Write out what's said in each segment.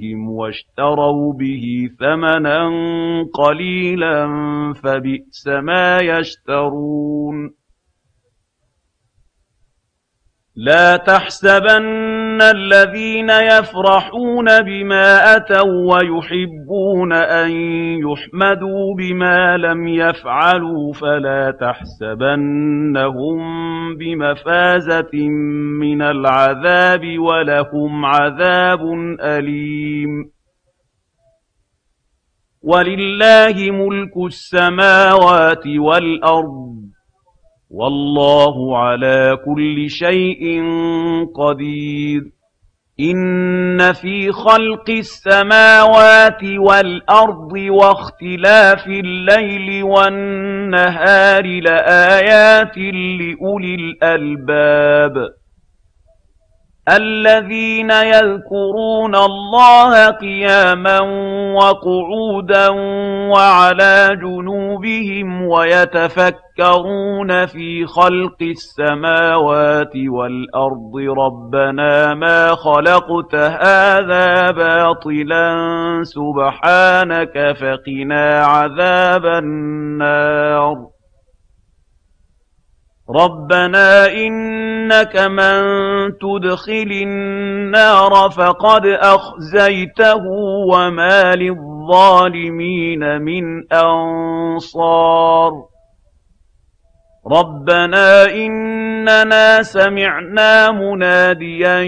بِآيَاتِهِمْ وَاشْتَرَوْا بِهِ ثَمَنًا قَلِيلًا فَبِئْسَ مَا يَشْتَرُونَ لا تحسبن الذين يفرحون بما أتوا ويحبون أن يحمدوا بما لم يفعلوا فلا تحسبنهم بمفازة من العذاب ولهم عذاب أليم ولله ملك السماوات والأرض والله على كل شيء قدير إن في خلق السماوات والأرض واختلاف الليل والنهار لآيات لأولي الألباب الذين يذكرون الله قياما وقعودا وعلى جنوبهم ويتفكرون في خلق السماوات والأرض ربنا ما خلقت هذا باطلا سبحانك فقنا عذاب النار ربنا إنك من تدخل النار فقد أخزيته وما للظالمين من أنصار ربنا إننا سمعنا مناديا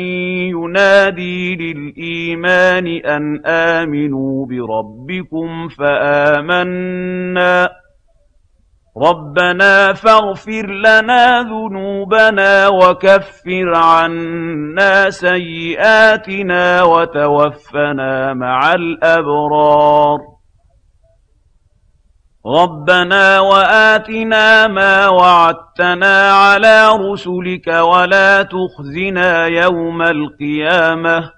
ينادي للإيمان أن آمنوا بربكم فآمنا ربنا فاغفر لنا ذنوبنا وكفر عنا سيئاتنا وتوفنا مع الأبرار ربنا وآتنا ما وعدتنا على رسلك ولا تخزنا يوم القيامة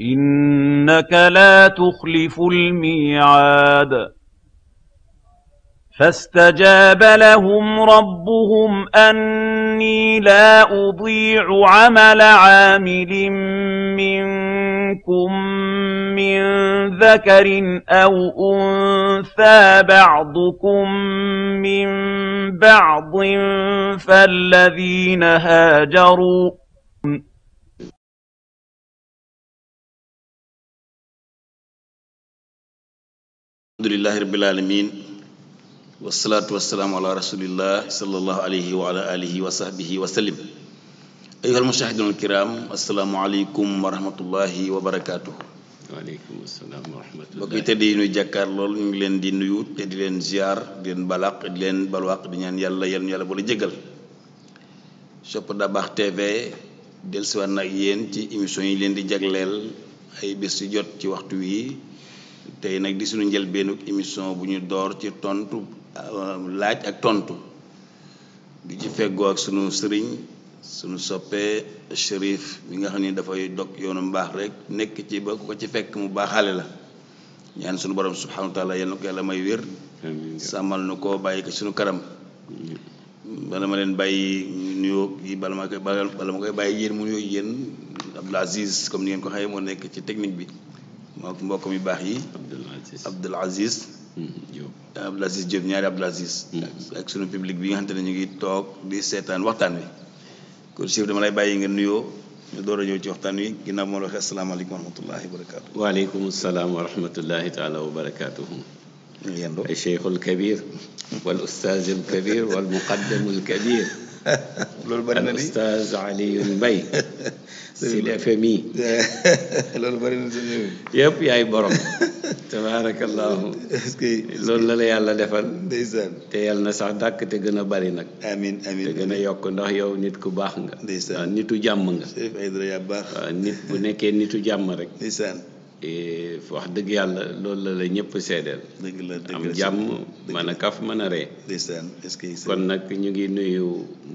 إنك لا تخلف الميعاد فاستجاب لهم ربهم أني لا أضيع عمل عامل منكم من ذكر أو أنثى بعضكم من بعض فالذين هاجروا الحمد لله رب العالمين wasalaatu wasalaamu ala rasulillah salallahu alayhi wa ala alihi wa sahbihi wa sallim ayuha almushahidun alkiram aleykum wa wa barakaatuhu waaleykum asalaam wa yi tedd yi nuy jàkkaar lool ñu leen di nuyu te di leen ziar di leen balaq di leen balwaq di ñaan yàlla yal yàlla bala jéggal sopp da baax tv dellusiwaat na ak yéen ci émission yi leen di jagleel ay bés yu jot ci waxtu wi tey nag di suñu njëlbeenuk émission bu ñu door ci tontu laaj ak tontu di ci feggoo ak sunu sëriñ sunu soppee shérif bi nga xam ni dafay dog yoonu mu baax rek nekk ci ba ko ci fekk mu baaxaale la ñaan sunu borom subhanahu wa taala yal na ko may wér sàmmal nu koo bàyyi sunu kanam bala ma leen bàyyi nuyoo yi bala ma koy bala ma bàyyi yéen mu nuyoo yéen Abdoul Aziz comme ni ngeen ko xamee moo nekk ci technique bi moo mbokk mi baax yi Abdoul Aziz Mm-hmm. Abdou Aziz Diop ñaari Abdou Aziz mm-hmm. ak sunu public bi nga xamante ne ñu ngi toog di seetaan waxtaan wi kon chef dama lay bàyyi nga nuyoo ñu door a ñëw ci waxtaan wi ginnaaw moo la waxee asalaamaaleykum wa rahmatullahi wa barakaatu waaleykum salaam wa rahmatullahi taala wa barakaatuhu yendoo Cheikhul Kabir wal Ustaazul Kabir wal Muqaddamul Kabir loolu bari na di Oustaz Alioune Mbaye Sud FMI loolu bëri na suñu yëpp yaay borom tabaarakallaahu loolu la la yàlla defal ndeysaan te yàlla na sax dàkk te gën a bari nag amin amin te gën a yokk ndax yow nit ku baax nga ndeysaan nitu jàmm nga waaw nit bu nekkee nitu jàmm rek ndeysaan Eh, wax dëgg yàlla loolu la la ñëpp seedeel dëgg am jàmm man a kaf mën a ree kon nag ñu ngi nuyu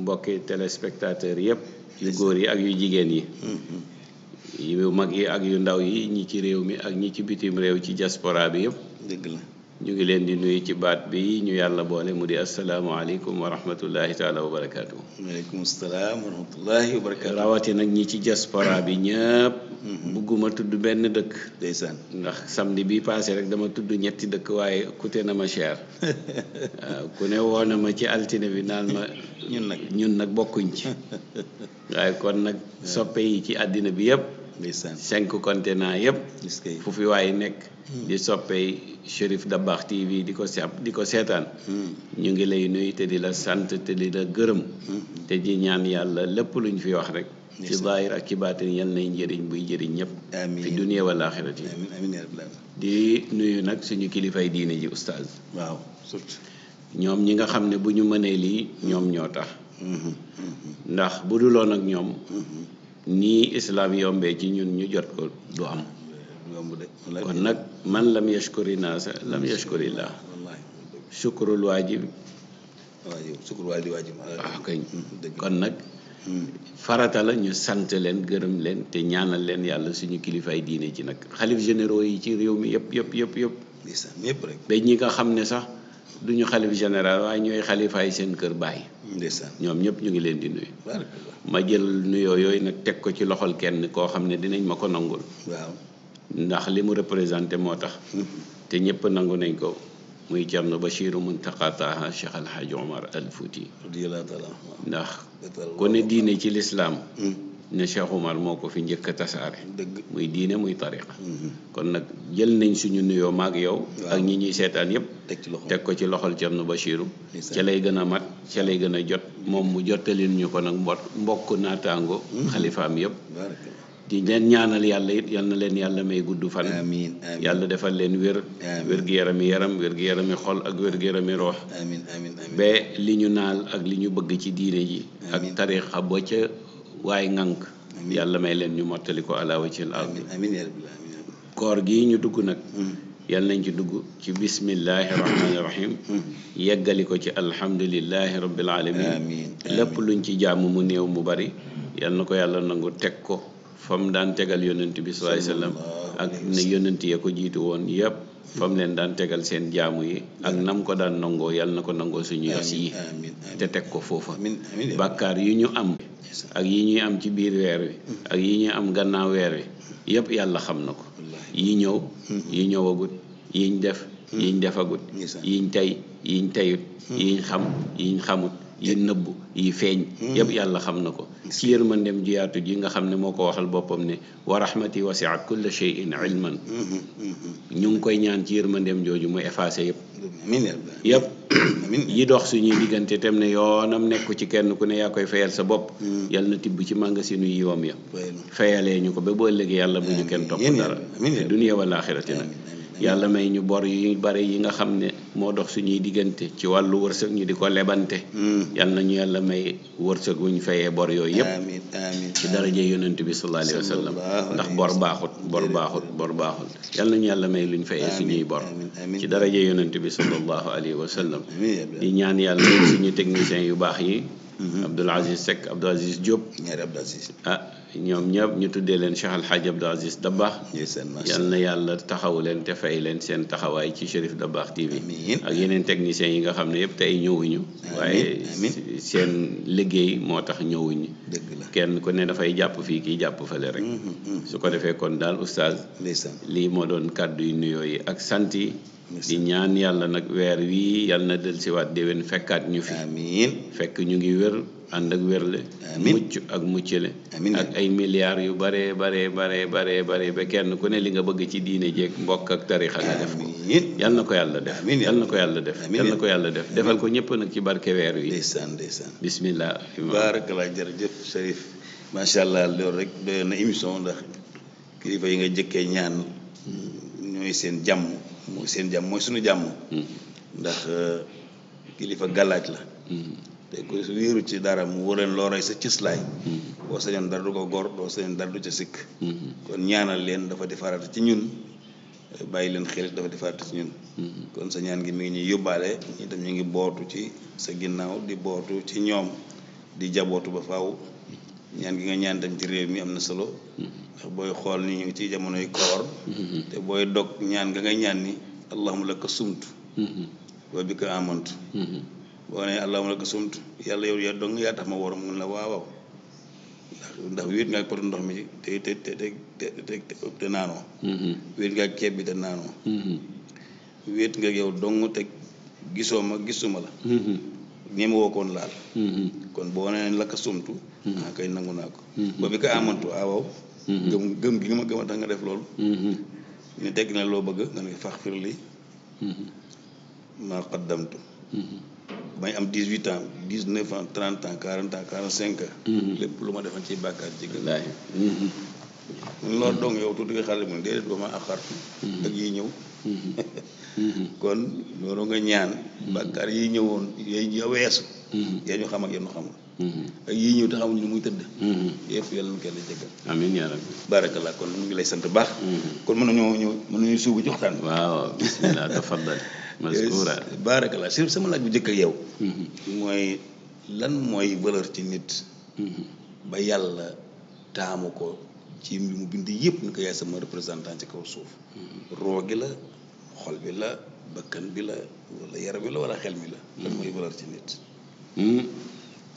mbokki téléspectateur yëpp yu góor yi ak yu jigéen yi mm-hmm. yu mag yi ak yu ndaw yi ñi ci réew mi ak ñi ci bitim réew ci diaspora bi yëpp dëgg la ñu ngi leen di nuyu ci baat bi ñu yàlla boole mu di asalaamaaleykum wa rahmatullahi taala wa barakaatu. waaleykum salaam wa rawati nag ñi ci diaspora bi ñëpp. Mm-hmm. bugguma tudd benn dëkk. ndeysaan ndax samedi bi passé rek dama tudd ñetti dëkk waaye coûté na ma cher. ku ne woo na ci altine bi naan ma. ñun nag ñun nag bokkuñ ci. waaye kon nag soppe yi ci àddina bi yëpp. cinq continent yëpp fu fi waay nekk hmm. di soppey Chérif Dabakh TV di ko sab di ko seetaan hmm. ñu ngi lay nuyu te di la sant te di la gërëm hmm. te di ñaan yàlla lépp lu ñu fi wax rek ci zaahir ak ci baatin yal nay njëriñ buy jëriñ ñëpp fi duniya wal aaxirat yi di nuyu nag suñu kilifay diine ji oustaz waaw ñoom ñi nga xam ne bu ñu mënee lii ñoom ñoo tax ndax bu duloon ak ñoom nii islaam yombee ci ñun ñu jot ko du am kon nag man lam yashkuri naasa lam yashkuri laa sukurul waajib ah, hmm, hmm, kon nag hmm. farata la ñu sant leen gërëm leen te ñaanal leen yàlla suñu kilifaay diine ci nag xalif généraux yi ci réew mi yëpp yëpp yëpp yëpp nga xam ne sax duñu xalif général waaye ñooy xalifaay seen kër bàyyi ndeysaan ñoom ñëpp ñu ngi leen di nuyu ma jël nuyoo yooyu nag teg ko ci loxol kenn koo xam ne dinañ ma ko nangul ndax li mu représenté moo tax te ñëpp nangu nañ ko muy Cerno Bachiru Muntaqa Taha Cheikh Alhaji Omar al Fouti ndax ku ne diine ci lislaam hmm. ne Cheikh Oumar moo ko fi njëkk a tasaare. dëgg muy diine muy tariqa. Mhm. kon nag jël nañ suñu nuyoo maak yow. ak ñi ñuy seetaan yëpp. teg ko ci loxol Thierno Bachirou. ca lay gën a mat ca lay gën a jot. moom mu jottalil ñu ko nag mbot mbokk naataango. Mhm. xalifaam yëpp. di leen ñaanal yàlla it yal na leen yàlla may gudd fan. amiin yàlla defal leen wér. wér gi yarami yaram wér gi yarami xol ak wér gi yarami roox. amiin li ñu naal ak li ñu bëgg ci diine ji. ak tariqa ba ca. waaye ŋànk yàlla may leen ñu mottali ko ala wajhil ardi amiin koor gi ñu dugg nag hmm. yàlla nañ ci dugg ci bismillahi rahmaani rahim hmm. hmm. yeggali ko ci alhamdulillahi rabbil alamin lépp luñ ci jàmm mu néew mu bari yàlla na ko yàlla nangu teg ko fa daan tegal yonent bi sallallahu alayhi ak ne yonent ko jiitu woon yëpp fa leen daan tegal seen jaamu yi ak nam ko daan nangoo yàlla na ko nangoo suñu yos yi te teg ko foofa bàkkaar yu ñu am ak yi ñuy am ci biir weer wi ak yi ñuy am gannaaw weer wi yëpp yàlla xam na ko yi ñëw yi ñëwagut yiñ def hmm. yiñ defagut yiñ tey yiñ teyut hmm. yiñ xam yiñ xamut yi nëbbu yi feeñ hmm. yëpp yàlla xam na ko hmm. ci yërmandeem ju yaatu ji nga xam ne moo ko waxal boppam ne wa rahmati wasiat kulla shay'in ilman hmm, ñu ngi koy ñaan ci yërmandeem jooju mu effacé yëpp yëpp yi dox suñuy diggante tem ne yoonam nekku ci kenn ku ne yaa koy fayal sa bopp yàlla na tibb ci màngasinu yiwam ya fayalee ñu ko ba boo ëllëgee yàlla mu ñu kenn topp dara dunya wal axirati nag yàlla may ñu bor yu bare yi nga xam ne moo dox suñuy diggante ci wàllu wërsëg ñu di ko lebante mm. yàlla nañu yàlla may wërsëg wuñ fayee bor yooyu yëpp amiin amiin ci daraje yonent bi sallallahu alayhi wa sallam ndax bor baaxut bor baaxut bor baaxut yàlla nañu yàlla may luñ fayee suñuy bor ci daraje yonent bi sallallahu alayhi wa sallam di ñaan yàlla suñu techniciens yu baax yi mm-hmm. Abdoul Aziz Seck Abdoul Aziz Diop ah ñoom ñëpp ñu tuddee leen Cheikh Al Hadj Abdou baax Dabakh yal na yàlla taxawu leen te fay leen seen taxawaay ci Cherif Dabakh TV ak yeneen techniciens yi nga xam ne yëpp tey ñëwuñu waaye seen liggéey moo tax ñëwuñu kenn ku ne dafay jàpp fii kii jàpp fale rek mm-hmm, mm-hmm. su ko defee kon daal oustaz lii moo doon kàddu yu nuyoo yi ak sant yi ñaan yàlla nag weer wii yàlla na dellusiwaat déwén fekkaat ñu fi fekk ñu ngi wér ànd ak wérle mucc ak muccale ak ay milliards yu baree baree baree baree baree ba kenn ku ne li nga bëgg ci diine jeeg mbokk ak tarixa nga def ko ko yàlla def yal na ko yàlla def yal na ko yàlla def defal ko ñëpp nag ci barkeweer weer wi ndeysaan ndeysaan bismillah baarakalaa jërëjëf Cherif macha allah loolu rek doyoon na émission ndax kilifa yi nga jëkkee ñaan ñooy seen jàmm mooy seen jàmm mooy suñu jàmm hmm. ndax euh, kilifa galaaj la hmm. te ku wéeru ci dara mu wóoleen loo rey sa cëslaay mm-hmm. boo sañoon dara du ko gor boo sañoon dara du ca sikk mm-hmm. kon ñaanal leen dafa di farata ci ñun bàyyi leen xel dafa di farata ci ñun mm-hmm. kon sa ñaan gi mi ngi ñuy yóbbaale ñi tam ñu ngi bootu ci sa ginnaaw di bootu ci ñoom di jabootu ba faw ñaan gi nga ñaan tam ci réew mi am na solo ndax booy xool ni ñu ci jamonoy koor te booy dog ñaan nga nga ñaan ni allahuma laka sumtu wa bika amantu boo nee allahuma laka sumtu yàlla yow yaa dong yaa tax ma woor mun la waawaaw ndax wéet nga ak potu ndox mi te te te te te naanoo mm-hmm. wéet nga ak ceeb bi te naanoo mm-hmm. wéet nga yow dong te gisoo ma gisuma la mm-hmm. ñeema woo koon laal kon boo nee la ka sumtu ah kay nangu naa ko ba bi ko amantu awaw ah gëm gëm gi ma gëm a tax nga def loolu ñu tekk na loo bëgg nga ne fax firli maa qaddamtu may am dix huit ans dix neuf ans trente ans quarante ans quarante cinq mm-hmm. lépp lu ma defoon ci bàkkaar ci gën. wallaahi. Mm-hmm. Mm-hmm. loolu donc yow tuuti nga xale mu déedéet ba ma àqar. ak yiy ñëw. kon loolu nga ñaan. bàkkaar yiy ñëwoon yiy weesu. yaa ñu xam ak nu ñu xamul. ak yii ñëw te xamuñu ni muy tëdd. yëpp yàlla na kenn jéggal. amiin yaa rabbi. barakallah kon ñu ngi lay sant baax. kon mën nañoo ñëw mën nañu suubu joxtaan. waaw bisimilah tafaddal. maskuura baarakalaa si sama laaj bu njëkk yow mm-hmm. mooy lan mooy valeur ci nit mm-hmm. ba yàlla taamu ko ci li mu bind yëpp ni ko yaay sama représentant ci kaw suuf mm-hmm. roo gi la xol bi la bakkan bi la wala yaram bi la wala xel mi la lan mooy valeur ci nit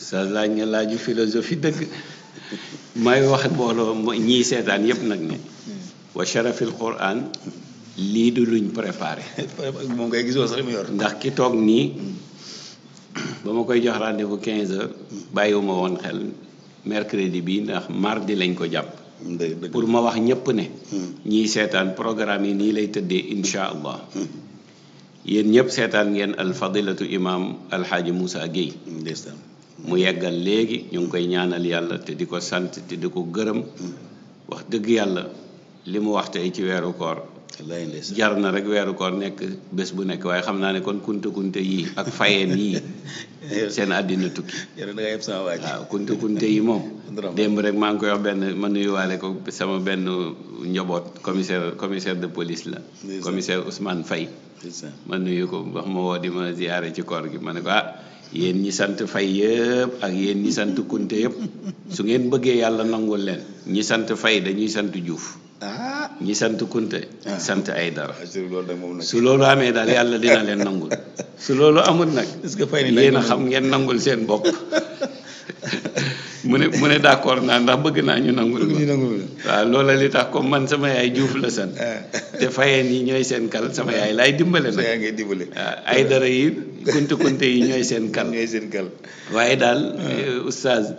sa laaj nga laaju philosophie dëgg may wax mbooloo ñii seetaan yëpp nag ni wa sharafil quran lii du luñ préparé. moom ngay gisoo sax mu yor. ndax ki toog nii ba ma koy jox rendez-vous 15 heures bàyyiwuma woon xel mercredi bii ndax di lañ ko jàpp. pour ma wax ñépp ne. Hmm. ñiy seetaan programme yi nii lay tëddee incha allah. Hmm. yéen ñëpp seetaan ngeen alfadilatu imaam alxaaji Moussa Guèye. mu yeggal léegi ñu ngi koy ñaanal yàlla te di ko sant te di ko gërëm. Hmm. wax dëgg yàlla li mu wax tey ci weeru koor. jar na rek weeru koor nekk bés bu nekk waaye xam naa ne kon kunte kunte yii ak fayeen yii seen àddina tukki waaw kunte kunte yi moom démb rek maa ngi koy wax benn ma nuyuwaale ko sama benn njaboot commissaire commissaire de police la commissaire Ousmane Faye ma nuyu ko wax ma woo di ma ziyaare ci koor gi ma ne ko ah yéen ñi sant fay yëpp ak yéen ñi sant kunte yëpp su ngeen bëggee yàlla nangul leen ñi sant fay dañuy sant juuf ah ñi sant kunte ah. sant ay dara ah, su loolu amee daal yàlla dina leen nangul su loolu amul nag yéen a xam ngeen nangul seen bopp mu ne mu ne d'accord naa ndax bëgg naa ñu nangul ma waaw loola li tax comme man sama yaay Juuf la sant ah. te fayeen yi ñooy seen kal sama yaay laay dimbale nag waaw ay dara yi kunte kunte yi ñooy seen kal waaye daal eh, oustaz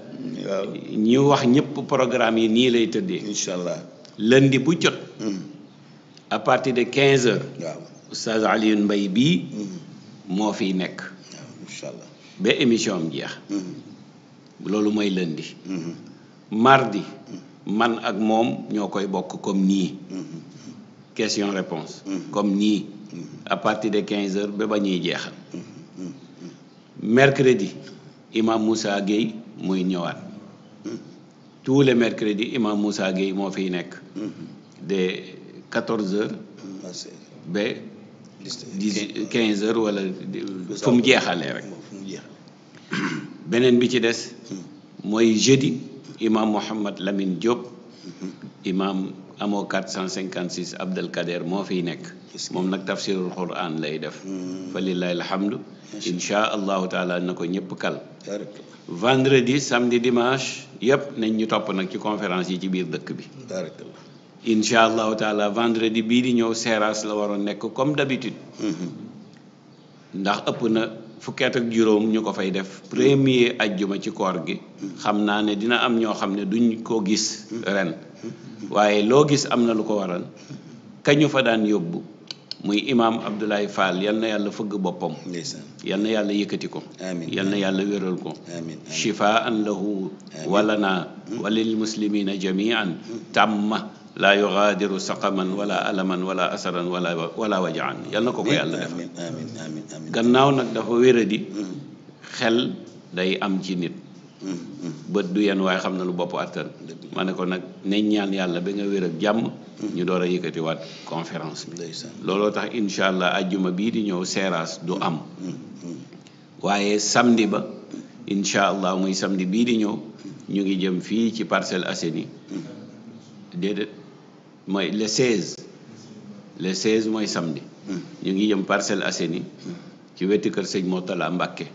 ñu wax ñëpp programme yi nii lay tëddee incha allah lëndi bu jot. Hmm. à partir de quinze heures. waaw oustaz Alioune bii. Hmm. moo fiy nekk. waaw ba émission am jeex. Hmm. loolu mooy lundi. mardi. man ak moom ñoo koy bokk comme nii. question réponse comme nii. à partir de quinze heures ba ba ñuy jeexal. mercredi. imam Moussa Gueye muy ñëwaat. tous les mercredis imam Moussa Gueye moo fiy nekk. Mm-hmm. de 14h. Ah, ba 10 15h wala mu jeexalee rek. beneen bi ci des. Mm. mooy jeudi imam Mouhamad Lamine Diop. Mm-hmm. imam amoo 456 Abdelkader moo fiy nekk. moom nag tafsirul quran lay def. Hmm. fa lillahi alhamdu. incha allahu taala na ko ñëpp kal. vendredi samedi dimanche yëpp nañ ñu topp nag ci conférence yi ci biir dëkk bi. incha allahu taala vendredi bii di ñëw seeraas la waroon nekk comme d'habitude. Hmm. ndax ëpp na fukkeet ak juróom ñu ko fay def hmm. premier ajjuma ci koor gi. xam naa ne dina am ñoo xam ne duñ ko gis ren. waaye loo gis am na lu ko waral kañu fa daan yóbbu muy imaam Abdoulaye Fall yal na yàlla fëgg boppam yal na yàlla yëkkati ko yal na yàlla wéral ko shifaan lahu walana walil muslimina jamian tàmma laa yugaadiru saqaman wala alaman wala asaran wala wala wajaan yal ko ko yàlla defal gannaaw nag dafa wéradi mm. xel day am jinit bët du yenn waaye xam na lu bopp attan ma ne ko nag nañ ñaan yàlla ba nga wér ak jàmm ñu door a yëkkatiwaat conférence bi looloo tax incha allah ajjuma bii di ñëw seeraas du am mm, mm, mm. waaye samdi ba incha allah muy samedi bii di ñëw ñu ngi jëm fii ci Parcelles Assainies déedéet mooy le 16 le 16 mooy samedi ñu ngi jëm Parcelles Assainies ci wetu kër sëñ Moutalla Mbacke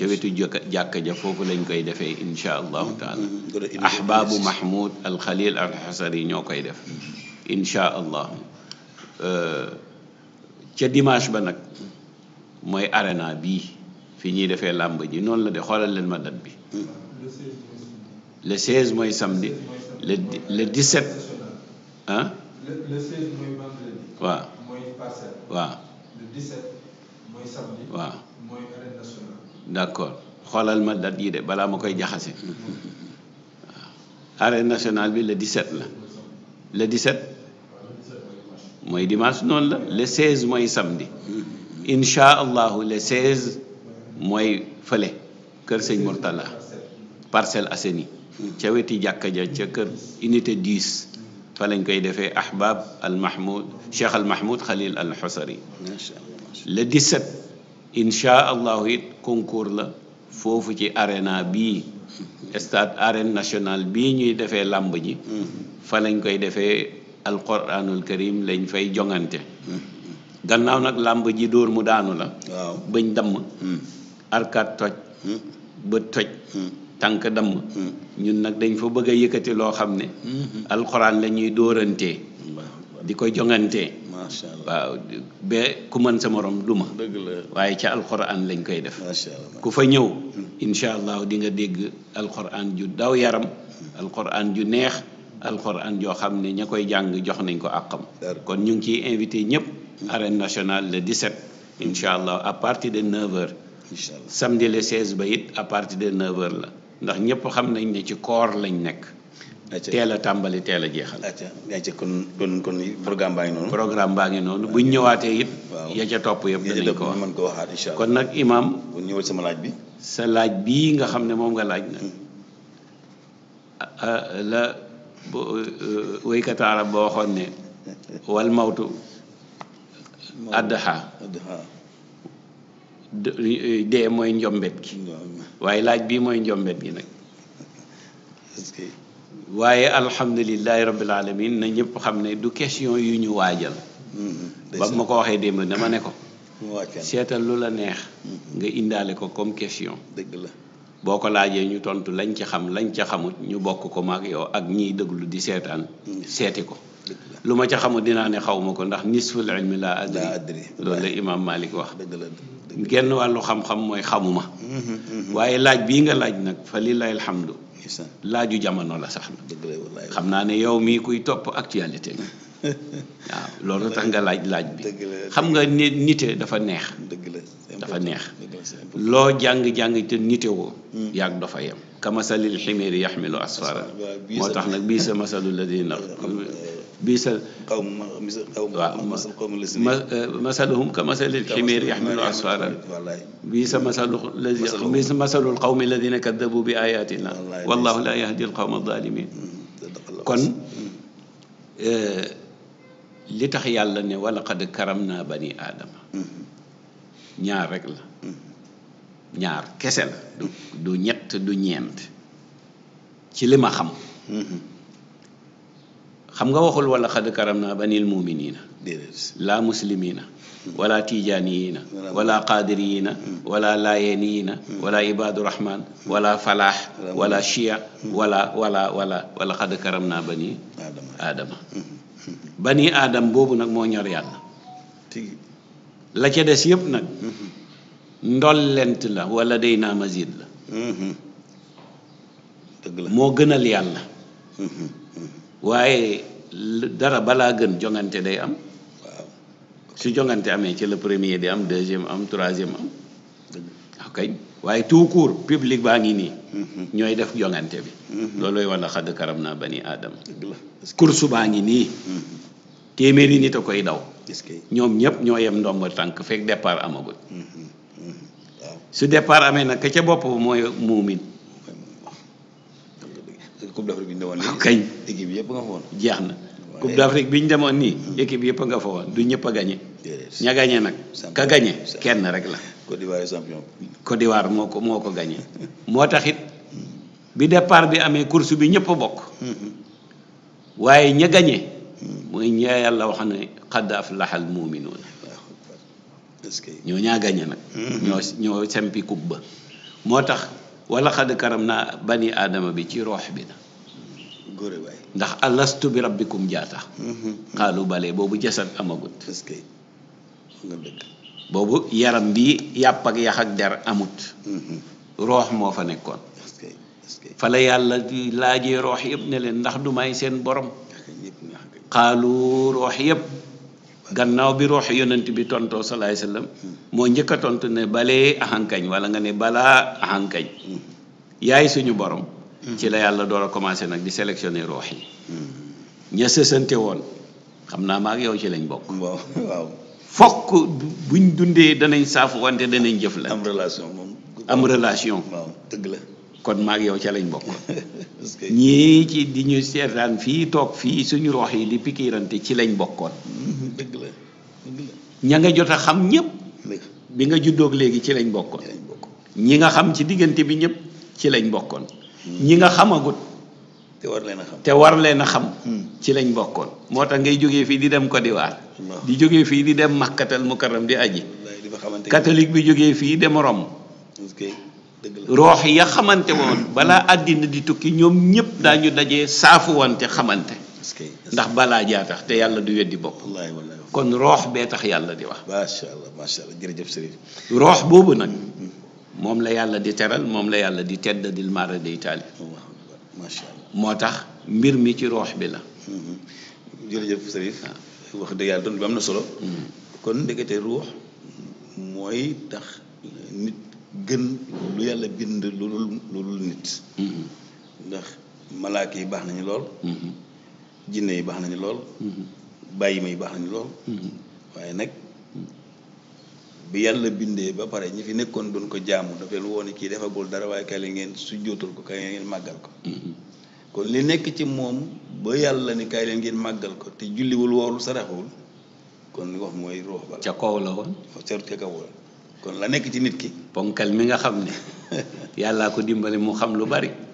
ca wetu jàkka ja foofu lañ koy defee insha allahu taala mm-hmm. Mm-hmm. ahbaabu mahmoud alxalil alxasari ñoo koy def insha allahu euh, ca dimanche ba nag mooy arena bii fi ñuy defee làmb ji noonu la de xoolal leen ma date bi le 16 mooy samedi le le 17 ah le 16 d'accord xoolal ma date yi de balaa ma koy jaxase waaw arène nationale bi le 17 la di 17 mooy dimanche noon la le 16 mooy samedi incha allahu le 16 mooy fële kër sëñ Mourtala Parcelles Assainies ca weti jàkka ja ca kër unité 10 fa lañ koy defee ahbab al mahmoud cheikh al mahmoud khalil al xusari le 17 incha allahu it concours la foofu ci arena bii stade arène nationale bii ñuy defee làmb ji mm-hmm. fa lañ koy defee alquranul karim lañ fay jongante mm-hmm. gannaaw nag làmb ji dóor mu daanu la waaw bëñ damm mm-hmm. arkaat toj bët toj tànk damm ñun nag dañ fa bëgg a yëkkati loo xam ne alxuraan la ñuy dóorantee di koy jongantee macha allah waaw ba ku mën sa morom duma dëgg la waaye ca alxuraan lañ koy def ku fa ñëw hmm. incha allah di nga dégg alxuraan ju daw yaram hmm. alxuraan ju neex alxuraan joo xam ne ña koy jàng jox nañ ko àqam kon ñu ngi ciy invité ñëpp hmm. arène nationale le 17 incha allah à parti de 9h samedi le 16 ba it à parti de 9 la ndax ñëpp xam nañ ne ci koor lañ nekk teel a tàmbali teel a jeexal. ayca kon kon programme baa ngi noonu. programme bu ñu ñëwaatee it. waaw ya ca topp yëpp dinañ ko wax mën ko kon nag imaam. kon ñëwal sama laaj bi. sa laaj bii nga xam ne moom nga laaj nag. Hmm. la e, e, woykatu arab waxoon ne. wal mawtu. addaha e, dee mooy njombet gi. waaye laaj bii mooy njombet gi nag. waaye alhamdulilahi rabbil alamin na ñëpp xam ne du question yu ñu waajal mm-hmm. ba ma ko waxee démb dama ne ko seetal lu la neex mm-hmm. nga indaale ko comme question dëgg la boo ko laajee ñu tontu lañ ci xam lañ ca xamut ñu bokk ko maak yow ak ñiy déglu di seetaan mm-hmm. seeti ko lu ma ca xamut dinaa ne xaw ma ko ndax nisful ilmi laa adri loolu la imaam Malik wax genn wàllu xam-xam mooy xamuma waaye laaj bii nga laaj nag fa lillahi alhamdu laaju jamono la sax xam naa ne yow mii kuy topp actualité nga waaw loolu tax nga laaj laaj bi xam nga ni nite dafa neex dafa neex loo jàng-jàng te nite woo hmm. yaag dafa yem kamasalil ximéeri yaxmilu asfara moo tax nag bii sa masalu ladina biisal xaw ma masal xaw ma la si masaluhum ka masalil ximeer yaxmilu asfaaran biisa masalu lazi biisa masalul xawmi alladina kaddabu bi ayatina wallahu laa yahdi alqawma alzalimin kon li tax yàlla ne wala qad karam naa bani aadama ñaar rek la ñaar kese la du ñett du ñeent ci li ma xam xam nga waxul wala xad karam naa banil muminina laa muslimina wala tijaaniyina wala qadiriyina wala laayeeniyina wala ibadu rahman wala xad karam naa bani aadam boobu nag moo ñor yàlla la ca des yépp nag ndollent la wala day naa mazid la mm-hmm. dëgg la moo gënal yàlla mm-hmm. waaye dara balaa gën jongante day am su jongante amee ci le premier di am deuxième am troisième am waaye tout court public baa ngi nii mm-hmm. ñooy def jongante bi mm-hmm. loolooy wala xadd karam naa bani aadama course baa ngi nii mm-hmm. téeméeri nit a koy daw ñoom ñëpp ñoo yem ndomba tànk fekk départ amagul su départ amee nag ka ca bopp mooy muumin coupe d'Afrique bi ñu demoon équipe bi nga fa woon jeex na coupe d'Afrique bi ñu demoon nii équipe yëpp nga fa woon du ñëpp a gagné ña gagné nag ka gagné kenn rek la Côte d'Ivoire champion ko moo ko gagné moo tax it bi départ bi amee course bi ñëpp a bokk mm-hmm. waaye ña gagné mm-hmm. mooy yàlla wax ne xad aflaxal muminuuna ñoo ñaa gagné nag mm-hmm. ñoo ñoo sempi coupe ba moo tax wala xad karam naa bani aadama bi ci roox bi na ndax alastu bi rabbikum jaata xaalu mhm. bale boobu jasad amagut boobu yaram bi yàpp ak yax ak der amut mhm. roox moo fa nekkoon fa la yàlla laajee roox yëpp ne leen ndax du may seen borom xaalu roox yëpp gannaaw bi roox yonent bi tontoo salaay sallam mhm. moo njëkk a tontu ne balee ahankañ wala nga ne balaa ahankañ yaay suñu borom Mm-hmm. ci la yàlla door a commencé nag di sélectionner roox yi mm-hmm. ña sësante woon xam naa maag yow ci lañ bokk waaw fokk buñ dundee danañ saafu wante danañ jëf la am relation moom am relation dëgg la kon maag yow ca lañ bokk ñii ci di ñu seetaan fii toog fii suñu roox yi li pikiirante ci lañ bokkoon mm-hmm, dëgg ña nga jot a xam ñëpp bi nga juddoog léegi ci lañ bokkoon ñi nga xam ci diggante bi ñëpp ci lañ bokkoon ñi nga xamagut te war leen a te war leen a xam hmm. ci lañ bokkoon moo tax ngay jóge fii di dem Côte d'Ivoire di jógee fii di dem Makkatal Mukarram di aji catholique bi jógee fii dem Rome roox ya xamante woon balaa àddina di tukki ñoom ñëpp daañu dajee saafu wante xamante ndax balaa jaa tax te yàlla du weddi bopp kon roox bee tax yàlla di wax macha allah macha allah jërëjëf sëriñ roox boobu nag hmm, hmm. moom la yàlla di teral moom la yàlla di tedd dil mara di itaali macha allah moo tax mbir mi ci roox bi la mm-hmm. jërëjëf Serif wax dëgg yàlla doon bi am na solo mm-hmm. kon ndekete ruux mooy tax nit gën lu yàlla bind lu lul nit mm-hmm. ndax malaaka yi baax nañu lool jinne yi baax nañu lool bàyyi ma yi baax nañu lool waaye nag bi yàlla bindee ba pare ñi fi nekkoon doon ko jaamu dafa woon kii defagul dara waaye kay li ngeen su jootul ko kay ngeen màggal ko mm-hmm. kon li nekk ci moom ba yàlla ne kay leen ngeen màggal ko te julliwul woorul saraxul kon li wax mooy ruux ba ca kaw la woon ca kaw la kon la nekk ci nit ki ponkal mi nga xam ne yàllaa ko dimbali mu xam lu bari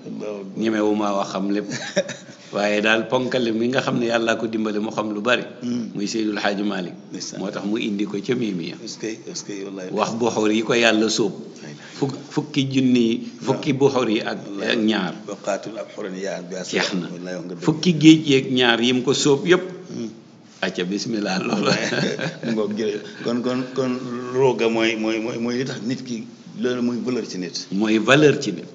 ñemewuma wax xam lépp waaye daal ponkale mi nga xam ne yàllaa ko dimbale mu xam lu bari hmm. muy Seydul Xaaji Malik moo tax mu indi ko ca Mimia wax buxur yi ko yàlla sóob fuk fukki junni fukki buxur yi ak ak ñaar jeex na fukki géej yeeg ñaar yim ko sóob yëpp hmm. acca bismillah loolu kon kon kon rooga mooy mooy tax nit ki loolu mooy valeur ci nit mooy valeur ci nit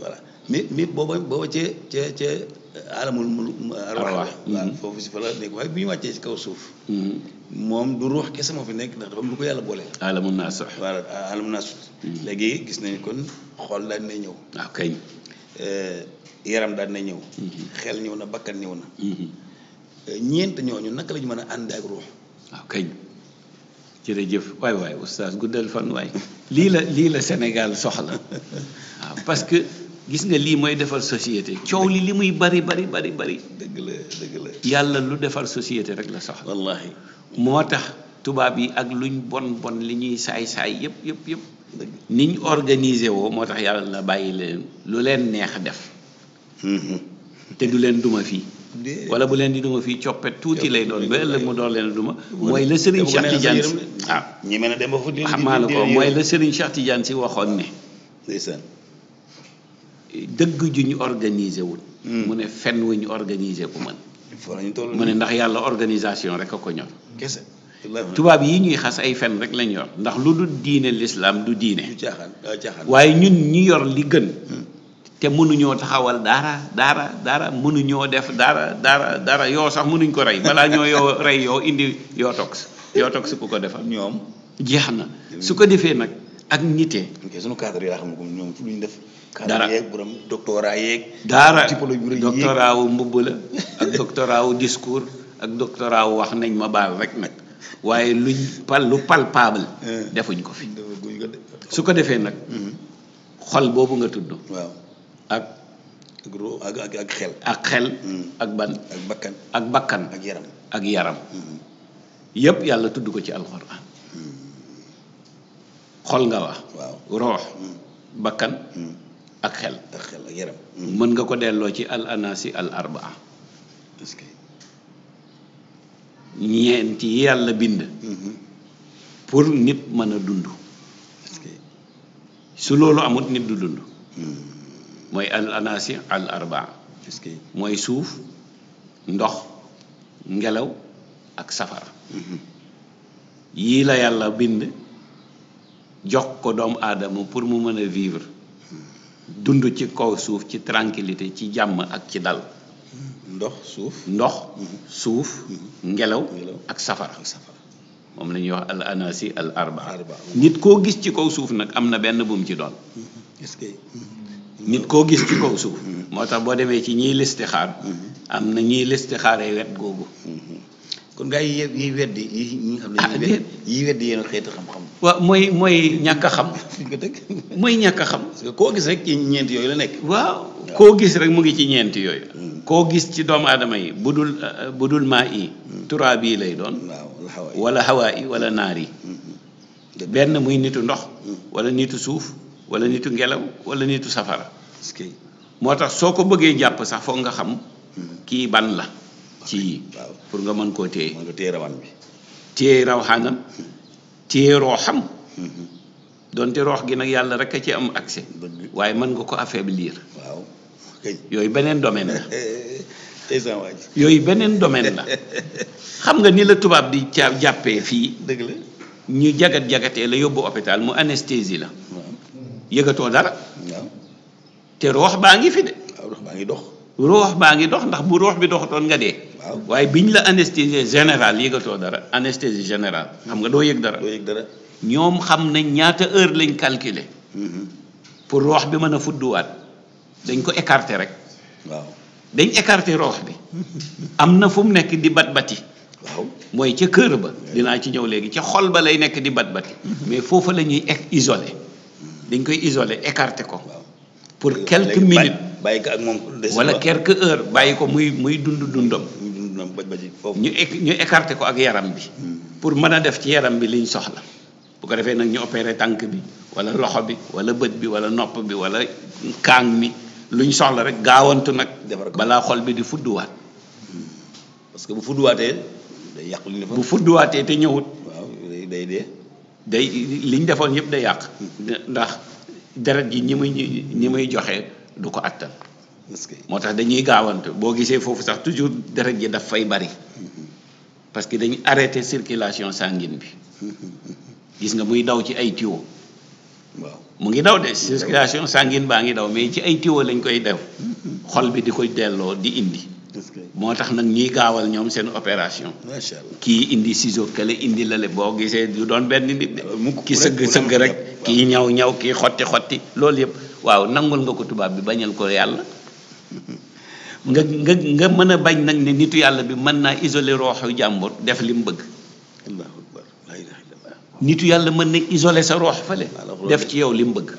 mi mi booba booba ca cee cee eh, alamul mu arwaax waaw mm-hmm. foofu si fa la nekk waaye bu wàccee si kaw suuf mm-hmm. moom du ruux kese moo fi nekk ndax dafa am yàlla boole alamu naa sax waaw alamu naa mm-hmm. léegi gis nañu kon xool daan na ñëw waaw ah, eh, yaram daan na ñëw xel ñëw bakkan ñëw eh, ñeent ñooñu naka la mën a ànd ak ruux waaw ah, kay jërëjëf waay lii la lii soxla waaw ah, parce gis nga lii mooy defar société coow li li muy bari bari bari bari dëgg la dëgg yàlla lu defar société rek la soxla wallahi moo tax tubaab yi ak lu ñu bon bon li ñuy saay-saay yëpp yëpp yëpp ñu organisé woo moo tax yàlla na bàyyi leen lu leen neex def mm-hmm. te du leen duma fii wala bu leen di duma fii coppet tuuti lay doon ba ëllëg mu doon leen duma mooy la Serigne Cheikh Tidiane si waaw xamaa la ko mooy la Serigne Cheikh Tidiane si waxoon ne dëgg ju ñu organiser wul. Hmm. mu ne fenn wuñ ñu organiser ko man mu ne ndax yàlla organisation rek a ko ñor. kese tubaab yi ñuy xas ay fen rek lañu yor ndax lu du diine lislaam du diine. waaye ñun ñu yor li gën. Hmm. te mënuñoo taxawal dara dara dara mënuñoo def dara dara dara yoo sax mënuñ ko rey balaa ñoo yoo rey yoo indi yoo tox yoo tox ku ko defal. ñoom jeex na su ko defee nag ak nitee. ok sunu cadre yi xam ñoom fu ñu def. dara yeeg borom doctorat yeeg. daara doctorat wu mbubb la ak doctorat wu discours ak doctorat wax nañ ma baal rek nag waaye lu pal lu palpable. Eh. defuñ ko fi. su ko defee nag. Mm-hmm. xol boobu nga tudd. ak. ak ak xel. ak xel. Mm-hmm. ak ban ak bakkan. ak bakkan ak yaram ak yaram. Mm-hmm. yëpp yàlla tudd ko ci alxuraan. xol nga wax. roox bakkan. ak xel xel yaram. Hmm. mën nga ko delloo ci al anasi al arbaa. est-ce que ñeenti yàlla bind. Hmm. pour nit mën a dund. su loolu amut nit du dund. Hmm. mooy al anasi al arbaa. mooy suuf ndox ngelaw ak safara. yii la yàlla bind jox ko doomu aadama pour mu mën a vivre. dund ci kaw suuf ci tranquillité ci jàmm ak ci dal ndox suuf ndox mm-hmm. suuf mm-hmm. ngelaw ak safara moom la ñuy wax al anasi al arbaa mm-hmm. nit koo gis ci kaw suuf nag am na benn buum ci doon nit koo gis ci kaw suuf moo tax boo demee ci ñiy listixaar am na ñiy listixaaree wet googu kon gars yi yiy weddi yi ñi nga xam ne ah, yiy weddi yéen xam-xam waaw mooy mooy ñàkk xam mooy ñàkk xam que koo gis rek ci ñeent yooyu la nekk waaw koo gis rek mu ngi ci ñeenti yooyu hmm. koo gis ci doomu aadama yi bu dul euh, bu dul maa yi hmm. turaab lay doon wala hawaa walla naar yi hmm, benn muy nitu ndox wala nitu suuf wala nitu ngelaw wala nitu safara moo tax soo ko bëggee jàpp sax foog nga xam kii ban la ci yi waaw pour nga mën koo téye mën ko téye rawaan bi téye rawxaanam téye rooxam mhm. donte roox gi nag yàlla rek a ci am accès waaye mën nga ko affaiblir waaw yooyu beneen domaine la yooyu beneen domaine la xam nga ni la tubaab di ca jàppee fii dëgg la ñu jagat jagatee la yóbbu hôpital mu anesthésie la yëgatoo dara te roox baa ngi fi de waaw roox baa ngi dox ruux baa ngi dox ndax bu ruux bi doxatoon nga dee. waaye bi ñu la anesthésie générale yëgatoo dara anesthésie général xam nga doo yëg dara. doo yëg ñoom xam nañ ñaata heure lañ calculer. Mm-hmm. pour roox bi mën a fudduwaat dañ ko écarter rek. waaw dañ écarter roox bi am na fu mu nekk di bat bati. mooy ca kër ba. dinaa ci ñëw léegi ca xol ba lay nekk di bat bati. Mm-hmm. mais foofa la ñuy e-, isolé mm-hmm. dañ koy isolé écarter ko. pour quelques minutes. bàyyi ko ak moom. wala quelque heure bàyyi ko muy muy dund dundam. muy dund dundam ba ci foofu. ñu ñu ko ak yaram bi. Hmm. pour mën a def ci yaram bi liñ soxla. bu ko defee nag ñu opéré tànk bi wala loxo bi wala bët bi wala nopp bi wala kaang mi luñ soxla rek gaawantu nag. balaa xol bi di fudduwaat. Hmm. parce que bu fudduwaatee day yàq li ñu bu fudduwaatee te ñëwut. day dee. day li defoon yëpp day yàq. Hmm. ndax deret ji ñi muy ñi muy joxe. du ko attan. moo tax dañuy gaawante boo gisee foofu sax toujours deret ji daf fay bari parce que dañuy arrêté circulation sanguine bi gis nga muy daw ci ay tuyau waaw mu ngi daw de circulation sanguine baa ngi daw mais ci ay tuyau lañ koy def xol bi di koy delloo di indi moo tax nag ñuy gaawal ñoom seen opération macha allah kii indi ciseau kële indi lale boo gisee du doon benn nit de ki sëgg sëgg rek kii ñaw ñaw kii xotti xotti loolu yëpp waaw nangul nga ko tubaab bi bañal ko yàlla nga nga mën a bañ nag ne nitu yàlla bi mën naa isoler rooxu jàmbur def li mu bëgg nitu yàlla mën na isoler sa roox fale def ci yow li mu bëgg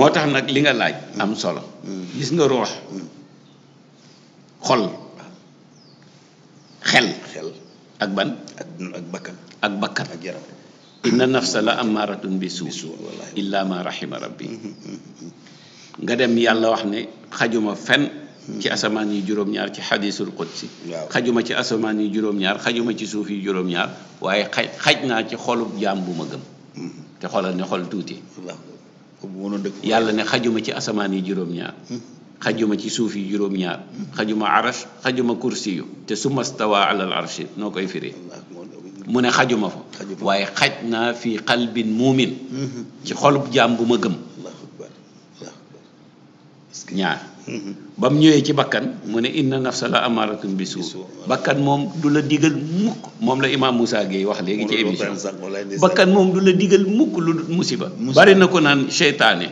moo tax nag li nga laaj am solo hmm. gis nga roox hmm. xol xel xel ak ban ak bakkan ak bakkan inna nafsa la amaaratun bi suu illa ma rahima rabbi nga dem yàlla wax ne xajuma fen ci asamaan yi juróom-ñaar ci xadisul qudsi xajuma ci asamaan yi juróom xajuma ci suuf yi juróom-ñaar xaj naa ci xolub jaam bu ma gëm te xoolal ne tuuti yàlla ne xajuma ci asamaan yi juróom-ñaar xajuma ci suuf yi juróom-ñaar xajuma arash xajuma kursi yu te summa stawaa alal arshi noo koy firee mu ne xajuma fa waaye xaj naa fi xalbin muumin ci xolub jaam bu ma gëm ñaar mhm. ba mu ñëwee ci bakkan mu ne inna nafsa la amaratun bi suu bakkan moom du la digal mukk moom la imaam Moussa wax léegi ci émission bakkan moom du la digal mukk lu musiba bari na ko naan seytaane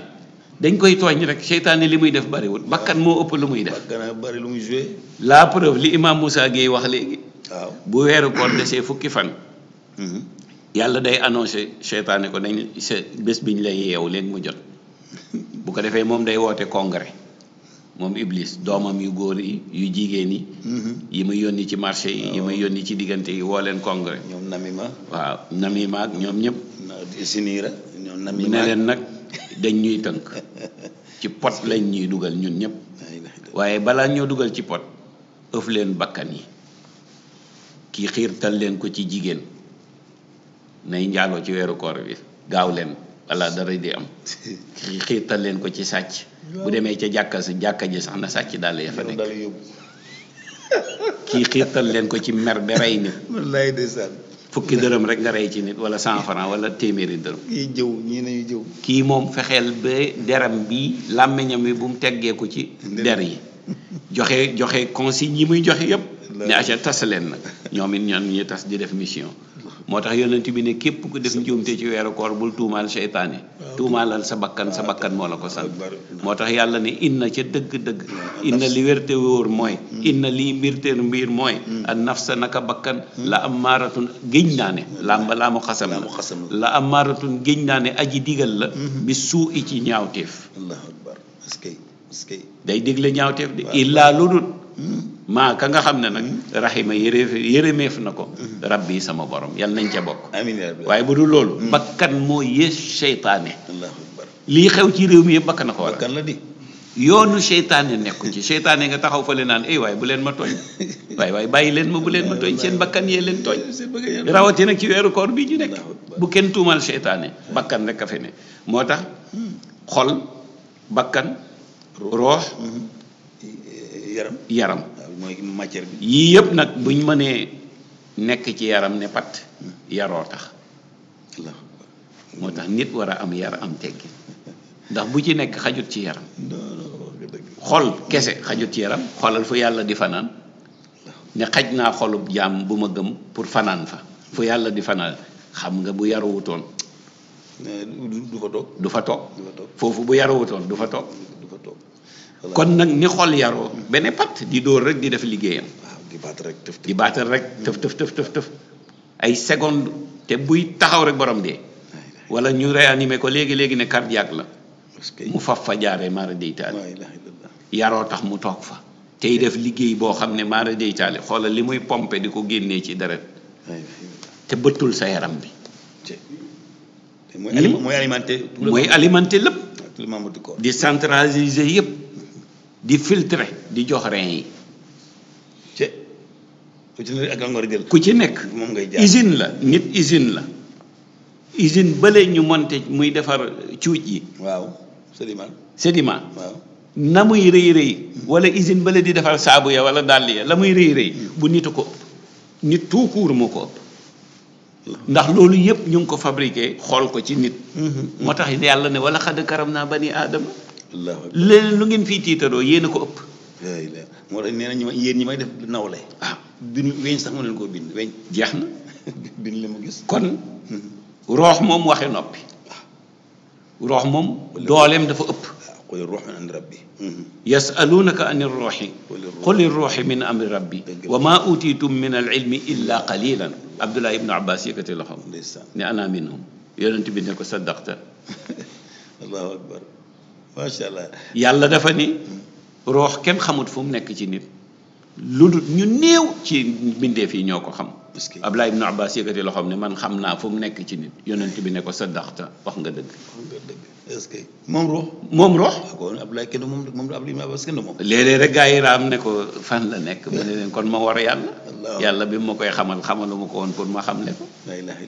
dañ koy tooñ rek seytaane li muy def bariwul bakkan moo ëpp lu muy def bari lu muy joué la preuve li imaam Moussa Gueye wax léegi bu weeru koor desee fukki fan Mm-hmm. yàlla day annoncé seytaane ko dañ se bés bi ñu lay yeew leen mu jot bu ko defee moom day woote congrès moom iblis doomam yu góor yi yu jigéen yi mm-hmm. yi ma yónni ci marché yi yi ma yónni ci diggante yi woo leen congrès ñoom namima waaw namima ak ñoom ñëpp siniira ñoom namima ne leen nag dañ ñuy tënk ci pot lañ ñuy dugal ñun ñëpp waaye balaa ñoo dugal ci pot ëf leen bakkan yi kii xiirtal leen ko ci jigéen nay njaaloo ci weeru koor bi gaaw leen walla dara di am xiirtal leen ko ci sàcc bu demee ca jàkka jàkka ji sax na sàcc dàll ya fa nekk kii xiirtal leen ko ci mer ba rey nit fukki dërëm rek nga ci nit wala cent franc wala téeméeri dërëm kii jëw ñii nañu kii moom fexeel ba deram bi làmmiñam bi bu mu teggeeku ci der yi joxe joxe consigne yi muy jox yépp ne aca tas leen nag ñoom it ñoom ñuy tas di def mission moo tax yonent bi ne képp ku def njuumte ci weeru koor bul tuumaal seytaane ah, tuumaalal sa bakkan sa bakkan moo la ko sant moo tax yàlla ne inna ca dëgg-dëgg inna li wérte wóor mooy mm. inna lii mbirteer mbiir mooy mm. a nafsa naka bakkan mm. la am maaratun géñ naa ne lamba mu xasam la la am maaratun géñ naa ne aji digal la mm-hmm. bi suu i ci ñaawteef allahu akbar day digle ñaawteef de illaa lu dul maa ka nga xam ne nag raxima yëree yëremeef na ko mhm. rabbi sama borom yal nañ ca bokk amiin waaye bu dul loolu mhm. bakkan moo yées seytaane lii xew ci réew mi yëpp bakkan na ko waral bakkan la di yoonu seytaane nekku ci seytaane nga taxaw fale naan ay waaye bu leen ma tooñ waaye waaye leen ma bu leen ma tooñ seen bakkan yee leen tooñ rawati nag ci weeru koor bi ñu nekk bu kenn tuumal seytaane bakkan rek a fi ne moo tax hmm. xol bakkan roox hmm. yaram bi mooy matière bi. yii yëpp nag buñ mënee nekk ci yaram ne pat yaroo tax. moo tax nit war a am yar am teggi ndax bu ci nekk xajut ci yaram. xol kese xajut ci yaram xolal fu yàlla di fanaan ne xaj naa xolu jaam bu ma gëm pour fanaan fa fu yàlla di fanaan xam nga bu yarawutoon du fa toog du fa toog foofu bu yarawutoon du fa toog kon nag ni xol yaroo benn pat di dóor rek di def liggéeyam. di rek tëf tëf di baatal rek tëf tëf tëf tëf tëf ay seconde te buy taxaw rek borom dee. wala ñu réanimé ko léegi léegi ne cardiaque la. mu faf fa jaaree maara deytaale yaroo tax mu toog fa. tey def liggéey boo xam ne maara deytaale xoolal li muy pompe di ko génnee ci deret te bëtul sa yaram bi. mooy alimenté. Hmm? mooy alimenté lépp. di centraliser yëpp. di filtre di jox rein yi. ku ci nekk ku ci nekk. moom ngay jaar usine la nit usine la. usine bële ñu monté muy defar cuuj yi. waaw sédiment. sédiment. waaw na muy rëy rëy. wala usine bële di defar saabu ya wala dàll ya la muy rëy rëy. Hmm. bu nit ko nit tout court moo ko hmm. ndax loolu yëpp ñu ngi ko fabriqué xool ko ci nit. Hmm, moo tax yàlla ne wala xadd karam naa bani aadama. leneen lu ngeen fii tiitaroo yéen a ko ëpp moo tax nee na ñu ma yéen ñi may def nawle ah bind weñ sax mu leen koo bind weñ jeex na bind la ma gis kon hmm. roox moom waxe noppi ah. roox moom dooleem dafa ëpp ah, quli ruuxu min amri rabbi hmm. yasaluunaka ani ruuxi quli ruuxi min amri rabbi wa maa utiitum min al ilmi illa qalilan abdullah ibnu abbas yëkkati loxoom ne ana minhum yonent bi ne ko saddaqta allahu akbar macha allah yàlla dafa ni roox kenn xamut fu mu nekk ci nit lu dul ñu néew ci mbindeef yi ñoo ko xam. parce que Ablaye ibn Abbas yëkkati loxoom ne man xam naa fu mu nekk ci nit yonent bi ne ko saddaxta wax nga dëgg. est que moom roox. moom roox. kon Ablaye kenn moom moom Ablaye ibn Abbas kenn moom. léeg-léeg rek gaa yi raam ne ko fan la nekk mu ne leen kon ma war yàlla. yàlla bi ma koy xamal xamaluma ko woon pour ma xam ne ko. la ilaha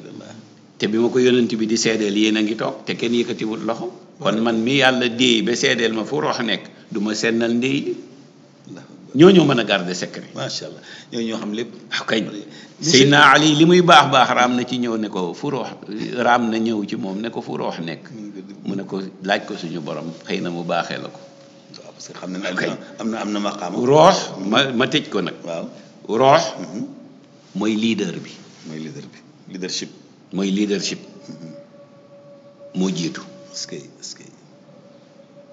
te bi ma ko yonent bi di seedeel yéen a ngi toog te kenn yëkkatiwul loxo. kon man mi yàlla déey ba seedeel ma fu rox nekk du ma sennal ndéy li ñoo ñoo mën a garder secret macha allah ñoo xam lépp ah, kañ Seydina Ali li muy baax baax raam na ci ñëw ne ko fu rox raam na ñëw ci moom ne ko fu rox nekk mu ne ko laaj ko suñu borom xëy na mu baaxee la ko que xam ah, na am na am na maqaama roox mm-hmm. ma ma tëj ko nag waaw roox mm-hmm. mooy leader bi mooy leader bi leadership mooy leadership mm-hmm. moo jiitu est que est que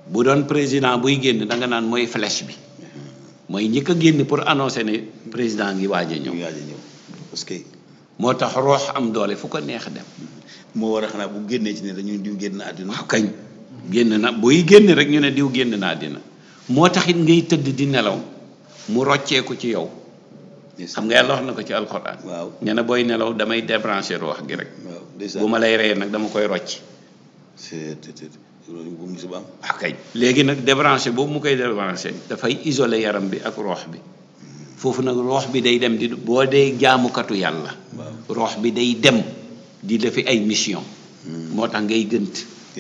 bu doon président buy génn da nga naan mooy flèche bi mooy ñi a génn pour annoncer ne président ngi waaj a ñëw. parce que. moo tax roox am doole fu ko neex dem. moo war a xanaa bu génnee ci ne dañu diw génn na àddina. waaw kañ génn na buy génn rek ñu ne diw génn na àddina moo tax it ngay tëdd di nelaw mu rocceeku ci yow. xam nga yàlla na ko ci alxuraan. waaw ñu booy nelaw damay débrancher wax gi rek. bu ma lay ree nag dama koy rocc. c'est loolu bu léegi nag débranché boobu mu koy débranché dafay isolé yaram bi ak roox bi foofu nag roox bi day dem di boo dee jaamukatu yàlla roox bi day dem di defi ay mission hmm. moo tax ngay gënt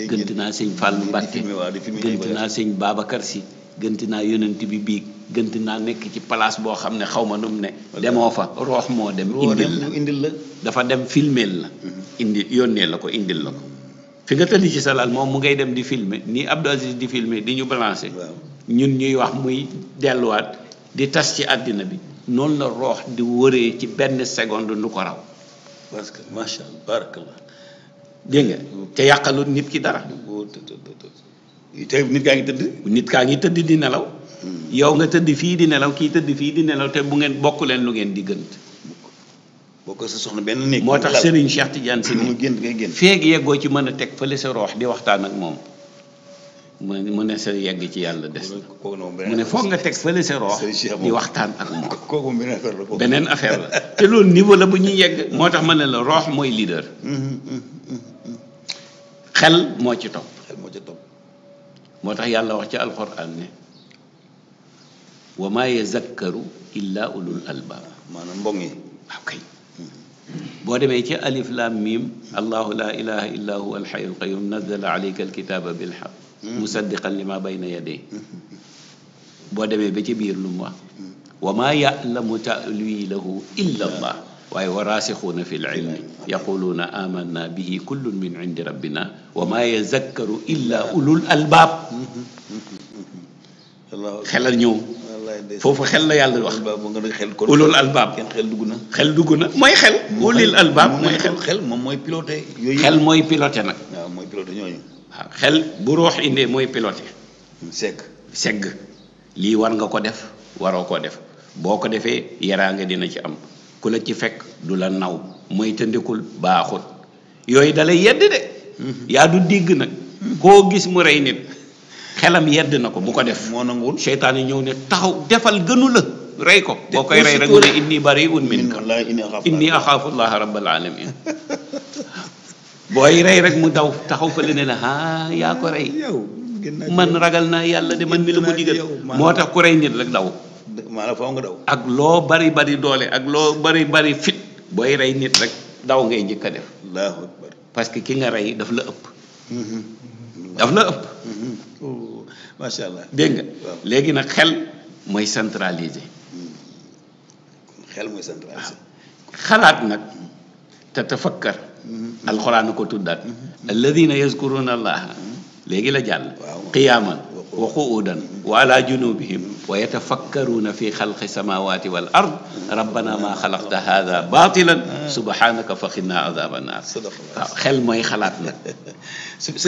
gënt naa sëñ Fallou Mbacké gënt naa sëñ Babacar Sy gënt naa yonent bi bii gënt naa nekk ci place boo xam ne xaw ma nu mu ne demoo fa roox moo dem indil la dafa dem filmeel la hmm. indil yónnee la ko indil la ko fi nga tëdd ci sa moom mu ngay dem di filmer nii Abdou Aziz di filmer di ñu balancer. ñun ñuy wax muy delluwaat di tas ci àddina bi noonu la roox di wëree ci benn seconde lu ko raw. parce que macha allah barakallah. dégg nga te yàqalul nit ki dara. te nit kaa ngi tëdd. nit kaa ngi tëdd di nelaw. Hmm. yow nga tëdd fii di nelaw kii tëdd fii di nelaw te bu ngeen bokk leen lu ngeen di gënt. boo ko sa soxna benn néeg moo tax Serigne Cheikh Tidiane si mu génn ngay génn feeg yeggoo ci mën a teg fële sa roox di waxtaan ak moom mu ne sa yegg ci yàlla des na mu ne foog nga teg fële sa roox di waxtaan ak moom kooku beneen affaire la beneen affaire la te loolu niveau la bu ñuy yegg moo tax ma ne la roox mooy leader mm-hmm, mm-hmm, mm-hmm. xel moo ci topp moo ci tax yàlla wax ci alxuraan ne wa maa yazakkaru illa ulul albaab yi waaw boo demee ci alif lam mim allahu la ilaha illa huwa alxayyul qayyum nazala alayka alkitaba bilxaq musaddiqan lima bayna yadayhi boo demee ba ci biir lu mu wax wa maa ya'lamu ta'wilahu illa allah waaye wa raasixuuna fi lilmi yaquluuna amanna bihi kullun min indi rabbina wa maa yazakkaru illa ulul albaab xelal ñëw foofu xel la yàlla wax ulul albaab xel dugg na xel dugg na mooy xel ulil albaab mooy xel xel moom mooy piloté yooyu xel mooy piloté nag mooy piloté ñooñu xel bu roox indee mooy piloté segg segg lii war nga ko def waroo koo def boo ko defee yaraange dina ci am ku la ci fekk du la naw mooy tëndikul baaxut yooyu dalay yedd de mm-hmm. yaa du digg nag koo gis mu rey nit xelam yedd na ko bu ko def moo nanguwul seytaan yi ñëw ne taxaw defal gënu la rey ko boo koy rey rek mu ne inni bariun minka rek mu daw taxaw fa le ne la ah yaa ko rey man ragal naa yàlla de man mi la ko digal moo tax ku rey nit rek daw nga daw ak loo bari doole ak loo bari bari fit booy rey nit rek daw ngay njëkk a def parce que ki nga rey daf la ëpp mm-hmm. daf la ëpp mm-hmm. macha allah dégg nga. léegi nag xel mooy centralisé. Hmm. xel mooy centralisé. xalaat nag te tafakkar. Hmm. alxuraan ko tuddaat. Hmm. alladina yazkuruna allaha léegi la jàll. waaw qiyaaman wa qu'udan wa ala junubihim wa yatafakkaruna fi xalqi samawati wal ard rabbana ma xalaqta hada batilan subhanaka fa xinna adaba naar waaw xel mooy xalaat nag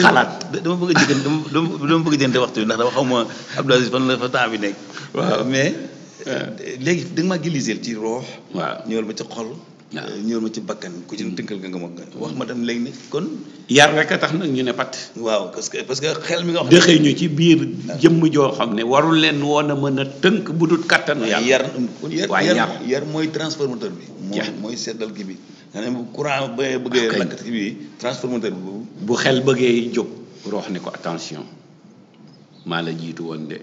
xalaat dama bëgg a jënd dama bëgg a jënd waxtu bi ndax dama xaw ma Abdou Aziz fan la fa temps bi nekk waaw mais léegi da nga maa giliseel ci roox ñëwal ma ci xol Eh, ñor ma ci bakkan ku ci tënkal nga nga ma wax ma dem léegi ne kon yar rek a tax nag ñu ne pat waaw parce que parce que xel mi nga wax dëxee ñu ci biir ah. jëmm joo xam ne warul leen woon a mën a tënk bu dul kattanu yar yar waaye yar yar mooy transformateur bi mooy mooy seddal gi bi maanaam bu courant ba ah, bëggee lakk ci bi transformateur bi boobu bu xel bëggee jóg roox ne ko attention maa la jiitu woon de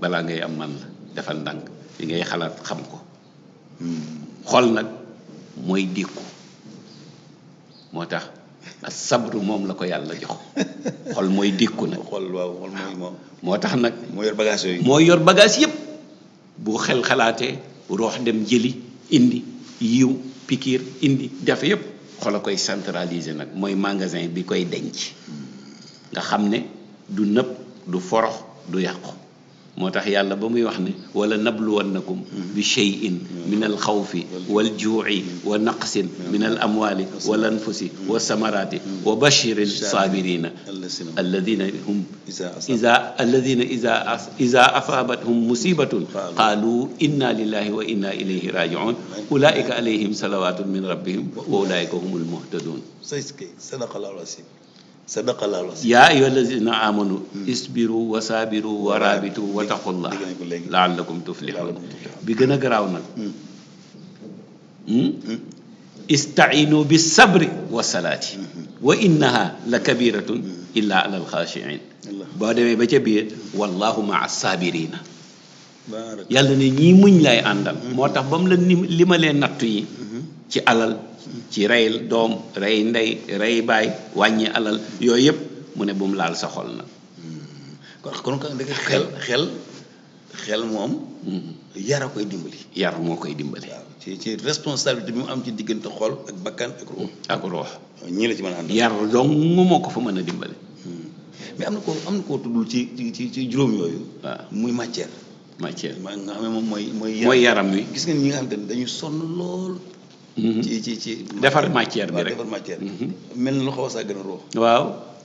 balaa ngay am man la defal ndànk li xalaat xam ko hmm. xol nag mooy dékku moo tax sabru moom la ko yàlla jox xol mooy dékku nag xol waaw xol moom moo tax nag moo yor bagage yooyu moo yor bagage yëpp bu xel xalaatee roox dem jëli indi yiw pikiir indi def yëpp xol a koy centralise nag mooy magasin bi koy denc nga xam ne du nëb du forox du yàqu moo tax yàlla ba muy wax ne wala nabluwannakum bi cheyin min al xawfi wal juuci wa naqsin min al amwaali wal anfusi wa samaraati wa bashiri saabirina alladina hum isa alladina isa isa asaabathum musibatun qaalu inna lillahi wa inna ilayhi rajiun ulaika alayhim salawatun min rabbihim wa ulaika humul muhtadun sadaqallaahu al-aziim yaa ayyuha allaziina aamanu isbiru wa saabiru wa raabitu wa taqullaah laallakum tuflixuun bi gën a garaaw nag hmm. Hmm? Hmm. istainu bi sabri wa salaati wa innaha la kabiratun illa ala alxaashiin boo demee ba ca biir wallahu maa saabirina yàlla ne ñii muñ lay àndal moo tax ba mu la ni li ma leen nattu yi ci alal ci rey doom rey ndey rey baay wàññi alal yooyu yëpp mu ne bu mu laal sa xol nag hmm. kon kon kon dëgg xel xel xel moom hmm. yar a koy dimbali yar moo koy dimbali ci ci responsabilité bi mu am ci diggante xol ak bakkan ak ruux hmm, ak la ci mën a ànd ko fa mën a dimbali mais am na ko am na koo tuddul ci ci ci juróom yooyu waaw muy matière matière nga xam moom mooy mooy yaram wi gis nga ñi nga xam ne dañu sonn lool Mhm. ci ci defar matière bi rek defar matière mhm. mel na lu xaw gën a ruux. waaw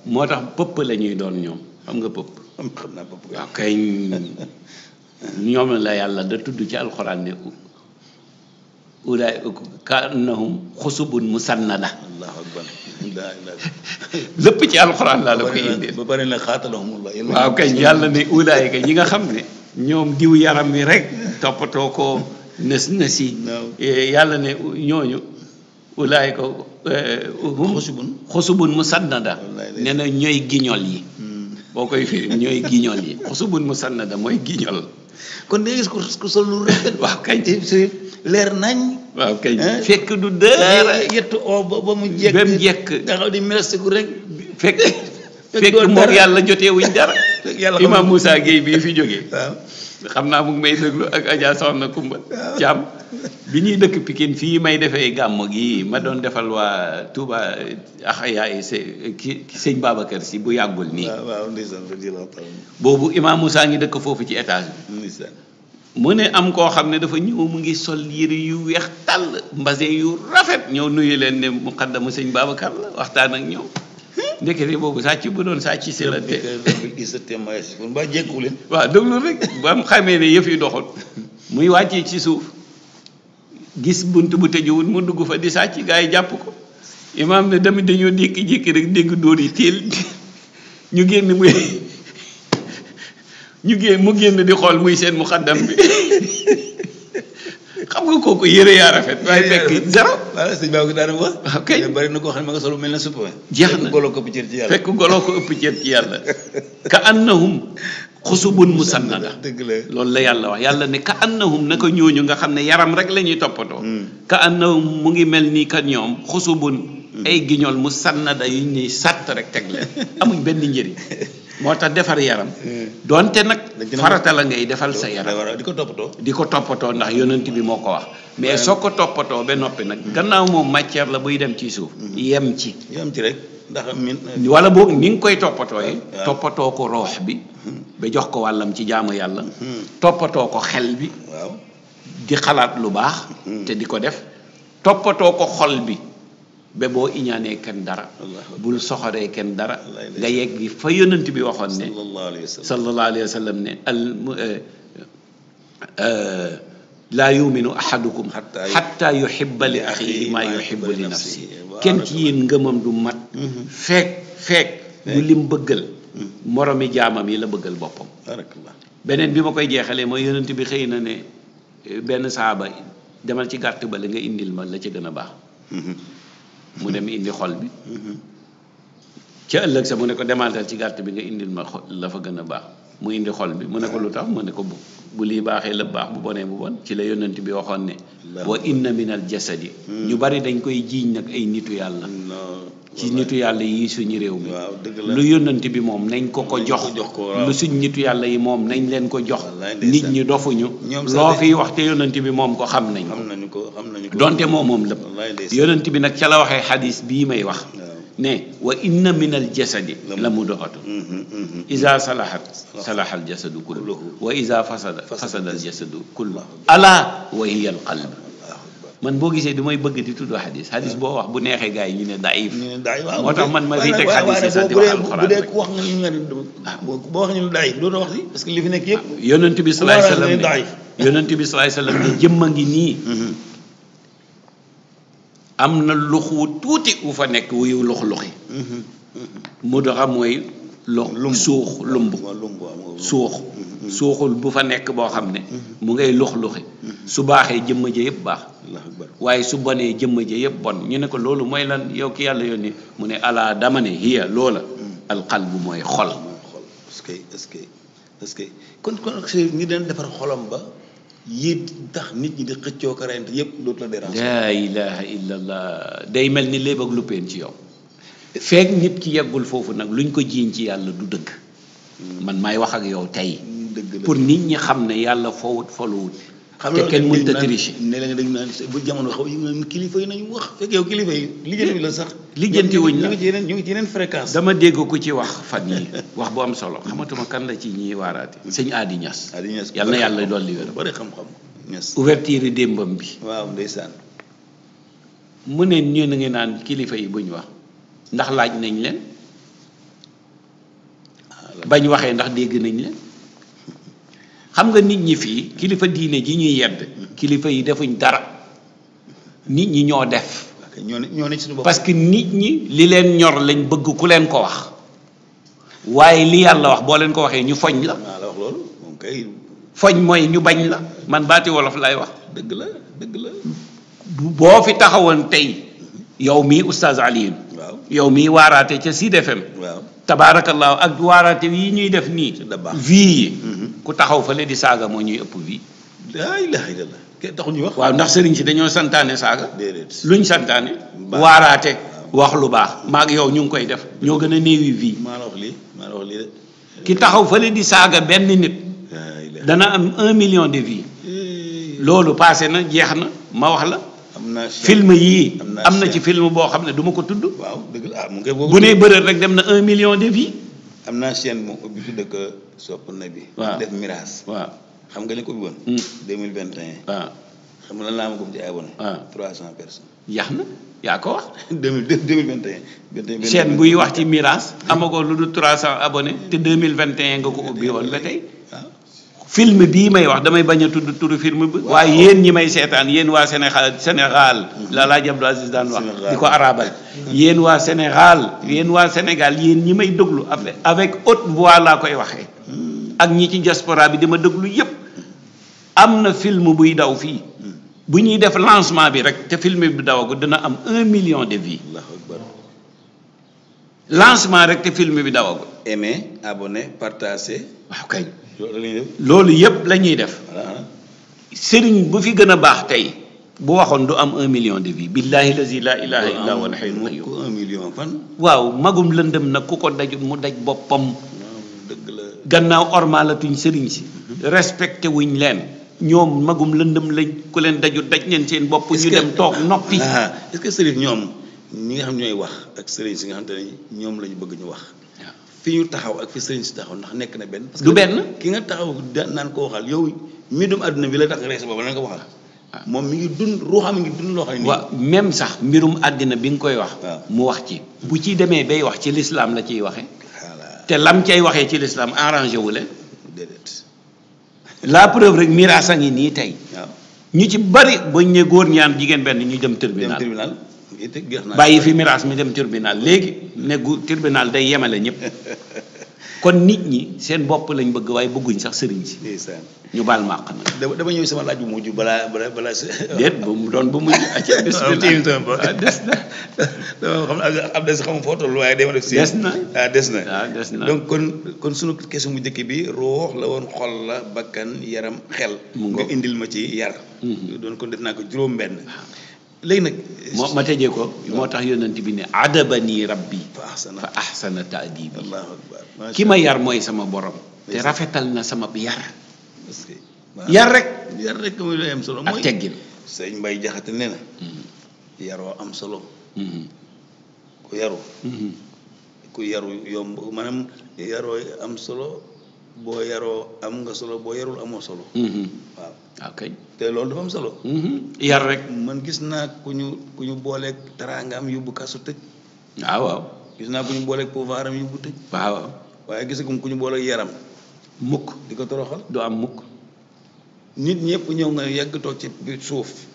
moo tax pëpp la ñuy doon ñoom xam nga pëpp. xam naa pëpp waaw kay ñoom la yàlla da tudd ci alxuraan ne ulaay kaannahum xusubun musannada. allahu akbar ci alxuraan laa la ba bari na waaw kay yàlla ne ulaay ñi nga xam ne. ñoom diw yaram wi rek toppatoo ko. na na si e, yàlla ne ñooñu ulaay ko e, xosubun xosubun mu sannada nee na ñooy giñol yi hmm. boo koy firi ñooy giñol yi xosubun mu sannada mooy giñol kon day gis ku sol lu waaw kañ eh, leer nañ kañ eh? fekk du dara yettu oo ba mu jekk ba mu jekk da xaw di melestiku rek fekk fekk yàlla jotee wuñ dara imaam Moussa Gueye bii fi jógee xam naa mu ngi may déglu ak Adja na Kumba Thiam bi ñuy dëkk pikin fii may defee gàmm gi ma doon defal waa Touba axayaay ki sëñ Babacar si bu yàggul nii. boobu Imam saa ngi dëkk foofu ci étage bi. mu ne am koo xam ne dafa ñëw mu ngi sol yére yu weex tàll mbase yu rafet ñëw nuyu leen ne muqaddamu sëñ Babacar la waxtaan ak ñoom. ndekete boobu sàcc bu doon sàcc si la te ba jékku leen rek ba mu xamee ne yëf yi doxul muy wàccee ci suuf gis bunt bu tëjuwul mu dugg fa di sàcc gars yi jàpp ko imaam ne tamit dañoo jékki-jékki rek dégg dóor yi teel ñu génn muy ñu mu génn di xool muy seen muxaddam bi xam nga kooku yére yaa rafet. waaye fekk zéro. voilà sëñ Ba daanaka wax. Ah, bari na koo xam ne solo mel na supp. jeex na fekk golo ko ëpp cër ci yàlla fekk golo ko ëpp cër ci yàlla. ka annahum xusubun musannada dëgg la loolu la yàlla wax yàlla ne ka annahum naka ñooñu nga xam ne yaram rek la ñuy toppatoo. Hmm. ka annahum mu ngi mel nii ka ñoom xusubun hmm. ay guignol musannada yu ñuy sàtt rek teg leen amuñ benn njëriñ. moo tax defar yaram. Hmm. donte nag. farata la ngay defal sa yaram. di ko toppatoo. di ko toppatoo ndax yonent bi moo ko wax. mais hmm. soo ko toppatoo ba noppi nag. Hmm. gannaaw moom matière la buy dem ci suuf. yem ci. yem ci rek ndax min. wala boog ni nga koy toppatoo yi. toppatoo ko roox bi. ba jox ko wàllam ci jaamu yàlla. toppatoo ko xel bi. di xalaat lu baax. te di ko def. toppatoo ko xol bi. ba boo iñaanee kenn dara bul soxoree kenn dara nga yegg fa yonent bi waxoon ne sallallahu alayhi wa sallam ne al eh, eh, laa yuminu ahadukum xatta yuhibba kenn ci yéen mat feek feek du lim bëggal mm-hmm. moromi jaamam yi la bëggal boppam beneen bi ma koy jeexalee mooy yonent bi xëy na ne eh, benn saaba demal ci gàtt ba la nga indil ma la ca gën a baax mm-hmm. mu dem indi xol bi mm-hmm. ca ëllëg sa mu ne ko demaltal ci gàtt bi nga indil ma la fa gën a baax mu indi xol bi mu ne ko lu tax mu ne ko bu bu lii baaxee la baax bu bonee bu bon ci la yonent bi waxoon ne wa inna minal jasadi mm. ñu bari dañ koy jiiñ nag ay nitu yàlla ci nitu yàlla yi suñu réew mi lu yónnante bi moom nañ ko ko jox lu suñ nitu yàlla yi moom nañ leen ko jox nit ñi dofuñu loo fiy wax te bi moom ko xam nañ ko donte moom moom lépp yónnante bi nag ca la waxee xadiis bii may wax ne wa inna min al jasadi la mu doxatu mm-hmm, mm-hmm, mm-hmm. isa salahat salaha al jasadu kullu wa isa fasada fasada al jasadu ala wa hiya al qalb man boo gisee du may bëgg di tudd xadis xadis boo wax bu neexee gars yi ñu ne daif moo tax man ma fiy teg xadis yi sax wax alxuraan bu dee ku wax nga ñu ne ah, boo wax ñu ne daif dootoo wax si parce que li fi nekk yëpp ah, yonent bi salaay sallam ne yonent bi salaay sallam ne jëmm ngi nii mm-hmm. am na luxu tuuti wu fa nekk wuyu lux luxi mm-hmm. mm-hmm. mu doxa mooy lux suux lumb suux mm-hmm. suuxul bu fa nekk boo xam ne mm-hmm. mu ngay lux luxi mm-hmm. su baaxee jëmma ja yëpp baax waaye su bonee jëmma ja yëpp bon ñu ne ko loolu mooy lan yow ki yàlla yónni mu ne alaa dama ne hiya loola mm. bu mooy xol est-ce que est-ce que est kon kon ñu daan defar xolam ba yit tax nit ñi di xëccoo ko reyante yëpp dootu la dérange day mel ni léeb ak luppeen ci yow feek nit ci yeggul foofu nag luñ ko jiiñ ci yàlla du dëgg man maay wax ak yow tey pour nit ñi xam ne yàlla fowut foluwut te kenn mënut a tricher ne la nga dañu bu jamono xaw ñu yi nañu wax fekk yow kilifa sax lijjanti wuñ la ñu ngi ci yeneen ñu ngi ci dama dégg ku ci wax fan yi wax bu am solo xamatuma kan la ci ñiy waaraate sëñ Adi Niass Adi Niass yal na yàlla dolli wér bari xam-xam Niass ouverture démbam bi waaw ndeysaan mu ne ñu na ngi naan kilifa yi buñ wax ndax laaj nañ leen bañ waxee ndax dégg nañ leen xam nga nit ñi fii kilifa diine ji ñuy yedd kilifa yi defuñ dara nit ñi ñoo def ñoo ne ci que nit ñi li leen ñor lañ bëgg ku leen ko wax waaye li yàlla wax boo leen ko waxee ñu foñ la foñ mooy ñu bañ la man baati wolof lay wax dëgg la dëgg la boo fi taxawoon tey yow mii oustaz Alioune yow mii waaraate ca Sud FM. waaw ak waaraate yi ñuy def nii. vie yi. Mm-hmm. ku taxaw fa fële di saaga moo ñuy ëpp vie. laa ilaaha illallaah waaw ndax sëriñ si dañoo santaane saaga. déedéet luñ santaane. waaraate wax lu baax maag yow ñu ngi koy def ñoo gën a néewi vie. maa ki taxaw fa fële di saaga benn nit. dana am un million de vie. loolu passé na jeex na ma wax la. film yii am na ci film boo xam ne duma ko tudd waaw dëgg la ah, mu ngi bu nee bërër rek dem na un million de vues am naa chaine moom ubbi tudd ko sopp na bi waaw def mirage waaw xam nga li ko ubbi hmm. mille vingt et un waaw xam nga lan laa ma cent personnes yaax na yaa ko wax deux mille deux mille vingt buy wax ci mirage amagoo lu dul trois cent abone te deux mille vingt et un nga ko ubbi woon ba tey ah. film bi may wax damay bañ a tudd turu film bi waaye yéen ñi may seetaan yéen waa Sénégal Sénégal la mm-hmm. laaj daan wax di ko arabal mm-hmm. yéen waa Sénégal yéen waa Sénégal yéen ñi may déglu avec haute voix laa koy waxee mm-hmm. ak ñi ci diaspora bi di ma déglu yépp am na film buy daw fii bu ñuy def langement bi rek te film bi dawagu dina am un million de vues rek te bi dawagu aimer abonner loolu yëpp la ñuy def sëriñ bu fi gën a baax tey bu waxoon du am un million de vie billahi lazi la ilaha illa huwa alhayyul qayyum un million fan waaw magum lëndëm nag ku ko daj mu daj boppam dëgg la gannaaw ormalatuñ sëriñ si mhm. respecté wuñ leen ñoom magum lëndëm lañ ku leen dajut daj leen seen bopp ñu dem toog noppi ah, est-ce que ñoom ñi nga xam ñooy wax ak sëriñ si nga xam te ñoom lañu bëgg ñu wax fi ñu taxaw ak fi sëriñ si taxaw ndax nekk na benn. du benn ki nga taxaw naan ko waxal yow mi dum àdduna bi la tax rees boobu la ko waxal. Ah. moom mi ngi dund ruuxam mi ngi dund loo xam ne. même sax mbirum àddina bi nga koy wax. mu wax ci. bu ci demee bay wax ci lislaam la ciy waxee. te lam cay waxee ci lislaam arrangé wu leen. la preuve rek miraas a ngi nii tey. ñu ci bari bañ ne góor ñaan jigéen benn ñu dem tribunal. bàyyi fi miraas mi dem tribunal léegi negu tribunal day yemale ñëpp kon nit ñi seen bopp lañ bëgg waaye bëgguñ sax sëriñ si ñu baal màq nag dama ñëw sama laaj bu mujj balaa balaa balaa déet bu mu doon bu mujj acca ah, ah, des na des na waaye dama des na ah des na ah donc kon kon sunu question mu njëkk bi ruux la woon xol la bakkan yaram xel nga indil ma ci yar mhm. doon kon def naa ko juróom benn ah. léegi nag. moo ma teje ko moo tax yonent bi ne adabani rabbi fa ahsana taadibi ki ma yar mooy sama borom. te rafetal na sama yar. yar rek. yar rek mooy lu am solo mooy ak Mbay Jaxate nee na. Mm-hmm. yaroo am solo. Mm-hmm. ku yaru. Mm-hmm. ku yaru yomb maanaam yaroo am solo. boo yaroo am nga solo boo yarul amoo solo. Mm-hmm. waaw. ok te loolu dafa am solo. Mm-hmm. yar rek. man gis naa ku ñu booleek ñu yóbbu kasu tëj. waaw ah, waaw. gis naa ku ñu booleeg pouvoir am yóbbu tëj. waaw ah, waaw waaye gisagum ku ñu booleeg yaram. mukk di ko toroxal du am mukk. nit ñëpp ñëw nga yàgg toog ci biir suuf.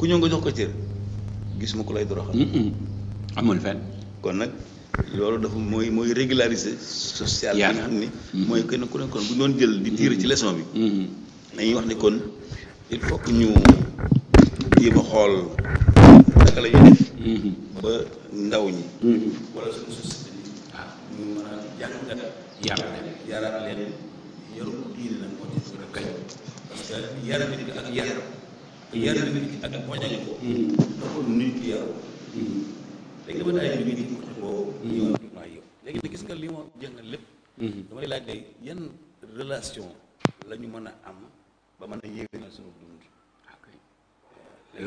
ku ñëw nga jox ko cër. gis ma ku lay toroxal. amul fenn kon nag. loolu dafa mooy mooy régulariser social yaa nga xam ne mooy kenn ku ne kon bu doon jël di tiir ci leçon bi mm-hmm. dañuy wax ne kon il faut que ñu jéem xool naka la ñuy def mm-hmm. ba ndaw ñi mm-hmm. wala bi ah. ñu mën a leen yaru diine nag moo ci rek kañ parce que yar nit ak yar yar nit ak wañañ ko taxul nit ki ko ñëw noyyi léegi nag gis nga li ma jëng lépp mhm. dama lay laaj day yan relation la ñu mën a am ba mën a yéwénal suñu dund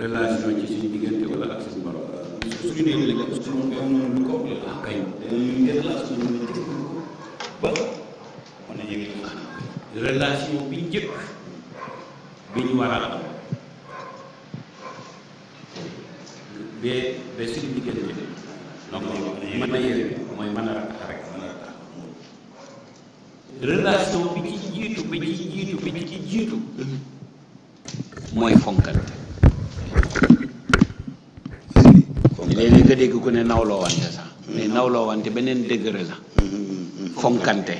relation ci suñu diggante wala ak suñu borom ba mën a relation bi njëkk bi ñu war a am ba ba suñu diggante donc mooy mën a fonkante léeg-léeg nga dégg ku ne nawloo wante sax mais mm-hmm. nawloo beneen degré la mm-hmm. fonkante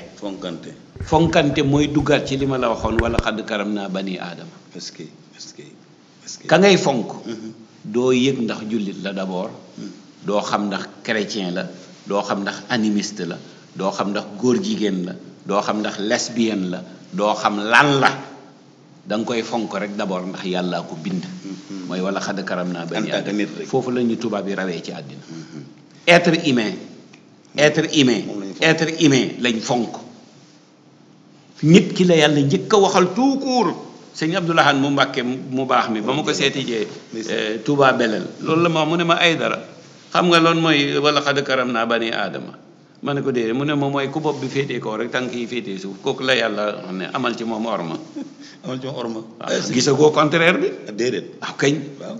fonkante mooy duggaat ci li ma la waxoon wala xadd karam naa bani aadama parce parce que ka ngay fonk mm-hmm. doo yëg ndax jullit la d'abord doo xam ndax chrétien la doo xam ndax animiste la doo xam ndax góor jigéen la doo xam ndax lesbienne la doo xam lan la da koy fonk rek d'abord ndax yàllaa ko bind mm-hmm. mooy wala xadd karam naa bani aadama foofu la ñu tubaab yi rawee ci àddina mm-hmm. être humain mm-hmm. être humain être humain lañ fonk nit ki la yàlla njëkk a waxal tout court sëñ Abdoulahan mu Mbàkke mu baax mi ba ma ko seeti jee eh, Touba Belel loolu la ma mu ne ma ay dara xam nga loolu mooy wala xad karam naa bani aadama ma ne ko déedéet mu ne ma mooy ku bopp bi féetee kaw rek tànk yi féetee suuf kooku la yàlla xam ne amal ci moom orma. amal ci moom orma. gisagoo contraire bi. déedéet ah,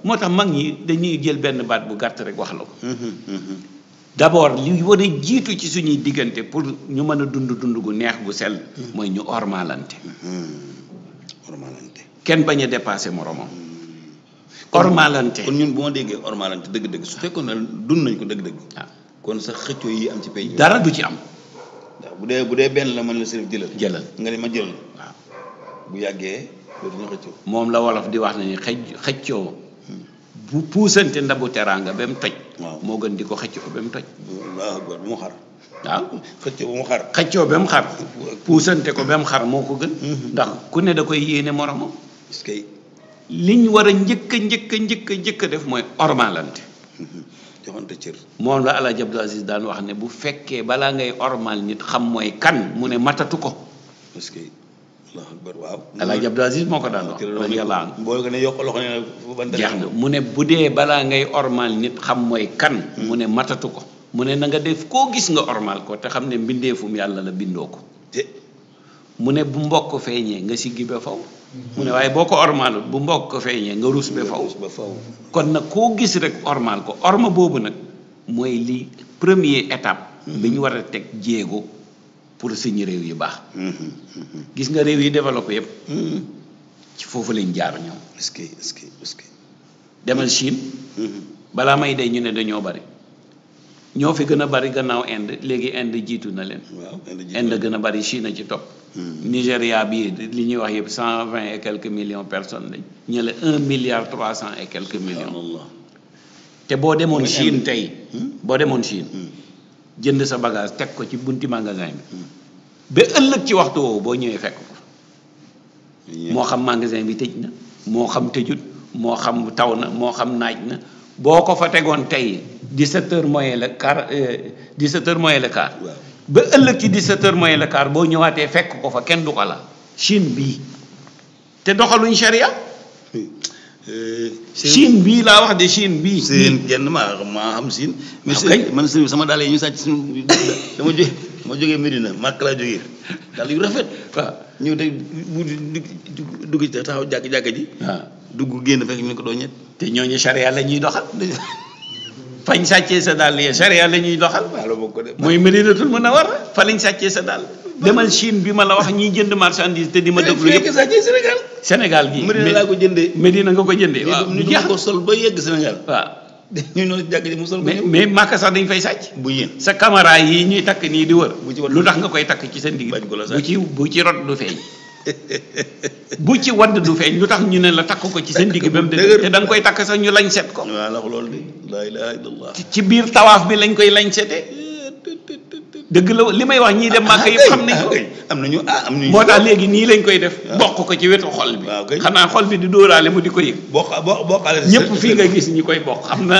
moo tax mag ñi dañuy jël benn baat bu gàtt rek wax la mm-hmm, mm-hmm. abord li war a jiitu ci suñuy diggante pour ñu mën a dund dund gu neex bu sell. Mm-hmm. mooy ñu ormalante. ormalante kenn bañ a dépassé moromam. ormalante kon ñun bu ma déggee ormalante dëgg-dëgg su fekkoon ne dund nañ ko dëgg-dëgg ah. kon sax xëccoo yi am ci pays dara du ci am bu dee bu dee benn la mën na sërif jëlal jëlal nga ne ma jëlal ah. bu yàggee dootuñu xëccoo moom la wolof di wax ne ni xëj xëccoo hmm. bu puusante ndabu teraanga ba mu toj moo gën di ko xëcc ko ba mu toj waaw mu xar waaw ah. xëccoo ba mu xar xëccoo ba mu xar puusante ko ba mu xar moo ko gën hmm. ndax ku ne da koy yéene moromam liñ war a njëkk a njëkk a njëkk def mooy ormalante moom la Alaaji Abdou Aziz daan wax ne bu fekkee balaa ngay ormal nit xam mooy kan mu ne matatu ko parce que Allahu waaw Alaaji Abdou moo ko daan wax radiyallahu yokk jeex na mu ne bu dee balaa ngay ormal nit xam mooy kan mu ne matatu ko mu ne na nga def koo gis nga ormal ko te xam ne mbindeefum yàlla la bindoo ko mu ne bu mbokk feeñee nga siggi ba faw mu ne waaye boo ko ormaalut bu mbokk ko feeñee nga ruus ba faw kon nag koo gis rek ormaal ko orma boobu nag mooy li premier étape mm-hmm. bi ñu war a teg jéego pour suñu réew yu baax mm-hmm. Mm-hmm. gis nga réew yi développé yëpp ci foofu lañ jaar ñoom est demal Chine balaa may day ñu ne dañoo bari ñoo fi gën a bari gannaaw Inde léegi Inde jiitu na leen. waaw Inde jiitu gën a bari Chine ci topp. Hmm. Nigéria bii li ñuy wax yëpp cent vingt et quelques millions personnes lañ ñële un milliard trois cent et quelques millions. te boo demoon Chine tey. Hmm? boo demoon Chine. Hmm. jënd sa bagage teg ko ci bunti magasin bi. ba ëllëg ci waxtu woowu boo ñëwee fekk ko. moo xam magasin bi tëj na moo xam tëjut moo xam taw na moo xam naaj na boo ko fa tegoon tey. 17 heures moyen le quart 17 heures moins le quart. ba ëllëg ki 17 heures moins le boo ñëwaatee fekk ko fa kenn du ko la Chine bii te doxaluñ charia. Euh, Chine bii laa wax de Chine bi seen genn maa maa xam Chine. mais ah, sëñ man sëñ sama daal yi ñu sàcc suñu dama jóge ma jógee Medina màkk laa jógee daal yu rafet. waaw ah. ñëw de bu dugg ci taxaw jàkk jàkk ji. Ah. dugg génn fekk ñu ko doon ñett. te ñooñu charia la ñuy doxal. fañ sàccee sa dàll yi charia la ñuy doxal. mooy Madinatul Munawwara fa lañ sàccee sa dàll. demal Chine bi ma la wax ñiy jënd marchandise te di ma déglu yëpp Sénégal. Sénégal gi Medina laa ko jëndee. Medina nga ko jëndee waaw ñu jeex ko sol ba yegg Sénégal. waaw ñu noo jàkk mais mais dañ fay sàcc. bu sa kamara yi ñuy takk nii di wër. lu tax nga koy takk ci seen digg. bu ci bu ci rot du feeñ. bu ci wadd du feeñ lu tax ñu ne la takk ko ci seen digg ba mu dëgër te da koy takk sax ñu lañ set ko waaw loolu ci biir tawaaf bi lañ koy lañ setee dëgg la li may wax ñii dem màkk yëpp xam ah, ah, ah, am nañu ah am nañu moo tax léegi nii lañ koy def bokk ko ci wetu xol bi xanaa xol bi di dóoraale mu di ko yëg bokk ñëpp fii nga gis ñi koy bokk xam na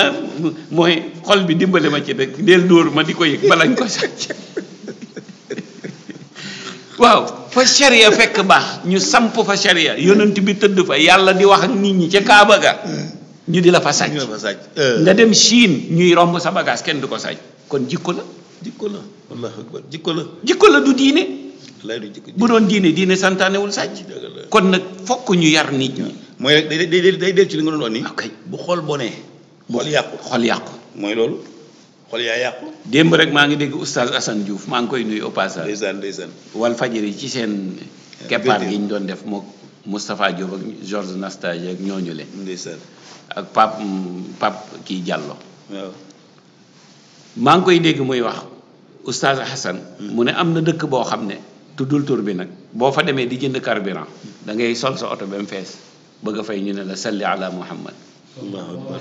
mooy xol bi dimbali ma ci dëkk deel dóor ma di ko yëg balañ ko sàcc waaw fa sharia fekk baax ñu samp fa sharia yonent bi tëdd fa yàlla di wax ak nit ñi ca Kaaba ga hmm. ñu di la fa sàcc euh. nga dem Chine ñuy romb sa bagage kenn du ko sàcc kon jikko la jikko la allahu akbar jikko la jikko la du diine bu doon diine diine santaanewul sàcc kon nag fokk ñu yar nit ñi mooy day day day def ci li nga doon wax ni bu xol bonee xol yàqu xol yàqu mooy loolu xol yaa démb rek maa ngi dégg oustaz Assane Diouf maa ngi koy nuyu au passage. ndeysaan ndeysaan. wal fajiri ci seen. keppaar yi ñu doon def mook Moustapha Diop ak Georges Nastaye ak ñooñu le. ndeysaan ak Pape Pape kii Diallo. waaw maa ngi koy dégg muy wax oustaz Assane. Hmm. mu ne am na dëkk boo xam ne. tuddul tur bi nag boo fa demee di jënd carburant da ngay sol sa oto ba mu fees bëgg a fay ñu ne la salli ala muhammad wa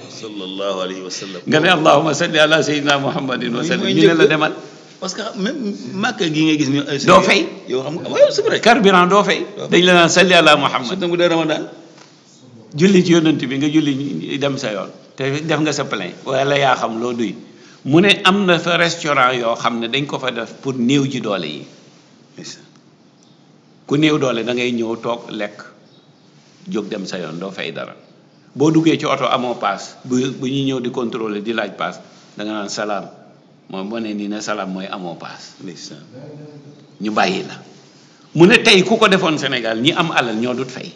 sallam nga ne allahuma salli ala sayyidina muhammadin wa sallam ne la demal parce que même màkk nga gis ni doo fay yow xam carburant doo fay dañ la naan salli ala muhammad surtout bu dee ramadan julli ci yonent bi nga julli dem sa yoon te def nga sa plein wala yaa xam loo duy mu ne am na fa restaurant yoo xam ne dañ ko fa def pour néew ji doole yi ku néew doole da ngay ñëw toog lekk jóg dem sa yoon doo fay dara boo duggee ci oto amoo paas bu bu ñuy ñëw di contrôler di laaj paas danga nga naan salaam moom moo ne nii ne salaam mooy amoo paas ñu bàyyi la mu ne tey ku ko defoon Sénégal ñi am alal ñoo dut fay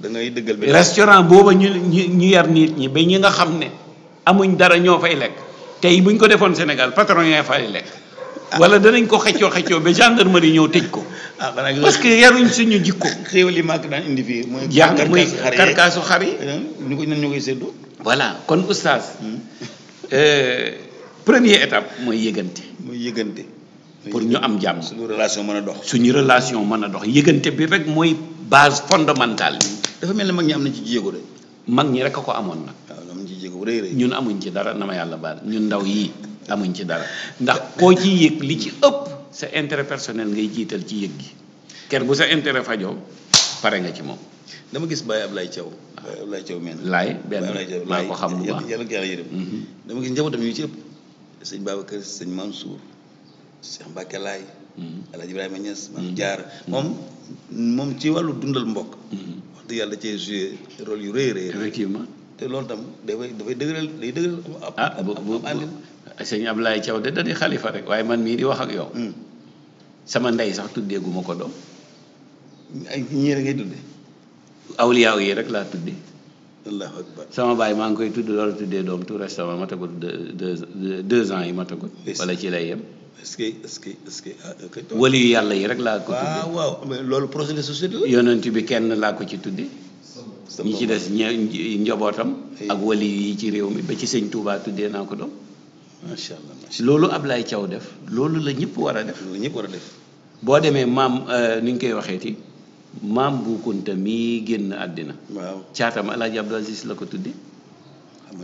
da ngay dëggal restaurant booba ñu ñu yar nit ñi ba ñi nga xam ne amuñ dara ñoo fay lekk tey buñ ko defoon Sénégal patron yaa fay lekk ah. wala danañ ko xëccoo xëccoo ba gendarmerie ñëw tëj ko ah parce que yaruñ suñu jikko. Ah, xéewal yi màgg daan indi fii. mooy karkaasu xar yi eh, ñu ko ñu koy séddoo. voilà kon oustaz. Hmm. Euh, premier étape mooy yëgante. mooy yëgante. pour ñu am jàmm. suñu relation mën a dox. suñu relation mën a dox yëgante bi rek mooy base fondamentale bi. dafa mel ne mag ñi am na ci jéego de. mag ñi rek a ko amoon na waaw ci jéego rëy rëy. ñun amuñ ci dara na ma yàlla baal ñun ndaw yi amuñ ci dara ndax koo ci yëg li ci ëpp. sa intérêt personnel ngay jiital ci yëg gi ker bu sa intérêt fajoo pare nga ci moom. dama gis Baye Ablaye Thiaw. Ah. Baye Ablaye Thiaw meen. laay benn maa ko xam bu baax yàlla mhm. dama gis njabootam yu ci ëpp. sëñ Babacar sëñ Mansour. Cheikh Mbacke Laay. Alhaji mhm. Ibrahima Niass. maam mhm. Diarra moom moom ci wàllu dundal mbokk. wax yàlla da cee joué rôle yu rëy rëy. te loolu tam dafay dafay dëgëral day dëgëral. ah bu bu bu sëñ Ablaye Thiaw de dañuy xalifa rek waaye man mii di wax ak yow. Mm. sama ndey sax tuddee gu ma ko doom ay ñii rek ngay tudde awliyaaw yi rek laa tudde allahu sama baay maa ngi koy tudd loolu tuddee doom tout récemment ma tagul deux deux ans yi ma tagul wala ci lay yem est-ce que est ah, yàlla yi rek laa ko tudde ah, waaw loolu projet de société yonent bi kenn laa ko ci tudde ñi ci des njabootam ak wali yi ci réew mi ba ci sëñ Touba tuddee naa ko doom macha allah si loolu Ablaye Thiaw def loolu la ñëpp war a def. loolu ñëpp war a def. boo demee maam euh, ni ñu koy waxeeti maam bu Kunta mii génn àddina. waaw caatam El Hadj Abdou la ko tuddi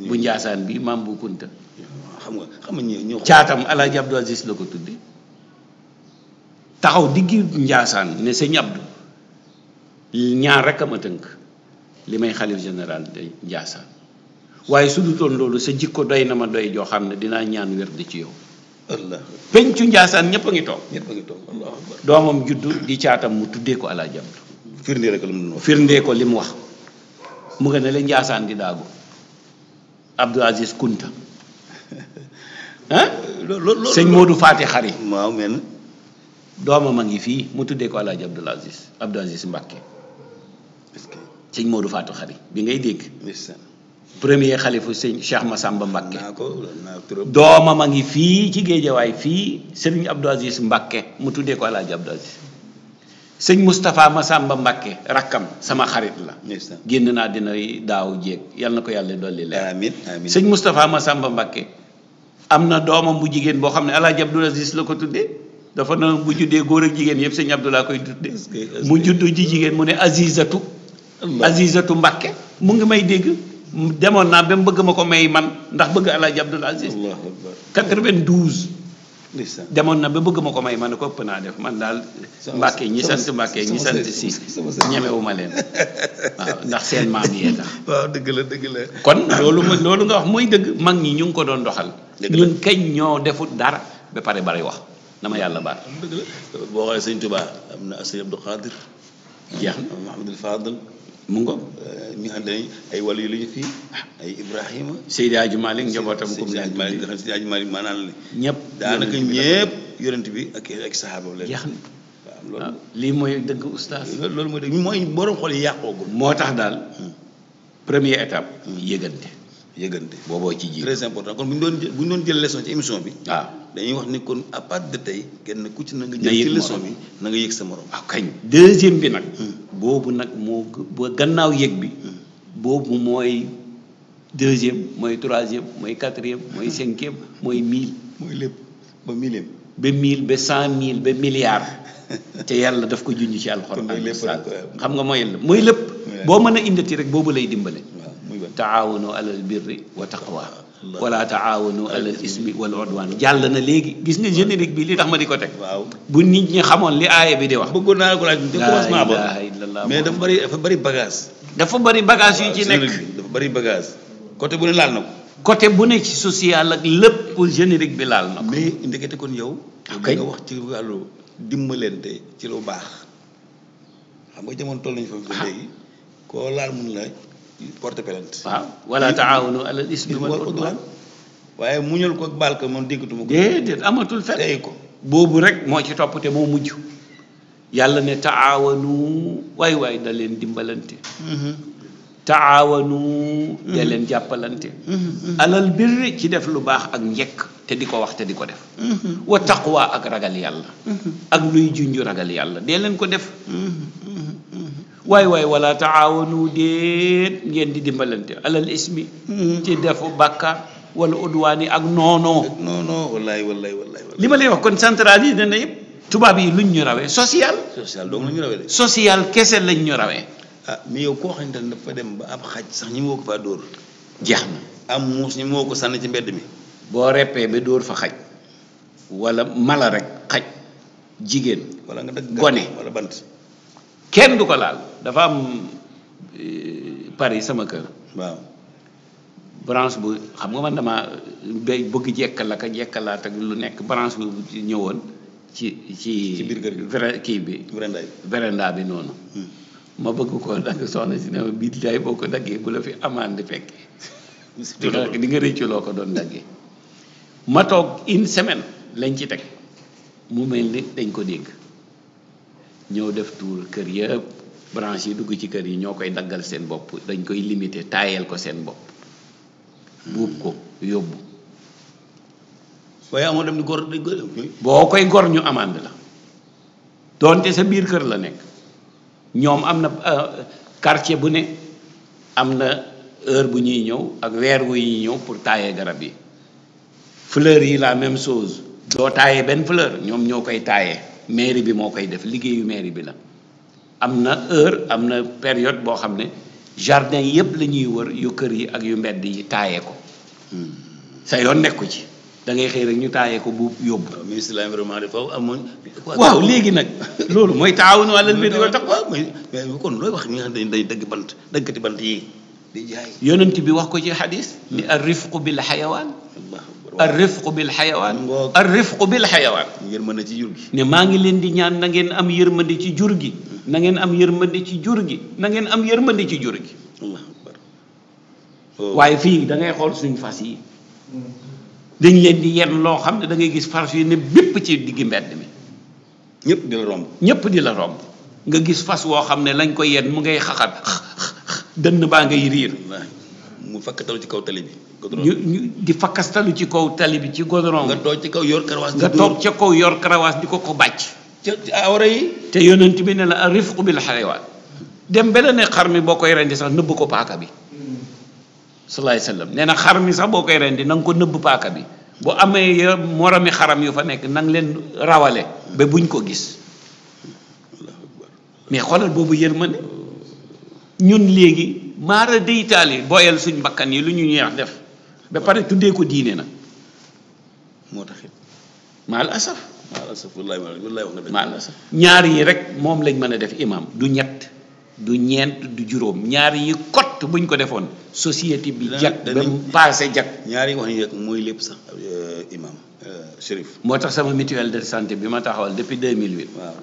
bu Njaasaan bi maam bu xam nga xam nga caatam El la ko tuddi taxaw diggi Njaasaan ne sëñ Abdou ñaar rek a ma tënk li may xalif général de Njaasaan. waaye su dutoon loolu sa jikko doy na ma doy joo xam ne dinaa ñaan wér di ci yow. Allah pencu Njaasaan ñëpp a ngi toog. a ngi toog Allahu akbar doomam juddu di caatam mu tuddee ko Alaaji Abdu. firndee ko li mu wax mu wax nga ne la Njaasaan di daagu Abdou Aziz Kunta ah. loolu sëñ Modou Faati Xari. doomam a ngi fii mu tuddee ko Alaaji Abdou Aziz Abdou Aziz Mbàkke. est-ce que Faati Xari bi ngay dégg. premier xalifu sëñ Cheikh Massamba Mbakke doomam a ngi fii ci géejawaay fii sëriñ Abdou Aziz Mbakke mu tuddee ko alaaji Abdou Aziz sëñ Moustapha Massamba Mbakke sama xarit la naa dina daaw jéeg yal ko yàlla dolli leer amiin amiin sëñ Mbakke am na doomam bu jigéen boo xam ne alaaji Abdou Aziz la ko tuddee dafa na bu juddee góor ak jigéen yëpp sëñ Abdou laa koy tuddee mu juddu ji jigéen mu ne Azizatu Azizatu Mbakke mu ngi may dégg demoon naa ba mu bëgg ma ko may man ndax bëgg Alaaji Abdul Aziz. 92. demoon na ba bëgg ma ko may man ne ko ëpp naa def man daal. Mbàkke ñi sant Mbàkke ñi sant si ñemewu ma leen waaw ndax seen maam yee tax. dëgg la dëgg la. kon loolu ma loolu nga wax mooy dëgg mag ñi ñu ngi ko doon doxal. ñun kañ ñoo defut dara ba pare bari wax dama yàlla baal. dëgg boo xoolee sëñ Tuubaa am na Sëñ Abdou Khadir. jeex na mu ngoog ñu euh, ànd ay wàllu yu la ñu fii ay Ibrahima. Seydi Hadji Malick njabootam. comme ni ñëpp daanaka ñëpp yonent bi ak ak saxaaba la. jeex na waaw ah, lii mooy dëgg loolu mooy dëgg mooy borom xol yi yàqoogu. moo tax daal hmm. première étape. yëgante. yëgante booboo ci ji. très important kon bu ñu doon jël bu doon jël leçon ci émission bi. waaw ah. dañuy wax ni kon à part de tey genn ku ci na nga jël ci leçon bi na nga yëg sa morom. waaw ah, kañ deuxième bi nag. Hmm. boobu nag moo ba gannaaw yéeg bi boobu mooy deuxième mooy troisième mooy quatrième mooy hmm. cinquième mooy mille. lépp ba millième. ba mille ba cent mille ba milliard te yàlla daf ko junj ci alxuraan xam nga mooy lépp mooy lépp boo mën a indati rek boobu lay dimbale. taawanu alal birri wa wala taawanu alal ismi wal udwan jàll na léegi gis nga générique bi li tax ma di ko teg waaw bu nit ñi xamoon li aaya bi di wax bëggoon naa ko laaj te commencement ba mais dafa bëri dafa bëri bagage dafa bëri bagage yu ci dafa bëri bagage côté bu laal na côté bu ne ci social ak lépp générique bi laal na ko mais ndekete kon yow ah, nga wax ci wàllu dimbalante ci lu baax xam nga jamono toll nañu fa ah. léegi koo laal mun la porte plainte waaw wala taawunu alal ismi wal udwan waaye muñal ko ak baal ko moom déggatuma ko déedéet amatul fet tey ko boobu rek moo ci topp te moo mujj yàlla ne taawanu waay waay da leen dimbalante mhm. taawanu da mhm. leen jàppalante mhm, alal birri ci def lu baax ak njëkk te di ko wax te di ko def wa taqwa ak ragal yàlla ak luy junju ragal yàlla dee leen ko def waaye waay wala taawanu déet ngeen di dimbalante alal ismi hmm. ci defu bàkkaar waan yi ak noonoo noonoo wallaay wallaay wallaay li ma lay wax kon centralisé na yëpp tubaab yi luñ ñu rawee social social donc luñ ñu rawee social kese lañ ñu rawee ah mais yow koo xamante ne dafa dem ba ab xaj sax ñi moo ko faa dóor jeex na am muus ñi moo ko sànni ci mbedd mi boo reppee ba dóor fa xaj walla mala rek xaj jigéen wala nga dëgg gone wala bant kenn du ko laal dafa am e, Paris sama kër. waaw branche bu xam nga man dama bay bëgg jekkal la ka jekkalaat ak lu nekk branche bu ñëwoon ci ci. ci biir kër kii bi. véranda bi véranda bi noonu. Hmm. ma bëgg koo dagg soxna si ne ma bii day boo ko daggee bu la fi amande fekkee. di nga rëccu loo ko doon daggee. ma toog une semaine lañ ci teg mu mel ni dañ ko dégg. ñëw def tuur kër yëpp branche yi dugg ci kër yi ñoo koy daggal seen bopp dañ koy limité taayal ko seen bopp buub ko yóbbu waaye amoo dem ni gor boo koy gor ñu amande la doonte sa biir kër la nekk ñoom am na euh, quartier bu ne am na heure bu ñuy ñëw ak weer wu ñuy ñëw pour taaye garab yi fleur yi la même chose doo taaye benn fleur ñoom ñoo koy taaye mairie bi moo koy def liggéeyu mairie bi la am na heure am na période boo xam ne jardin yépp la ñuy wër yu kër yi ak yu mbedd yi taayee ko hmm. sa yoon nekk ci dangay xëy rek ñu taayee ko bu yóbbu. waaw ministre de l'environnement de foofu amoon. léegi nag loolu mooy taawun wala mbir yoo tax waaw mooy kon looy wax ñi xam ne dañuy dëgg bant dëggati bant yi di bi wax ko ci xadis. ni ar bi bil xayawaan. ar-rifqu bil xayawaan ar-rifqu bil xayawaan yërmande ci jur gi ne maa ngi leen di ñaan na ngeen am yërmande ci jur gi na ngeen am yërmande ci jur gi na ngeen am yërmande ci jur gi oh. waaye fii da ngay xool suñu fas yi dañ leen di yenn loo xam ne da ngay gis fas yi ne bépp ci diggi mbedd mi ñëpp di la romb ñëpp di la romb nga gis fas woo xam ne lañ ko yenn mu ngay xaxat dënn baa ngay riir mu fakkastalu ci kaw tali bi. ñu ñu di fakkastalu ci kaw tali bi ci goudron nga toog ci kaw yor karawaas. nga toog ca kaw yor karawaas di ko ko bàcc. ca awra yi. te yonent bi ne la rifqu bil xayawaat dem ba la ne xar mi boo koy rendi sax nëbb ko paaka bi. salaay sallam nee na xar mi sax boo koy rendi na ko nëbb paaka bi bu amee moromi xaram yu fa nekk na leen rawale. ba buñ ko gis. mais xoolal boobu yërmande ñun léegi. maara deytaali booyal suñ bakkan yi lu ñu yeex def ba pare tuddee ko diine na moo tax it maal asaf maal asaf wallaay wallaay wax nga ñaar yi rek moom lañ mën a def imam du ñett du ñeent du juróom ñaar yi kott buñ ko defoon société bi jag ba mu paase jag ñaar yi wax ni mooy lépp sax euh, imam euh, Chérif moo tax sama mutuel de santé bi ma taxawal depuis 2008 waaw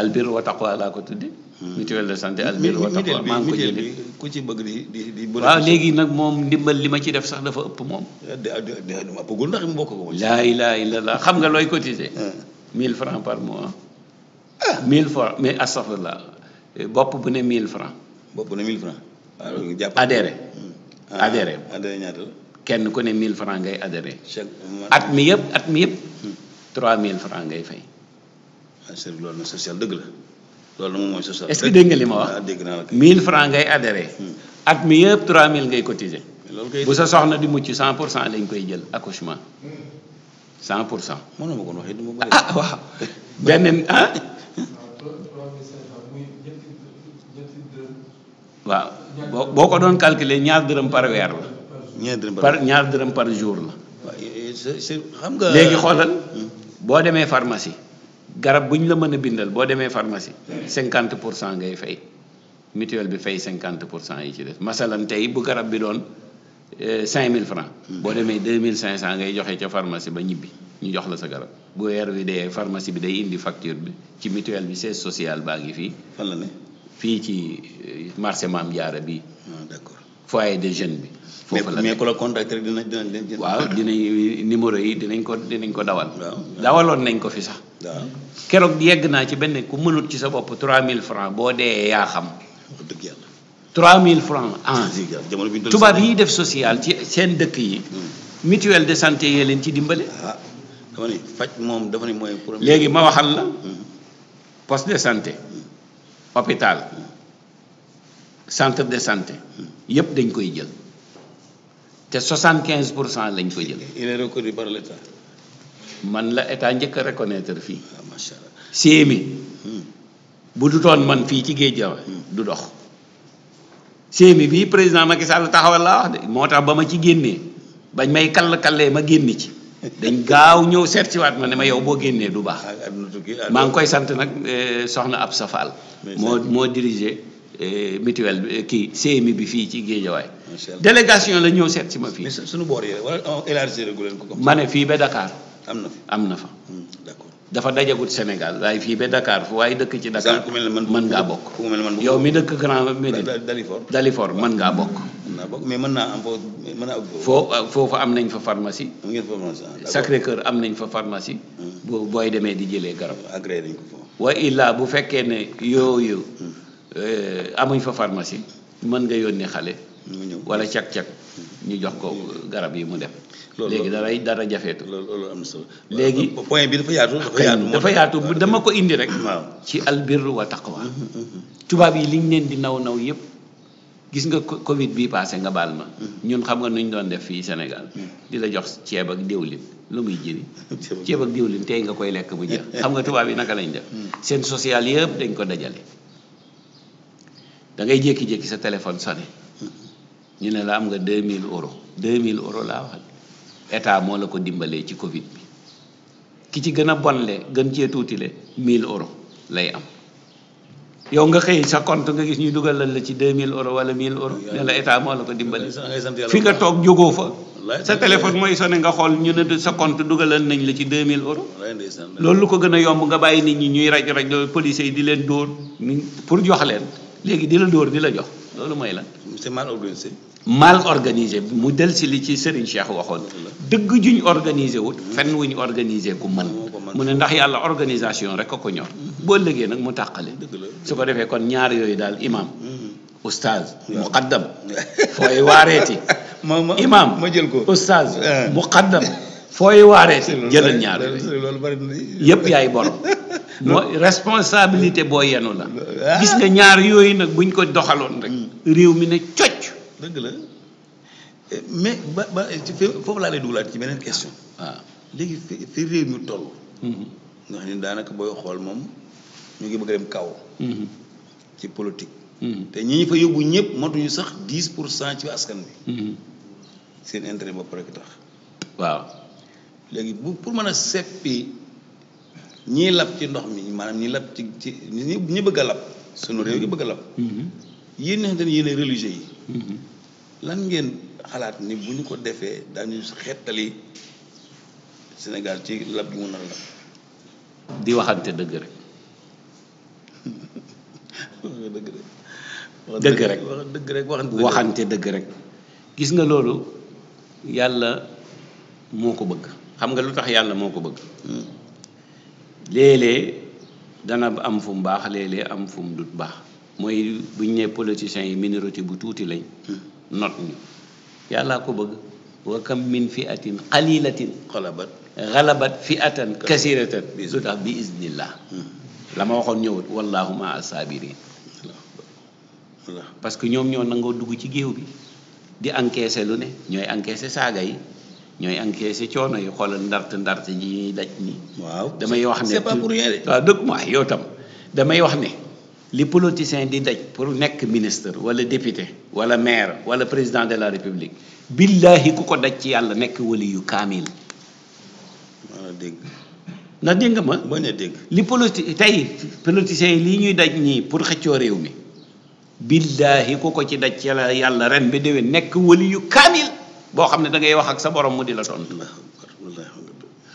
albir wa taqwa laa ko tuddi mutuelle de santé albiel wa taxaw maa ngi ko jëlee ku ci bëgg di di di waaw léegi nag moom ndimbal li ma ci def sax dafa ëpp moom eh, ma bëggul ndax mu bokk ko laa ilaaha illallaah xam nga looy cotiser eh. mille francs par mois eh. mille fois mais astafurlah bopp bu ne mille francs bopp bu ne mille francs ah, adhéré hmm. ah, adhéré adhéré ñaata la kenn ku ne mille francs ngay adhéré at mi yëpp at mi yëpp hmm. trois mille francs ngay fay ah, loolu na social dëgg la loolu moom est-ce que dégg li ma wax ah, dégg naa francs ngay adhéré. Hmm. at mi yëpp mille ngay cotiser. bu sa soxna di mucc 100 pour cent lañ koy jël accouchement 100 pour cent. mën na ma ko waxee du ma bëri. ah waaw benn ah. waaw boo boo ko doon calculer ñaar dërëm par weer la. ñaar dërëm par par ñaar dërëm par jour la. xam nga léegi xoolal hmm. boo demee pharmacie. garab bu ñu la mën a bindal boo demee pharmacie cinquante pour cent ngay fay mutuel bi fay cinquante pour cent yi ci def masalan tey bu garab bi doon euh, cinq mille francs boo demee deux mille cinq cent ngay joxe ca pharmacie ba ñibbi ñu jox la sa garab bu weer bi dee pharmacie bi day indi facture bi ci mutuelle bi c'est social baa ngi fii. fan la fii ci euh, marché Maam Jaara bi ah, d'accord foyer de jeune bi. foofu la mais ku la contacter dinañ dinañ. waaw dinañ numéro yi dinañ ko dinañ ko dawal. dawaloon nañ ko fi sax. keroog yegg naa ci benn ku mënut ci sa bopp mille francs boo dee yaa xam. dëgg yàlla 3000 francs ah, jamono bi tubaab yi def social ci seen dëkk yi. Hmm. mutuelle de santé yee leen ci dimbale. Ah, dama moom dafa ni mooy léegi ma waxal la. Hmm. poste de santé. Hmm. hôpital. centre de santé. yépp dañ koy jël. te 75 pour cent lañ ko jël. il est man la état njëkk a reconnaître fii. Ah, macha allah CMA. Hmm. bu dutoon man fii ci géej hmm. du dox. CMA bii président Macky Sall taxawal laa wax de moo tax ba ma ci génnee bañ may kall kallee ma génn ci. dañ gaaw ñëw seet si waat ma ne ma yow boo génnee du baax. maa ngi koy sant nag eh, soxna Absa Fall. moo moo dirigé. Eh, mutuelle eh, kii CMI bi fii ci Géejawaay. délégation la ñëw seet si ma fii. mais sunu boor yi wala leen ko. ne fii ba dakaar am na fa am na fa. d'accord dafa dajagut Sénégal waaye fii ba Dakar fu waaye dëkk ci Dakar. mën ngaa bokk ku mel man yow mi dëkk Grand Médine. Dalifort Dalifort mën ngaa bokk. mën naa mais mën naa am foofu foo foofu am nañ fa pharmacie. am ngeen pharmacie ah, Sacré am nañ fa pharmacie. Hmm. boo booy demee di jëlee garab. Ah, agréé nañ ko foofu. wa illaa bu fekkee ne yooyu hmm. euh, amuñ fa pharmacie mën nga yónni xale. wala cag-cag ñu jox ko garab yi mu dem. léegi dara dara jafeetu. loolu am na solo léegi point bi dafa yaatu. dafa yaatu bu dama ko indi rek. waaw ci albirru wa taqwa. Mm-hmm, mm-hmm. tubaab yi liñ leen di naw naw yëpp gis nga Covid bii paase nga baal ma. Mm-hmm. ñun xam nga nuñ doon def fii Sénégal. di la jox ceeb ak diwlin lu muy jëriñ. ceeb ak diwlin tey nga koy lekk bu jeex xam nga tubaab yi naka lañ def. seen social yëpp dañ ko dajale. dangay jékki-jékki sa téléphone sonné. ñu ne la am nga deux mille euros deux mille euros laa wax état moo la ko dimbalee ci Covid bi ki ci gën a le gën cee le mille euros lay am yow nga xëy sa compte nga gis ñuy dugalal la ci deux mille euros wala mille euros ne la état la ko dimbalee fi nga toog jógoo fa sa téléphone mooy sonné nga xool ñu ne sa compte dugalal nañ la ci deux mille euros loolu lu ko gën a yomb nga bàyyi nit ñi ñuy raj raj loolu police yi di leen dóor pour jox leen léegi di la dóor di la jox loolu mooy la c'est mal mal organisé mu del si li ci Serigne Cheikh waxoon dëgg juñ organisé wut fenn wuñ organisé ku man mu ne ndax yàlla organisation rek a ko ñor boo ëllëgee nag mu tàqale su ko defee kon ñaar yooyu daal imam mm-hmm. oustaz muqaddam fooy waareeti imam ma jël ko oustaz ah. muqaddam fooy waareeti jëlal ñaar yooyu yëpp yaay borom moo responsabilité boo yenu la ah. gis nga ñaar yooyu nag buñ ko doxaloon rek mm. réew mi ne coj dëgg la mais ba ba foofu laa lay dugalaat ci beneen question waaw ah. léegi fi fi réew mi toll nga xam ne daanaka booy xool moom ñu ngi bëgg dem kaw mm-hmm. ci politique mm-hmm. te ñi ñu fa yóbbu ñëpp matuñu sax dix pour cent ci askan bi mm-hmm. seen intérêt bopp rek tax waaw léegi bu pour mën a seppi ñii lab ci ndox mi maanaam ñi lab ci ci ñi bëgg a lab sunu réew yi bëgg a lab yéen ñi xam ne yi lan ngeen xalaat ni bu ñu ko defee dañu xettali Sénégal ci lab gi mu nar la di waxante dëgg rek dëgg rek dëgg rek waxante dëgg rek gis nga loolu yàlla moo ko bëgg xam nga lu tax yàlla moo ko bëgg hmm. léeg-léeg dana am fu mu baax léeg am fu mu dut baax mooy buñ nee politiciens yi minorité bu tuuti lañ not ñu yàllaa ko bëgg wa kam min fi atin xalilatin xalabat xalabat kasiratan bi iznillah la ma waxoon ñëwut wallahu ma asaabirin que ñoom ñoo nangoo dugg ci géew bi di encaissé lu ne ñooy encaissé saaga yi ñooy encaissé coono yi xoolal ndart ndart ji ñuy daj nii. waaw damay wax ne c'est pas pour rien waaw damay wax ne. li politicien di daj pour nekk ministre wala député wala maire wala président de la république billahi ku ko daj ci yàlla nekk wali yu kaamil. na dégg. na ma. bañ a li politi tey politicien yi lii ñuy daj ñii pour xëccoo réew mi billahi ku ko ci daj ci la yàlla ren bi déwén nekk wali yu kaamil boo xam ne da ngay wax ak sa borom mu di la tontu.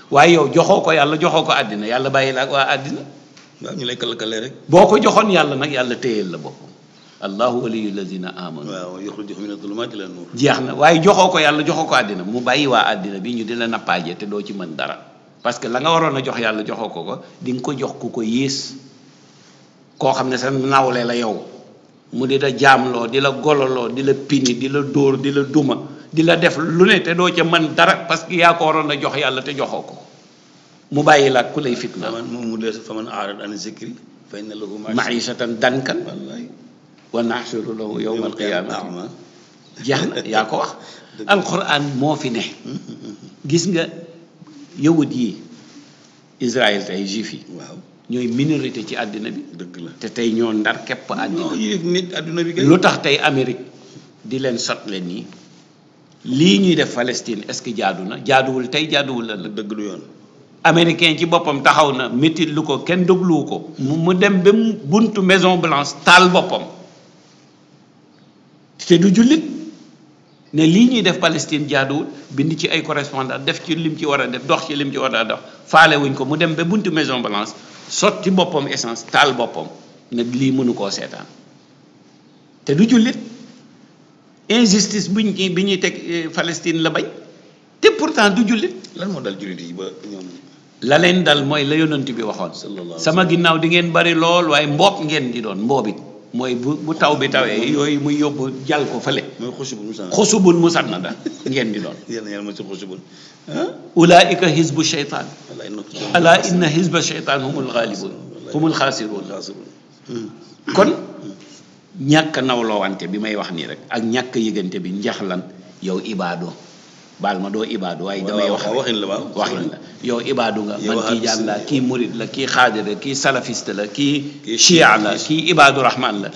waaye yow joxoo ko yàlla joxoo ko àddina yàlla bàyyi la ak waa àddina. waaw ñu lay kalkale rek. boo ko joxoon yàlla nag yàlla téyeel la boppam. allahu waliyu lazina amanu. waaw yuxrijuhum mina zulumaati ila nuur. jeex na waaye joxoo ko yàlla joxoo ko àddina mu bàyyi waa àddina bi ñu di la nappaaje te doo ci mën dara parce que la nga waroon a jox yàlla joxoo ko ko di nga ko jox ku ko yées koo xam ne sa nawle la yow mu di la jaamloo di la gololoo di la pini di la dóor di la duma di la def lu ne te doo ca mën dara parce que yaa ko waroon a jox yàlla te joxoo ko. mu bàyyi la ku lay fitna. mu des fa man aarat an zikri fa inna lahu maishatan dankan wa nahshuru lahu yawma alqiyamati jeex na yaa ko wax alquran moo fi ne gis nga yawut yi Israël tey juif yi waaw ñooy minorité ci àddina bi dëgg la te tey ñoo ndar képp àddina bi lu tax tey Amérique di leen sot leen nii lii ñuy def Palestine est-ce que jaadu na jaaduwul tey jaaduwul la dëgg du yoon américain ci boppam taxaw na métit lu ko kenn dégluwu ko mu dem ba buntu Maison Blanche taal boppam te du jullit ne lii ñuy def Palestine jaaduwul bind ci ay correspondant def ci lim ci war a def dox ci lim ci war a dox faale wuñ ko mu dem ba buntu Maison Blanche sotti boppam essence taal boppam nag lii mënu koo seetaan te du jullit injustice buñ bi ñuy teg eh, Palestine la bañ te pourtant du jullit lan moo dal jullit yi ba ñoom la leen dal mooy la yonent bi waxoon sama ginnaaw di ngeen bari lool waaye mboob ngeen di doon mboobit mooy bu bu taw bi tawee yooyu muy yóbbu jal ko fële xusubun musannada ngeen di doon ulaika xisbu cheytaan ala inna xisba cheytaan humul xaalibun humul xaasiruun hmm. kon ñàkk nawlowante bi may wax nii rek ak ñàkk yëgante bi njaxlan yow ibaado baal ma doo ibaadu waaye damay wax waxin la la yow ibaadu nga man la ki murid la kii xaadir la kii salafiste la kii chia la kii ibaadu rahman la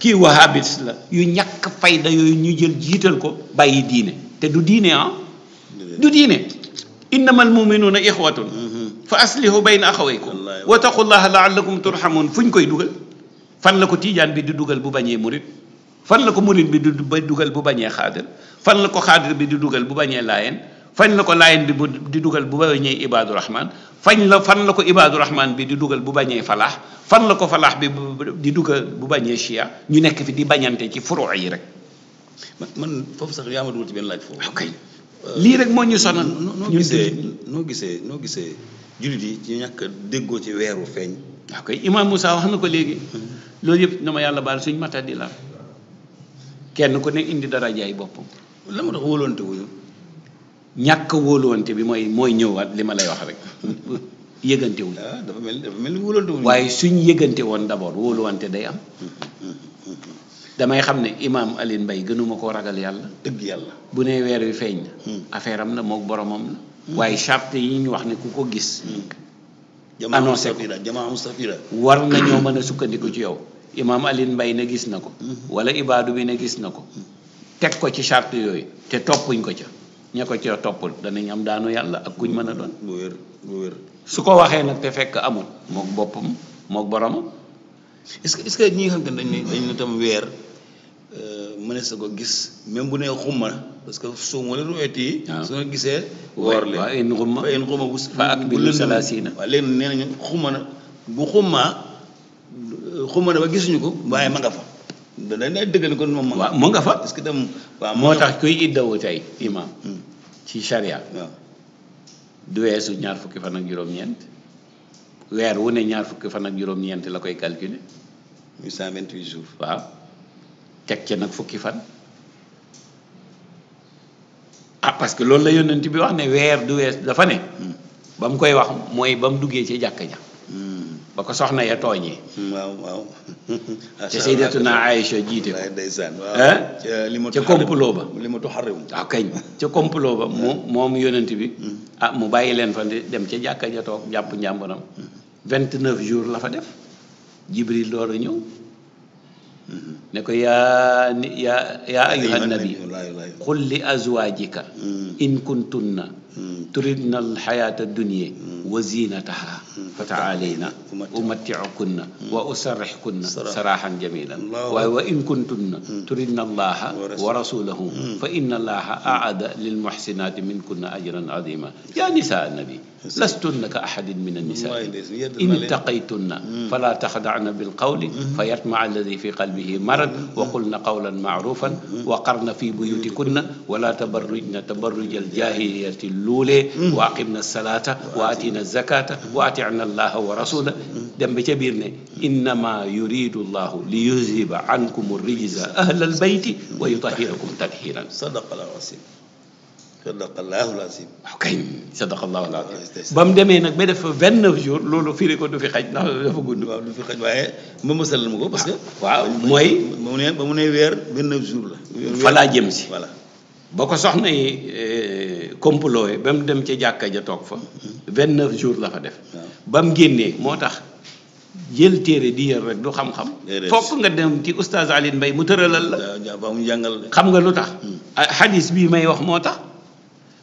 kii wahabis la yu ñàkk fayda yooyu ñu jël jiital ko bàyyi diine te du diine ah du diine innama almuminuuna ixwatun mm-hmm. fa aslihu bayna axawaykum wa taqullaha turhamun fu ñu koy dugal fan la ko tijan bi di dugal bu bañee murid fan la ko murit bi di dugal bu bañee xaadir fan la ko xaadir bi di dugal bu bañee laayeen fañ la ko laayeen bi di dugal bu bañee ibaadu rahman fañ la fan la ko ibaadu rahman bi di dugal bu bañee falaax fan la ko falaax bi di dugal bu bañee chia ñu nekk fi di bañante ci furoo yi rek man foofu sax yaa ma dugal ci benn laaj foofu ok lii rek moo ñu sonal noo gisee noo gisee noo gisee jullit yi ci ñàkk déggoo ci weeru feeñ ok imaam Moussa wax na ko léegi hmm. loolu yëpp na ma yàlla baal suñ matadi la kenn ku ne indi dara jaay boppam la ma tax wóolonte ñàkk wóolonte bi mooy mooy ñëwaat li ma lay wax rek yëgante wuñu ah, dafa mel dafa mel waaye suñ yëgante woon d'abord wóoluwante day am damay xam ne imaam Alioune Mbaye gënuma koo ragal yàlla dëgg yàlla bu ne weer wi feeñ na hmm. affaire am na mook boromam la hmm. waaye charte yi ñu wax ne ku ko gis hmm. annoncé ko jamaa mustafira war nañoo mën a sukkandiku ci yow imaam Alioune Mbaye ne gis na ko mm-hmm. wala ibaadu bi ne gis na ko mm-hmm. teg ko ci chart yooyu te toppuñ ko ca ña ko ca toppul danañ am daanu yàlla ak kuñ mën a doon bu wér su ko waxee nag te fekk amul mook boppam mook boromam est-ce que est-ce que ñi nga dañ ne dañ ne tam weer euh, mënees na ko gis même bu nee xuma parce que suum wala ruweet su nga gisee. woor leen waaw in xumma. waaw in fa ak bi salaasina. waaw léegi nee nañu xumma na bu xummaa xuma na ba gisuñu ko waaye ma nga fa dañ lay dëggal kon moom waaw mu nga fa parce que tam waaw moo tax kuy iddawu tey imam hmm. ci charia du weesu ñaar fukki fan ak juróom-ñeent wu ne ñaar fukki fan ak juróom la koy calculer huit cent vingt-huit jours waaw teg ca nag fukki fan ah parce que loolu la yonent bi wax ne weer du wees dafa ne hmm. ba mu koy wax mooy ba mu duggee ci jàkk ja ba ko soxna ya tooñee. waaw waaw. te Sayyidatuna jiite ko. ndeysaan li ma ca complot ba. li ma tuxarrimu ah, kañ ca complot ba moom moom yonent bi. Hmm. ah mu bàyyi leen fa dem ca jàkka ja jàpp njàmburam. Hmm. vingt neuf jours la fa def. Jibril door a ñëw. Hmm. ne ko yaa yaa yaa ayyuhan nabi qul li azwaajika in kuntunna turidna alxayaata dunya wa zinataha fa taalayna umattiukunna wa usarrixkunna saraaxan jamilan waaye wa in kuntunna hmm. turidna allaha wa rasulahu hmm. fa inna allaha aada lilmuxsinaati minkunna ajran azima yaa nisaa annabi lastunna ka ahadin min annisaa in ittaqaytunna fala taxda'na bilqawli fa yatma'a alladi fi qalbihi marad wa qulna qawlan ma'rufan wa qarna fi buyutikunna wala tabarrujna tabarruj aljaahiliyati luulee wa aqimna salaata wa atina zakata wa atina allaha wa rasula dem ba ca biir ne innama yuridu llahu li yuzhiba ankum rijza ahlal bayti wa yutahhirakum tathiran sadaqa llahu sadaqallaahu l-aziim. waaw kay sadaqallaahu l ba mu demee nag ba def vingt neuf jours loolu firi ko du fi xaj ndax dafa gudd. waaw du fi xaj waaye ma mësal ko. parce que ah, waaw mooy. ba mu ne ba mu ne weer vingt neuf la. fa laa jëm si voilà. ba ko soxna eh, yi complot ba mu dem ca jàkka ja toog fa. Mm-hmm. vingt neuf jours la fa def. ba mu génnee moo tax. jël téere di yër rek du xam-xam. fokk nga dem ci oustaz Alioune Mbaye mu tëralal la. waaw mu jàngal xam nga lu tax. xadis mm. ah, bii may wax moo tax.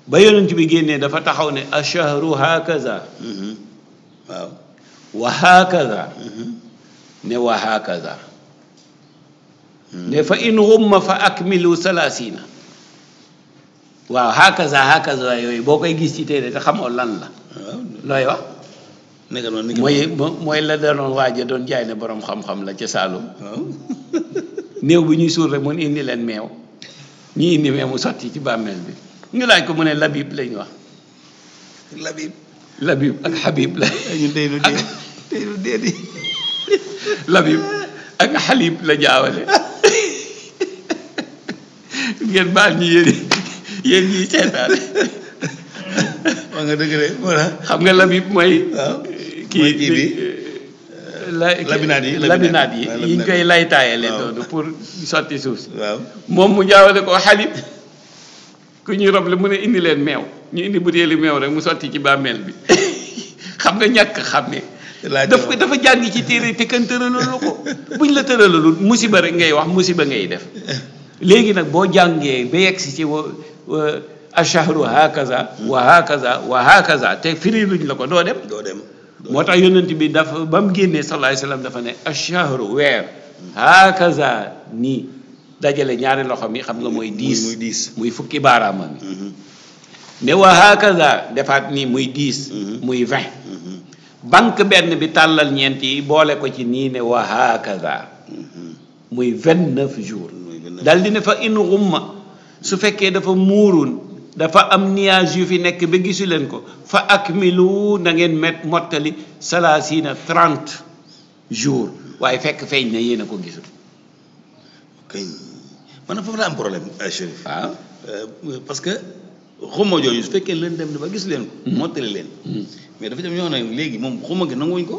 ba yonent bi génnee dafa taxaw ne ashahru hakaza mm-hmm. waaw wa hakaza ne wa hakaza ne fa in ghumma fa akmilu salaasina waaw hakaza hakaza yooyu boo koy gis ci téere te xamoo lan la looy wax mooy mooy la danoon waaja doon jaay ne boroom xam-xam la ca Saalum néew bi ñuy suur rek mun indi leen meew ñu indi meew mu sotti ci bàmmeel bi ñu laaj ko mu ne labib labib. ak la. ñu tey lu dee tey lu dee di. xalib la jaawale ngeen baal ñu yéen yéen ñiy seetaan. nga dëgg de xam nga labib mooy. waaw kii kii bi. labinaat yi sotti suuf moom mu jaawale ko xalib. ku ñuy rob la mu ne indi leen meew ñu indi butéeli meew rek mu sotti ci bàmmeel bi xam nga ñàkk xam ne daf ko dafa jàng ci téere te kan tëralalu ko buñ la tëralalul musiba rek ngay wax musiba ngay def léegi nag boo jàngee ba yegg si ci ashahru hakaza wa hakaza wa hakaza te firi la ko doo dem doo dem moo tax yonent bi dafa ba génnee sallallahu alayhi dafa ne ashahru weer mm. hakaza nii dajale ñaari loxo mi xam nga mooy diis muy diis muy fukki baaraamam yi ne mm-hmm. wa hakaza defaat nii muy diis mm-hmm. muy vingt mm-hmm. banque benn bi tàllal ñeent yi boole ko ci nii ne waa hakaza muy vingt neuf jours dal di ne fa in xumma su fekkee dafa muurun dafa am nuage yu fi nekk ba gisu leen ko fa akmilu na ngeen mottali mottali salaasina trent jours waaye fekk feeñ na yéen ko gisul man foofu laa am problème euh, Chérif waaw euh, euh, parce que xuma jooju su fekkee leen dem ba gis leen ko hmm. mottali leen hmm. mais dafa dem ñoo ne léegi moom xuma gi nanguwuñ ko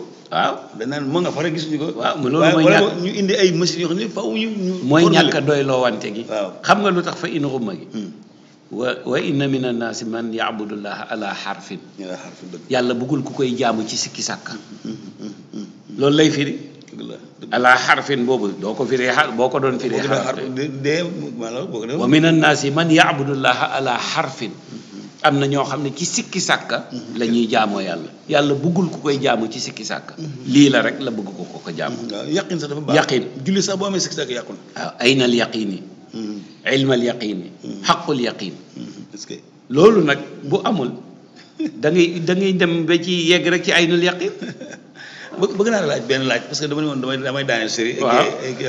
danaan ma nga fara gisuñu ko waaw loolu mooy ñàkk ñu indi ay machines yoo xam mooy ñàkk doy loo wante gi xam nga lu tax fa in xuma gi hmm. wa wa inna min annaasi man yaabudullaha ala xarfin yàlla bëggul ku koy jaamu ci sikki sàkka loolu lay firi ala xarfin boobu doo ko firee boo ko doon firee xarf wa min annaasi man yaabudullaha ala xarfin am na ñoo xam ne ci sikki sàkka lañuy jaamoo yàlla yàlla bëggul ku koy jaamu ci sikki sàkka lii la rek la bëgg ko ko ko jaamu yaqin sax dafa baax boo amee sikki sàkka yàqul waaw ayna al yaqini hmm. ilma al yaqini xaqul hmm. yaqin hmm. loolu nag bu amul da ngay da ngay dem ba ci yegg rek ci aynul yaqin bëgg naa la laaj benn laaj parce que dama ne woon damay damay daaneel série ak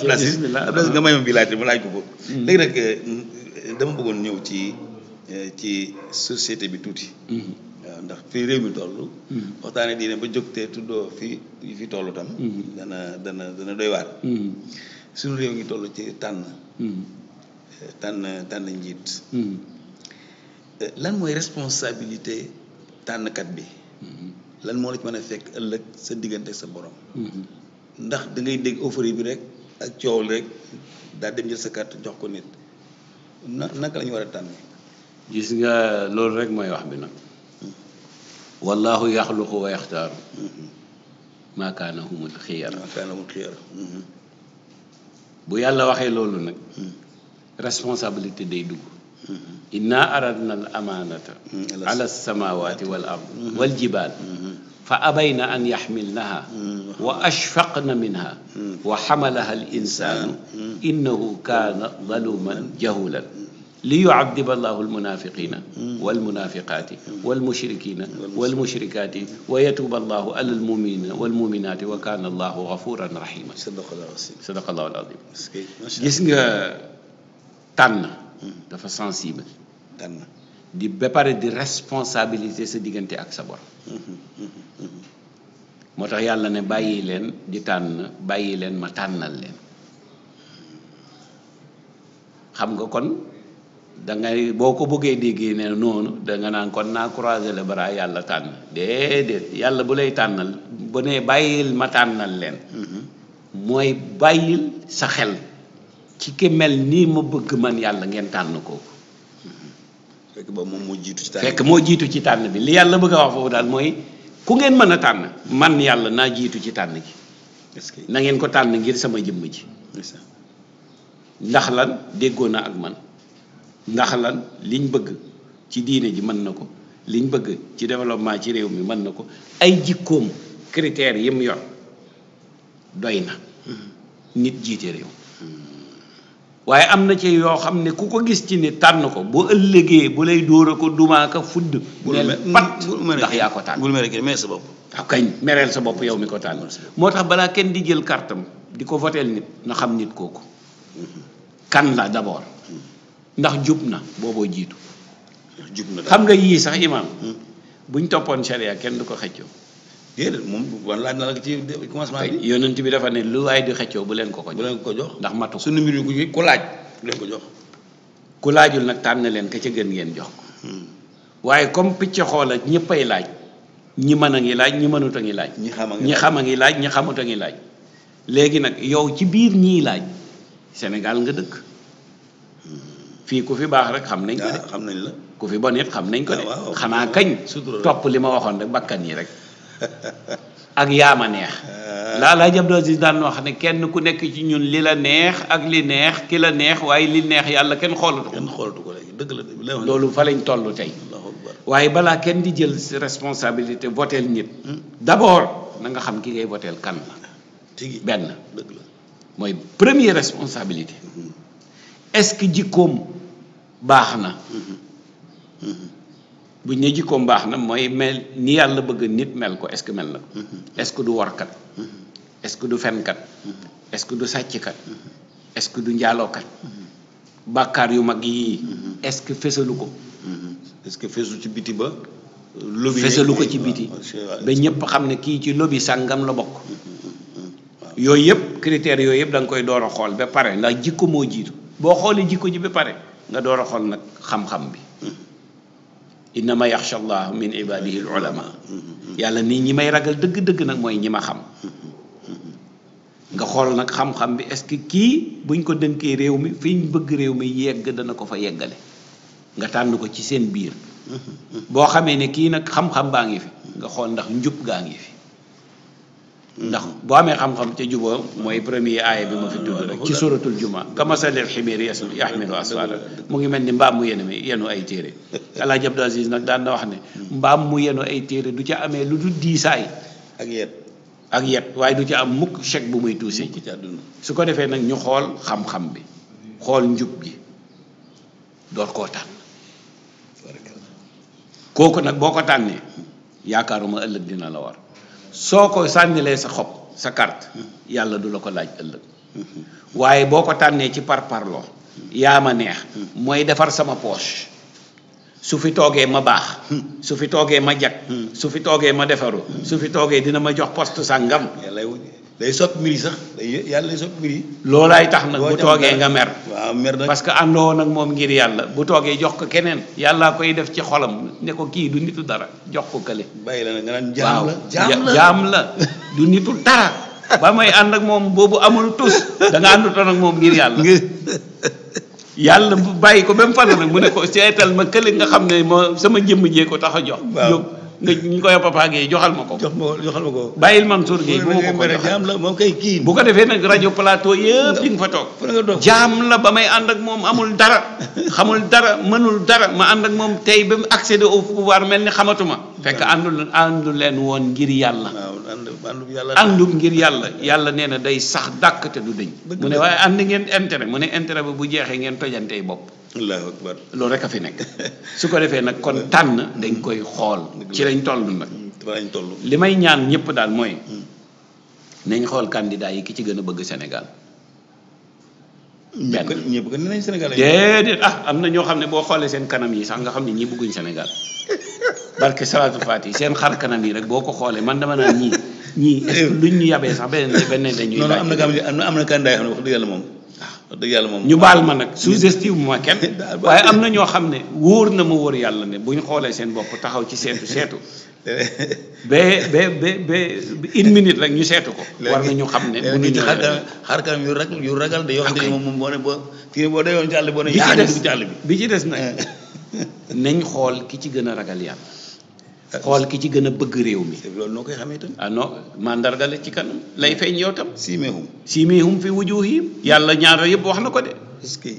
Ablaye Ablaye nga may ma bii laaj ma laaj ko ko hmm. léegi nag euh, dama bëggoon ñëw ci euh, ci société bi tuuti waaw hmm. euh, ndax fii réew mi toll hmm. waxtaane diine ba jógtee tuddoo fii yi fi toll tam dana dana dana doy waar suñu réew ngi toll ci tànn tànn tànn njiit lan mooy responsabilité tànnkat bi lan moo la ci mën a fekk ëllëg sa diggante sa borom. Mm-hmm. ndax da dégg offre bi rek ak coow rek daal dem jël sa carte jox ko nit na naka la war a tànn. gis nga loolu rek mooy wax bi nag. wallahu yaxluqu wa yaxtaaru. Mm-hmm. maa kaana humul xiyar. Mm-hmm. bu yàlla waxee loolu nag. responsabilité day dugg. Mm-hmm. inna aradna al amaanata mm-hmm. ala samaawaati wal ard mm-hmm. wal jibaal fa abayna an yaxmilnaha wa ashfaqna minha wa xamalaha al insaanu innahu kaana zaluman jahulan li yucadiba allahu almunafiqina walmunafiqaati walmushrikina walmushrikaati wa yatuuba allahu ala almuminina walmuminaati wa kaana allahu gafuran rahima sadaqa allahu alazim gis nga tànn dafa sensible ganna di ba pare di responsabiliser sa diggante ak sa bor moo tax yàlla ne bàyyi leen di tànn bàyyi leen ma tànnal leen xam nga kon dangay boo ko bëggee déggee ne noonu danga nga naan kon naa croiser les baraa yàlla tànn déedéet yàlla bu lay tànnal bu ne bàyyil ma tànnal leen mm-hmm. mooy bàyyil sa xel ci ki mel nii ma bëgg man yàlla ngeen tànn kooku. fekk boobu moom moo jiitu ci tànn moo jiitu ci tànn bi li yàlla bëgg a wax foofu daal mooy ku ngeen mën a tànn man yàlla naa jiitu ci tànn gi. na ngeen ko tànn ngir sama jëmm ji. ndax lan déggoo na ak man ndax lan liñ bëgg ci diine ji mën na ko liñ bëgg ci développement ci réew mi mën na ko ay jikkoom critères yi mu doy na. Hmm. nit jiite réew. waaye am na ci yoo xam ne ku ko gis ci nit tànn ko bu ëllëgee bu lay dóor a ko dumaa ko fudd. neel pat ndax yaa ko tànn. bul mere ki mere sa bopp. waaw kañ mereel sa bopp yow mi ko tànn. moo tax balaa kenn di jël kartam di ko voteel nit na xam nit kooku. kan la d'abord. ndax jub na booboo jiitu. jub na xam nga yii sax imaam. Hmm. buñ toppoon charia kenn du ko xëccoo. déedéet moom wan na la ci commencement bi yonent bi dafa ne lu waaye di xëccoo bu leen ko ko jox bu ko jox ndax matu suñu mbir yu ko ku laaj bu ko jox ku laajul nag tànn leen ka ca gën ngeen jox hmm. waaye comme picc xoola ñëppay laaj ñi mën a ngi laaj ñi mënut a ngi laaj ñi xam a ngi laaj ñi xamut a ngi laaj léegi nag yow ci biir ñii laaj Sénégal nga dëkk hmm. fii ku fi baax rek xam nañ ko de ah, xam nañ la ku fi bon it xam nañ ko de ah, xanaa kañ topp li ma waxoon rek bakkan yi rek ak yaa ma neex laa ah. laa jab dosis daan wax ne kenn ku nekk ci ñun li la neex ak li neex ki la neex waaye li neex yàlla kenn xoolatu ko kenn dëgg la loolu fa lañ toll tey waaye balaa kenn di jël responsabilité voteel nit hmm? d'abord na nga xam ki ngay voteel kan la tigi benn mooy première responsabilité hmm. est-ce que jikkoom baax na hmm. bu buñ ne jikkoom baax na mooy mel ni yàlla bëgg nit mel ko est-ce que mel na ko mm-hmm. est-ce que du workat mm-hmm. est-ce que du fenkat mm-hmm. est-ce que du sàcckat est-ce que du njaalookat bàkkaar yu mag yii est-ce que fesalu ko est que fesu ci biti ba lobi fesalu ko ci biti ba ñëpp xam ne kii ci lobi sàngam la bokk yooyu yëpp critères yooyu yëpp da nga koy door a xool ba pare ndax jikko moo jiitu boo xoolee jikko ji ba pare nga door a xool nag xam-xam bi innama yaxsha allah min ibadihi al ulama yàlla nii ñi may ragal dëgg-dëgg nag mooy ñi ma xam nga xool nag xam-xam bi est-ce que kii buñ ko dënkee réew mi fi ñu bëgg réew mi yegg dana ko fa yeggale nga tànn ko ci seen biir boo xamee ne kii nag xam-xam baa ngi fi nga xool ndax njub gaa ngi fi ndax boo amee xam-xam te juboo mooy premier aaya bi ma fi tudd rek ci suratul juma kamasalil ximeer yasul yaxmilu aswala mu ngi mel ni mbaam mu yenu mi yenu ay téere Alaaji Abdou Aziz nag daan na wax ne mbaam mu yenu ay téere du ca amee lu dul diisaay ak yet ak yet waaye du ca am mukk chèque bu muy tuusi su ko defee nag ñu xool xam-xam bi xool njub gi door koo tànn kooku nag boo ko tànnee yaakaaruma ëllëg dina la war soo ko sànnilee sa xob sa kart yàlla du la ko laaj ëllëg waaye boo ko tànnee ci par parloo yaa ma neex mooy defar sama poche su fi toogee ma baax su fi toogee ma jag su fi toogee ma defaru su fi toogee dina ma jox poste sàngam day sot mbir sax yàlla day soppi mbir loolaay tax nag bu toogee nga mer. waaw mer nag parce que àndoo nag moom ngir yàlla bu toogee jox ko keneen. yàllaa koy def ci xolam ne ko kii du nitu dara jox ko kële. bàyyi la nag nga naan jaam la jaam la jaam du nitu dara. ba may ànd ak moom boobu amul tus da nga àndutoon ak moom ngir yàlla. yàlla bu bàyyi ko ba mu fan nag mu ne ko seetal ma kële nga xam ne ma sama jëmm jee ko tax a jox. waaw nga ñu koy papa Guèye joxal ma ko. jox bàyyil man Guèye bu ma ko ko jaam moom kay kii. bu ko defee nag rajo plateau yëpp di nga fa toog. fa nga doon jaam la ba may ànd ak moom amul dara. xamul dara mënul dara ma ànd ak moom tey ba mu accéder au pouvoir mel ni xamatuma. fekk àndul àndu leen woon ngir yàlla. waaw àndu ngir yàlla yàlla nee na day sax dàkk te du dëñ. mu ne waaye ànd ngeen intérêt mu ne intérêt bi bu jeexee ngeen tojantey bopp allahu akbar loolu rek a fi nekk su ko defee nag kon tànn dañ koy xool ci lañ toll nag lañ toll li may ñaan ñëpp daal mooy hmm. nañ xool candidat yi ki ci gën a bëgg Sénégal benn ñëpp ko nañ Sénégal déedéet ah am na ñoo xam ne boo xoolee seen kanam yi sax nga xam ne ñii bëgguñ Sénégal barke salaatu faati seen xar kanam yi rek boo ko xoolee man dama ñii ñii lu eh. ñu yabee sax beneen beneen dañuy. non non am na am na am na xam ne wax dëgg moom. waaw dëgg yàlla moom ñu baal ma nag sous-estime ma kenn waaye am na ñoo xam ne wóor na ma wóor yàlla ne bu ñu xoolee seen bopp taxaw ci seetu seetu ba ba ba ba une minute rek ñu seetu ko. war nañu xam ne bu ñu xar kanam yu rag yu ragal da yoo xam ne moom moo ne boo kii boo dee yoon ci àll boo ne bi bi ci des nag nañ xool ki ci gën a ragal yàlla. xool ki ci gën a bëgg réew mi. loolu noo koy xamee tam. ah non mandarga ci kanam lay feeñ yow tam. siimihum siimihum fi wujuhihim yàlla ñaar yëpp wax na ko de. est-ce que.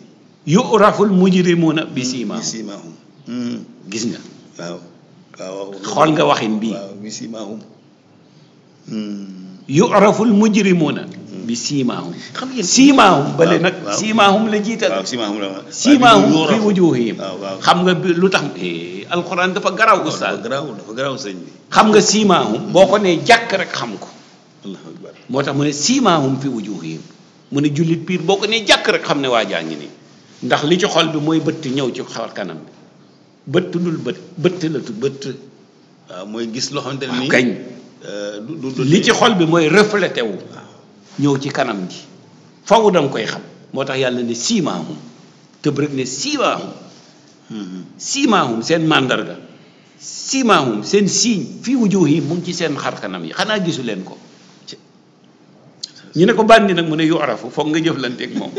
yuraful mujrimuna bi hmm, siimahum hmm. gis nga. waaw xool nga waxin bii. waaw bi siimahum. Hmm. yuraful mujrimuna bi siimaahum xam ngeen siimaahum nag siimaahum la jiital siimaahum fi wujuuhihim xam nga lu tax eh, alxuraan dafa garaaw ustaas xam nga siimaahum boo ko nee jàkk rek xam ko moo tax mu ne siimaahum fi wujuuhihim mu ne jullit piir boo ko nee jàkk rek xam ne waa jàngi ngi nii ndax li ci xol bi mooy bëtt ñëw ci xaw kanam bi bët lu bët la tudd bëtt mooy gis loo xamante ne nii euh, li ci xol bi mooy reflété wu ñëw ci kanam gi faw danga koy xam moo tax yàlla ne siimaahum tëb rek ne siimaahum mm-hmm. siimaahum seen màndarga siimaahum seen siiñ fii wujuuhi mu ngi ci seen xar kanam yi xanaa gisu leen ko ñu ne ko bàndi nag mu ne yu arafu foog nga jëflanteeg moom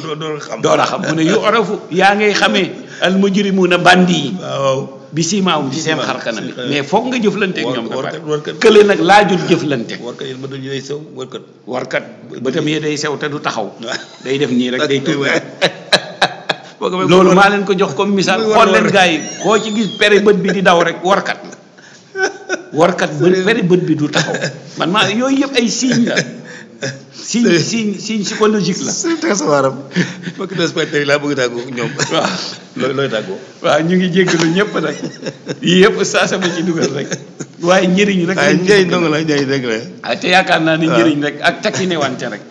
door a xam xam mu ne yu arafu yaa ngay xamee almujrimuuna bàndi yi bi simaawum ci seen xar mais foog nga jëflanteeg ñoom ba pare kële nag laajul jëflante warkat warkat ba tamit day sew te du taxaw day def nii rek day tur loolu maa leen ko jox comme misaal xool leen gaa yi koo ci gis pere bët bi di daw rek warkat la warkat bë pere bët bi du taxaw man maa yooyu yëpp ay signe la signe signe signe psychologique la très sawaaram mbokk téléspectateurs yi laa bëgg tàggu ñoom waaw looy looy tàggoo. waaw ñu ngi jéggalu ñëpp nag yii yëpp saa ma ci dugal rek waaye njëriñ rek. ay njëriñ dong la njëriñ rek la. Ah, te yaakaar naa ni njëriñ rek ak takki ne wante rek.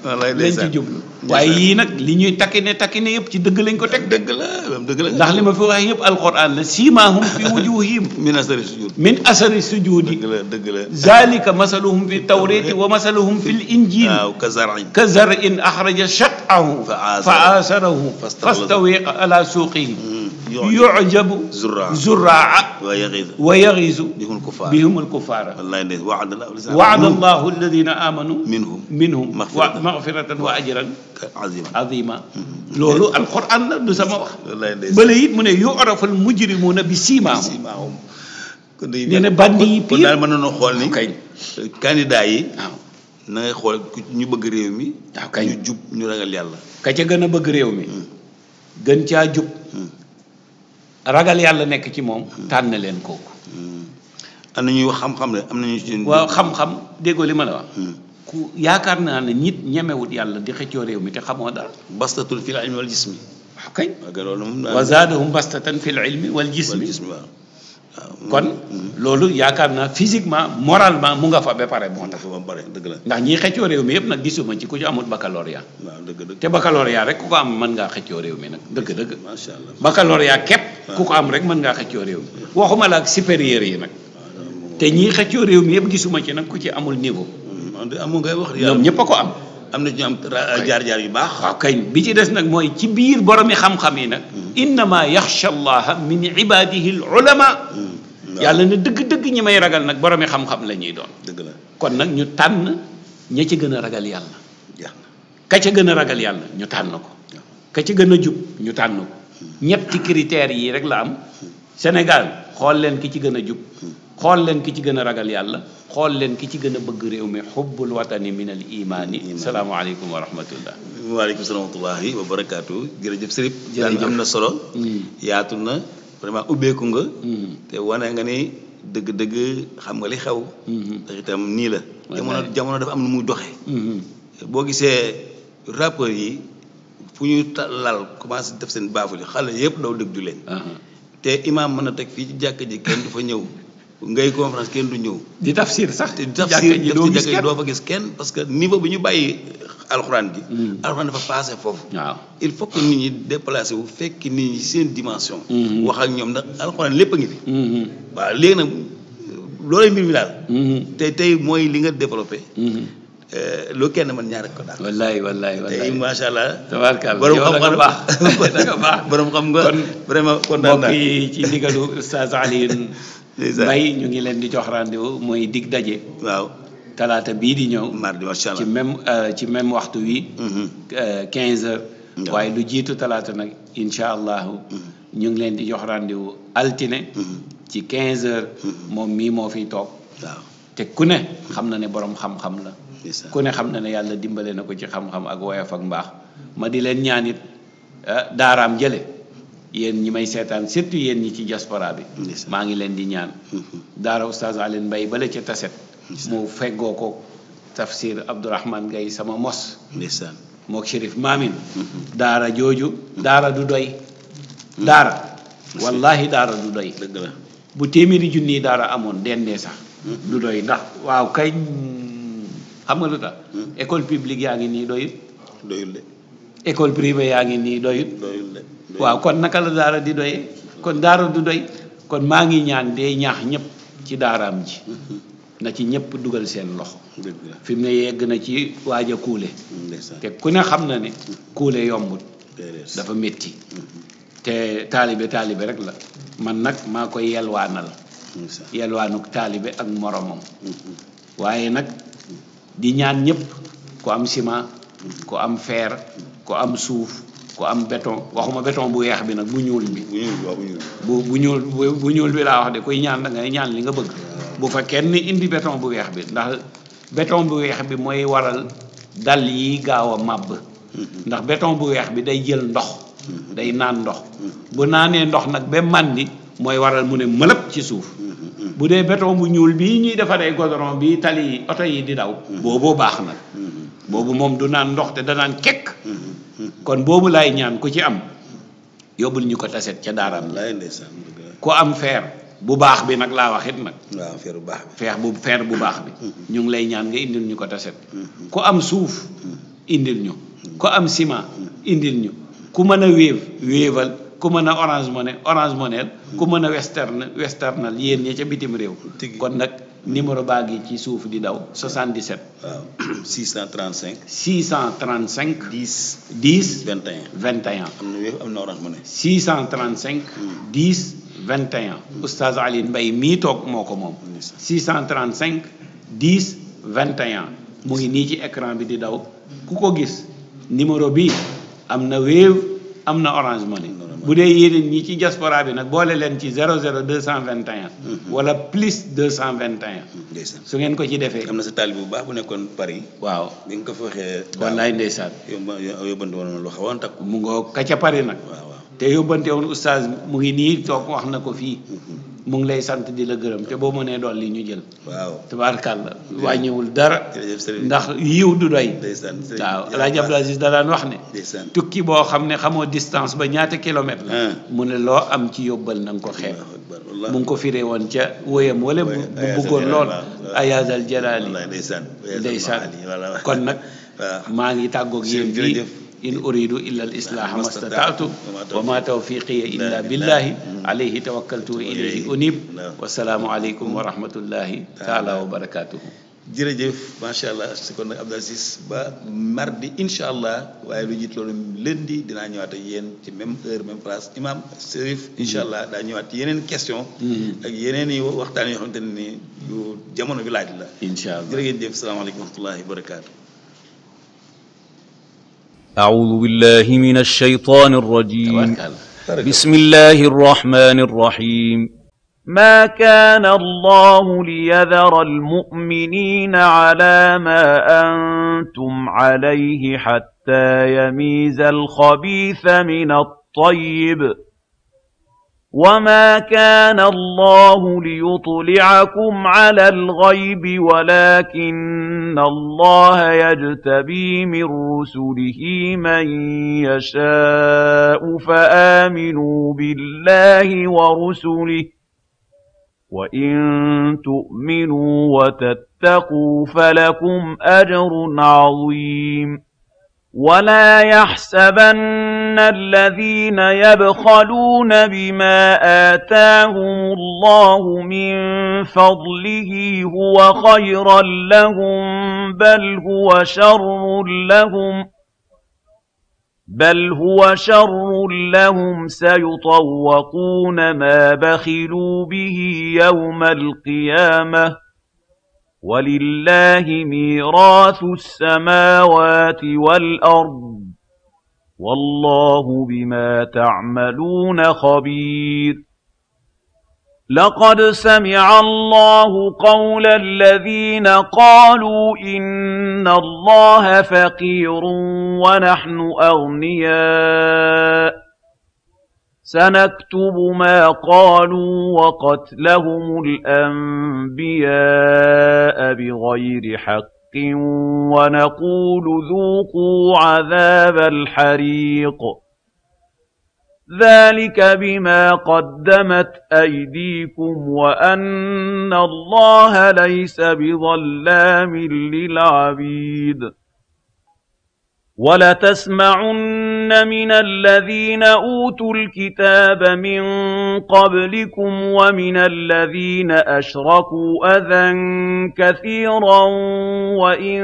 lañ ci jublu. waaye yii nag li ñuy takkine takkine yëpp ci dëgg lañ ko teg. dëgg la dëgg la ndax li ma fi wax yëpp alquran la siimaahum fi wujuhihim min asari sujud min asari sujud dëgg la dëgg la zalika masaluhum fi tawrati wa masaluhum fi l injil waaw ka zarin ka zarin axraja shatahu fa aasarahu fastawiqa ala suuqihi hmm. yujabu zuraa wa yaxiisu bihum alkufaara waada allahu alladina amanu minhum maxfiratan wa ajran azima mm-hmm. loolu alquran la du sama wax bële it mu ne yurafu almujrimuuna bi siimaahum nee na bandi yi pire daal mën nañoo xool ni kay candidat yi na ngay xool ñu bëgg réew mi waaw kay ñu jub ñu ragal yàlla ka ca gën a bëgg réew mi mm. gën caa jub ragal yàlla nekk ci moom tànn leen kooku hmm. am na ñuy wax xam-xam la am na ñu ci waaw xam-xam déggoo li ma hmm. ku yaakaar naa ne nit ñemewut yàlla di xëccoo réew mi te xamoo dara bastatul fil ilmi wal jismi waaw ah, kay wa zaadahum bastatan fil ilmi wal jismi waaw kon loolu yaakaar naa physiquement moralement mu nga fa ba pare moo tax. dëgg la ndax ñiy xëccoo réew mi yëpp nag gisuma ci ku ci amul baccalauréat. dëgg dëgg te baccalauréat rek ku ko am mën ngaa xëccoo réew mi nag dëgg dëgg. macha allah baccalauréat képp ku ko am rek mën ngaa xëccoo réew mi waxuma la ak supérieur yi nag. te ñiy xëccoo réew mi yëpp gisuma ci nag ku ci amul niveau. Hmm, amoo ngay wax ñoom ñëpp a ko am. am na ci ñu am jaar-jaar yu baax waaw kay bi ci des nag mooy ci biir boromi xam-xam yi nag hmm. innama yaxsha allaha min ibadihi al hmm. hmm. yàlla ne dëgg-dëgg ñi may ragal nag boromi xam-xam la ñuy doon dëgg la kon nag ñu tànn ña ci gën a ragal yàlla gën a ragal yàlla ñu ko ka ca gën a jub ñu tànn ko ñetti critères yi rek la am Sénégal xool leen ki ci gën a jub xool leen ki ci gën a ragal yàlla xool leen ki ci gën a bëgg réew mi xubbul watani min al imaani salaamaaleykum wa rahmatullah waaleykum salaam wa rahmatullahi wa barakaatu jërëjëf sërib jërëjëf am na solo hmm. yaatu na vraiment ubbeeku nga hmm. wane nga ni dëgg-dëgg xam nga li xew ndax hmm. nii la jamono jamono dafa am nu muy doxe boo gisee rapport yi fu ñu lal commencé def seen baafuli xale yëpp daw dëgg du leen uh-huh. te imaam mën a teg fii ci jàkk ji kenn du ñëw ngay conférence kenn du ñëw. di tafsir sax. di tafsir doo gis kenn doo fa gis kenn parce que niveau bi ñu bàyyi alxuraan ji. Hmm. alxuraan dafa passé foofu. waaw il faut que nit ñi déplacé wu fekk nit ñi seen dimension. Hmm. wax ak ñoom ndax alxuraan lépp a ngi fi. Hmm. waaw léegi nag loolay mbir mi daal. tey tey mooy li nga développé. Euh, lu kenn man ñaar ko daal. wallaay wallaay wallaay tey macha allah. tabaarkalla borom xam nga baax vraiment kontaan naa mbokk yi ci ndigalu Oustaz Alioune mbay ñu ngi leen di jox rendez mooy dig daje waaw talaata bii di ñëw mardi macha allah ci même euh, ci même waxtu wi mm-hmm. euh, quinze waaye lu jiitu talaata nag incha allahu mm-hmm. ñu ngi leen di jox rendez-vous altine mm-hmm. ci quinze heures moom mii moo fiy toog te ku ne xam na ne borom xam-xam la ku ne xam na ne yàlla dimbale na ko ci xam-xam ak woyof ak mbaax ma di leen ñaanit euh, daaraam jële yéen ñi may seetaan surtout yéen ñi ci diaspora bi maa ngi leen di ñaan mm-hmm. daara oustaz Alioune Mbaye bala ca taset mu fegoo ko tafsir Abdourahmane Gaye sama mos ndeysaan mook Chérif Maamin mm-hmm. daara jooju mm-hmm. daara du doy daara wallahi daara du doy dëgg la bu téeméeri junni daara amoon dendee sax du doy ndax waaw kay xam nga lu école publique yaa ngi nii doyul école privée yaa ngi nii doyut waaw kon naka la daara di doyee kon daara du doy kon maa ngi ñaan dee ñaax ñëpp ci daaraam ji mm-hmm. na ci ñëpp dugal seen loxo fi mu ne yegg na ci waaj a kuule te ku ne xam na ne kuule yombut dafa metti mm-hmm. te taalibe taalibe rek la man nag maa koy yelwaanal yelwaanuk taalibe ak moromam mm-hmm. waaye nag di ñaan ñëpp ku am ciment ku am feer ku am suuf ku am béton waxuma béton bu weex bi nag bu ñuul bi. bu bu ñuul bi laa wax de kuy ñaan da ngay ñaan li nga bëgg. bu fa kenn indi béton bu weex bi ndax béton bu weex bi mooy waral dal yi gaaw a màbb. Mm-hmm. ndax béton bu weex bi day jël ndox. Mm-hmm. day naan ndox. Mm-hmm. bu naanee ndox nag ba màndi mooy waral mu ne mëlëb ci suuf. bu dee beton bu ñuul bii ñuy defaree goudron bi tali oto yi di daw. booboo baax na. boobu moom du naan ndox te danaan kekk mm-hmm. kon boobu laay ñaan ku ci am yóbbul ñu ko taset ca daaraam la ku am feer bu baax bi nag laa waxit nag waaw feer bu baax bi feex bu feer bu baax mm-hmm. ñu ngi lay ñaan nga indil ñu ko taset mm-hmm. ku am suuf indil ñu ku am sima indil ñu ku mën a wéev wéeval ku mën a orange money orange money ku mën a western westernal yéen ñi ca bitim réew kon nag numéro baa ngi ci suuf di daw 77. waaw 635. 635. 10. 10. 21 21. am na wéef am na orange mu ne. 635. 10 21. oustaz Alioune Mbaye mii toog moo ngi nii ci écran bi di daw ku bi am na wéef am na orange mu bu dee yéneen ñi ci diaspora bi nag boole leen ci cent 00 221. Mm-hmm. wala plus 221. ndeysaan su ngeen ko ci defee. am na sa taalibe bu baax bu nekkoon Paris. waaw bi nga ko fa waxee. wallaay ndeysaan. yóbbante woon lu xawoon takku. mu ngoo ka ca Paris nag. waaw te yóbbante woon oustaz mu ngi nii toog wax na ko fii. Mm-hmm. mu ngi lay sant di la gërëm te boo mënee dolli ñu jël. tubaar waaw tabaarkàlla wàññiwul dara. ndax yiw du doy. waaw El Hadj Abdou da daan wax ne. tukki boo xam ne xamoo distance ba ñaata kilomètre la. Ah. mu ne loo am ci yóbbal na ko xeeb. mu ngi ko fiire woon ca woyam wala bu bëggoon lool. Ayaazal Jalaali ndeysaan kon nag maa ngi tàggoog yéen fii in uridu illa al islaaha mastataatu wa ma tawfiqiya illa billahi alayhi tawakkaltu wa ilayhi unib wasalaamu aleykum wa rahmatullahi taala wa barakatuhu jërëjëf macha allah si kon nag Abdou Aziz ba mardi incha allah waaye lu jiit loolu lundi dinaa ñëwaat ak yéen ci même heure même place imam Serif incha allah daa ñëwaat yeneen question mm-hmm. ak yeneen i waxtaan yoo xamante ne ni yu jamono bi laaj la. incha allah jërë ngeen jëf salaamaaleykum wa rahmatullahi wa barakaatu. أعوذ بالله من الشيطان الرجيم بسم الله الرحمن الرحيم ما كان الله ليذر المؤمنين على ما أنتم عليه حتى يميز الخبيث من الطيب وما كان الله ليطلعكم على الغيب ولكن الله يجتبي من رسله من يشاء فآمنوا بالله ورسله وإن تؤمنوا وتتقوا فلكم أجر عظيم ولا يحسبن الذين يبخلون بما آتاهم الله من فضله هو خيرا لهم بل هو شر لهم بل هو شر لهم سيطوقون ما بخلوا به يوم القيامة ولله ميراث السماوات والأرض والله بما تعملون خبير لقد سمع الله قول الذين قالوا إن الله فقير ونحن أغنياء سنكتب ما قالوا وقتلهم الأنبياء بغير حق ونقول ذوقوا عذاب الحريق ذلك بما قدمت أيديكم وأن الله ليس بظلام للعبيد وَلَتَسْمَعُنَّ مِنَ الَّذِينَ أُوتُوا الْكِتَابَ مِن قَبْلِكُمْ وَمِنَ الَّذِينَ أَشْرَكُوا أَذًى كَثِيرًا وَإِن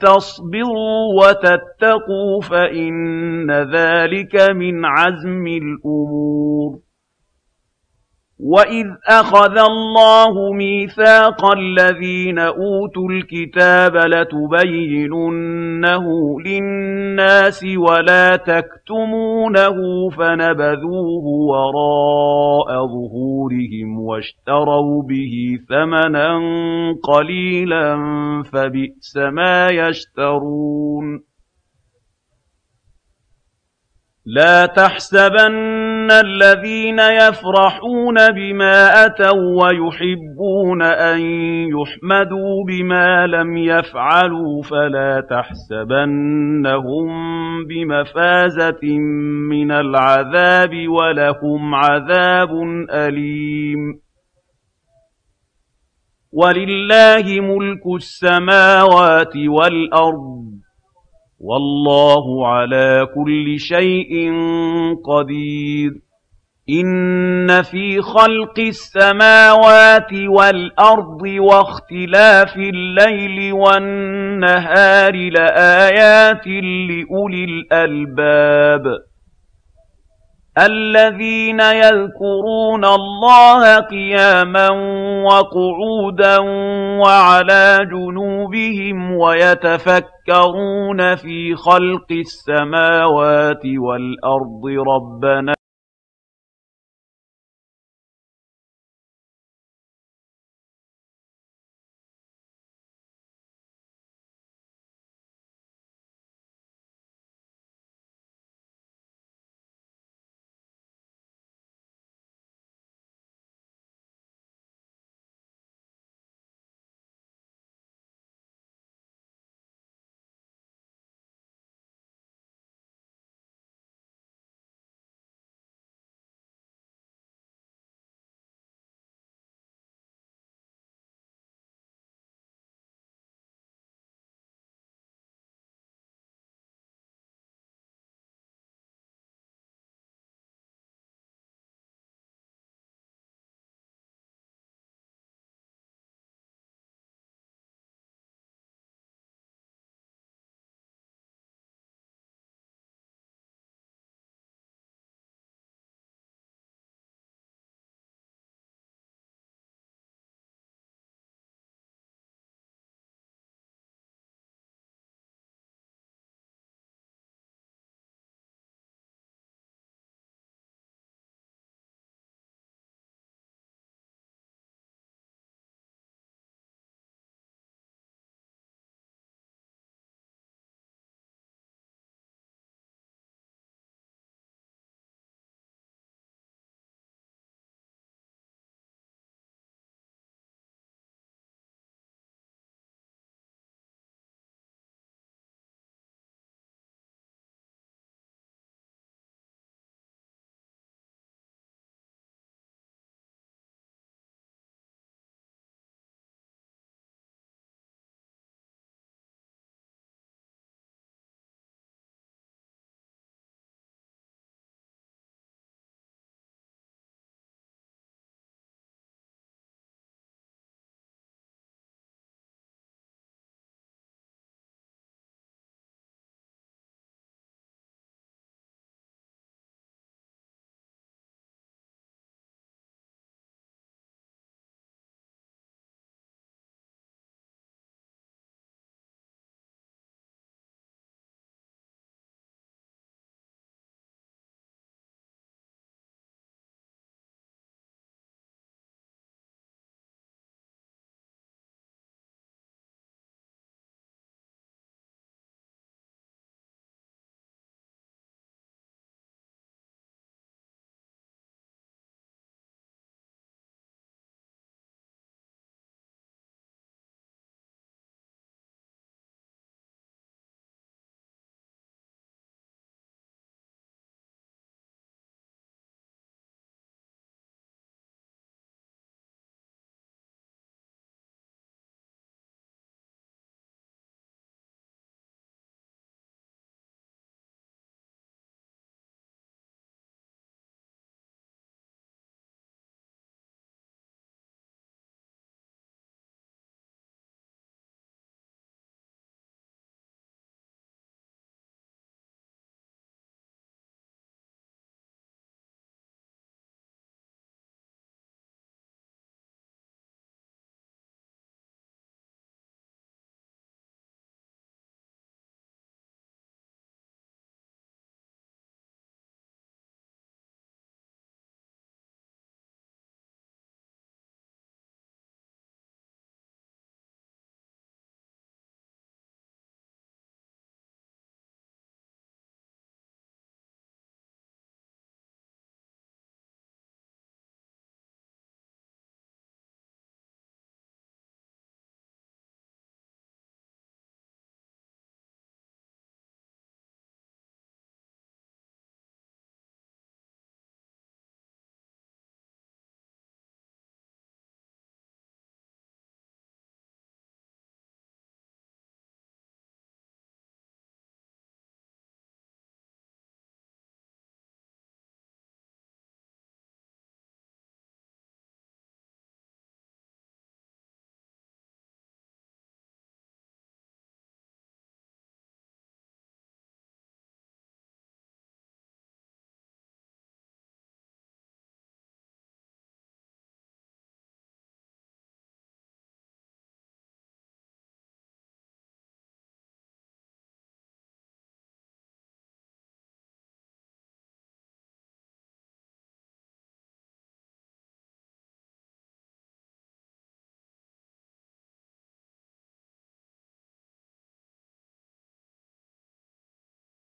تَصْبِرُوا وَتَتَّقُوا فَإِنَّ ذَلِكَ مِنْ عَزْمِ الْأُمُورِ وَإِذْ أَخَذَ اللَّهُ مِيثَاقَ الَّذِينَ أُوتُوا الْكِتَابَ لَتُبَيِّنُنَّهُ لِلنَّاسِ وَلَا تَكْتُمُونَهُ فَنَبَذُوهُ وَرَاءَ ظُهُورِهِمْ وَاشْتَرَوْا بِهِ ثَمَنًا قَلِيلًا فَبِئْسَ مَا يَشْتَرُونَ لا تحسبن الذين يفرحون بما أتوا ويحبون أن يحمدوا بما لم يفعلوا فلا تحسبنهم بمفازة من العذاب ولهم عذاب أليم ولله ملك السماوات والأرض والله على كل شيء قدير إن في خلق السماوات والأرض واختلاف الليل والنهار لآيات لأولي الألباب الذين يذكرون الله قياما وقعودا وعلى جنوبهم ويتفكرون في خلق السماوات والأرض ربنا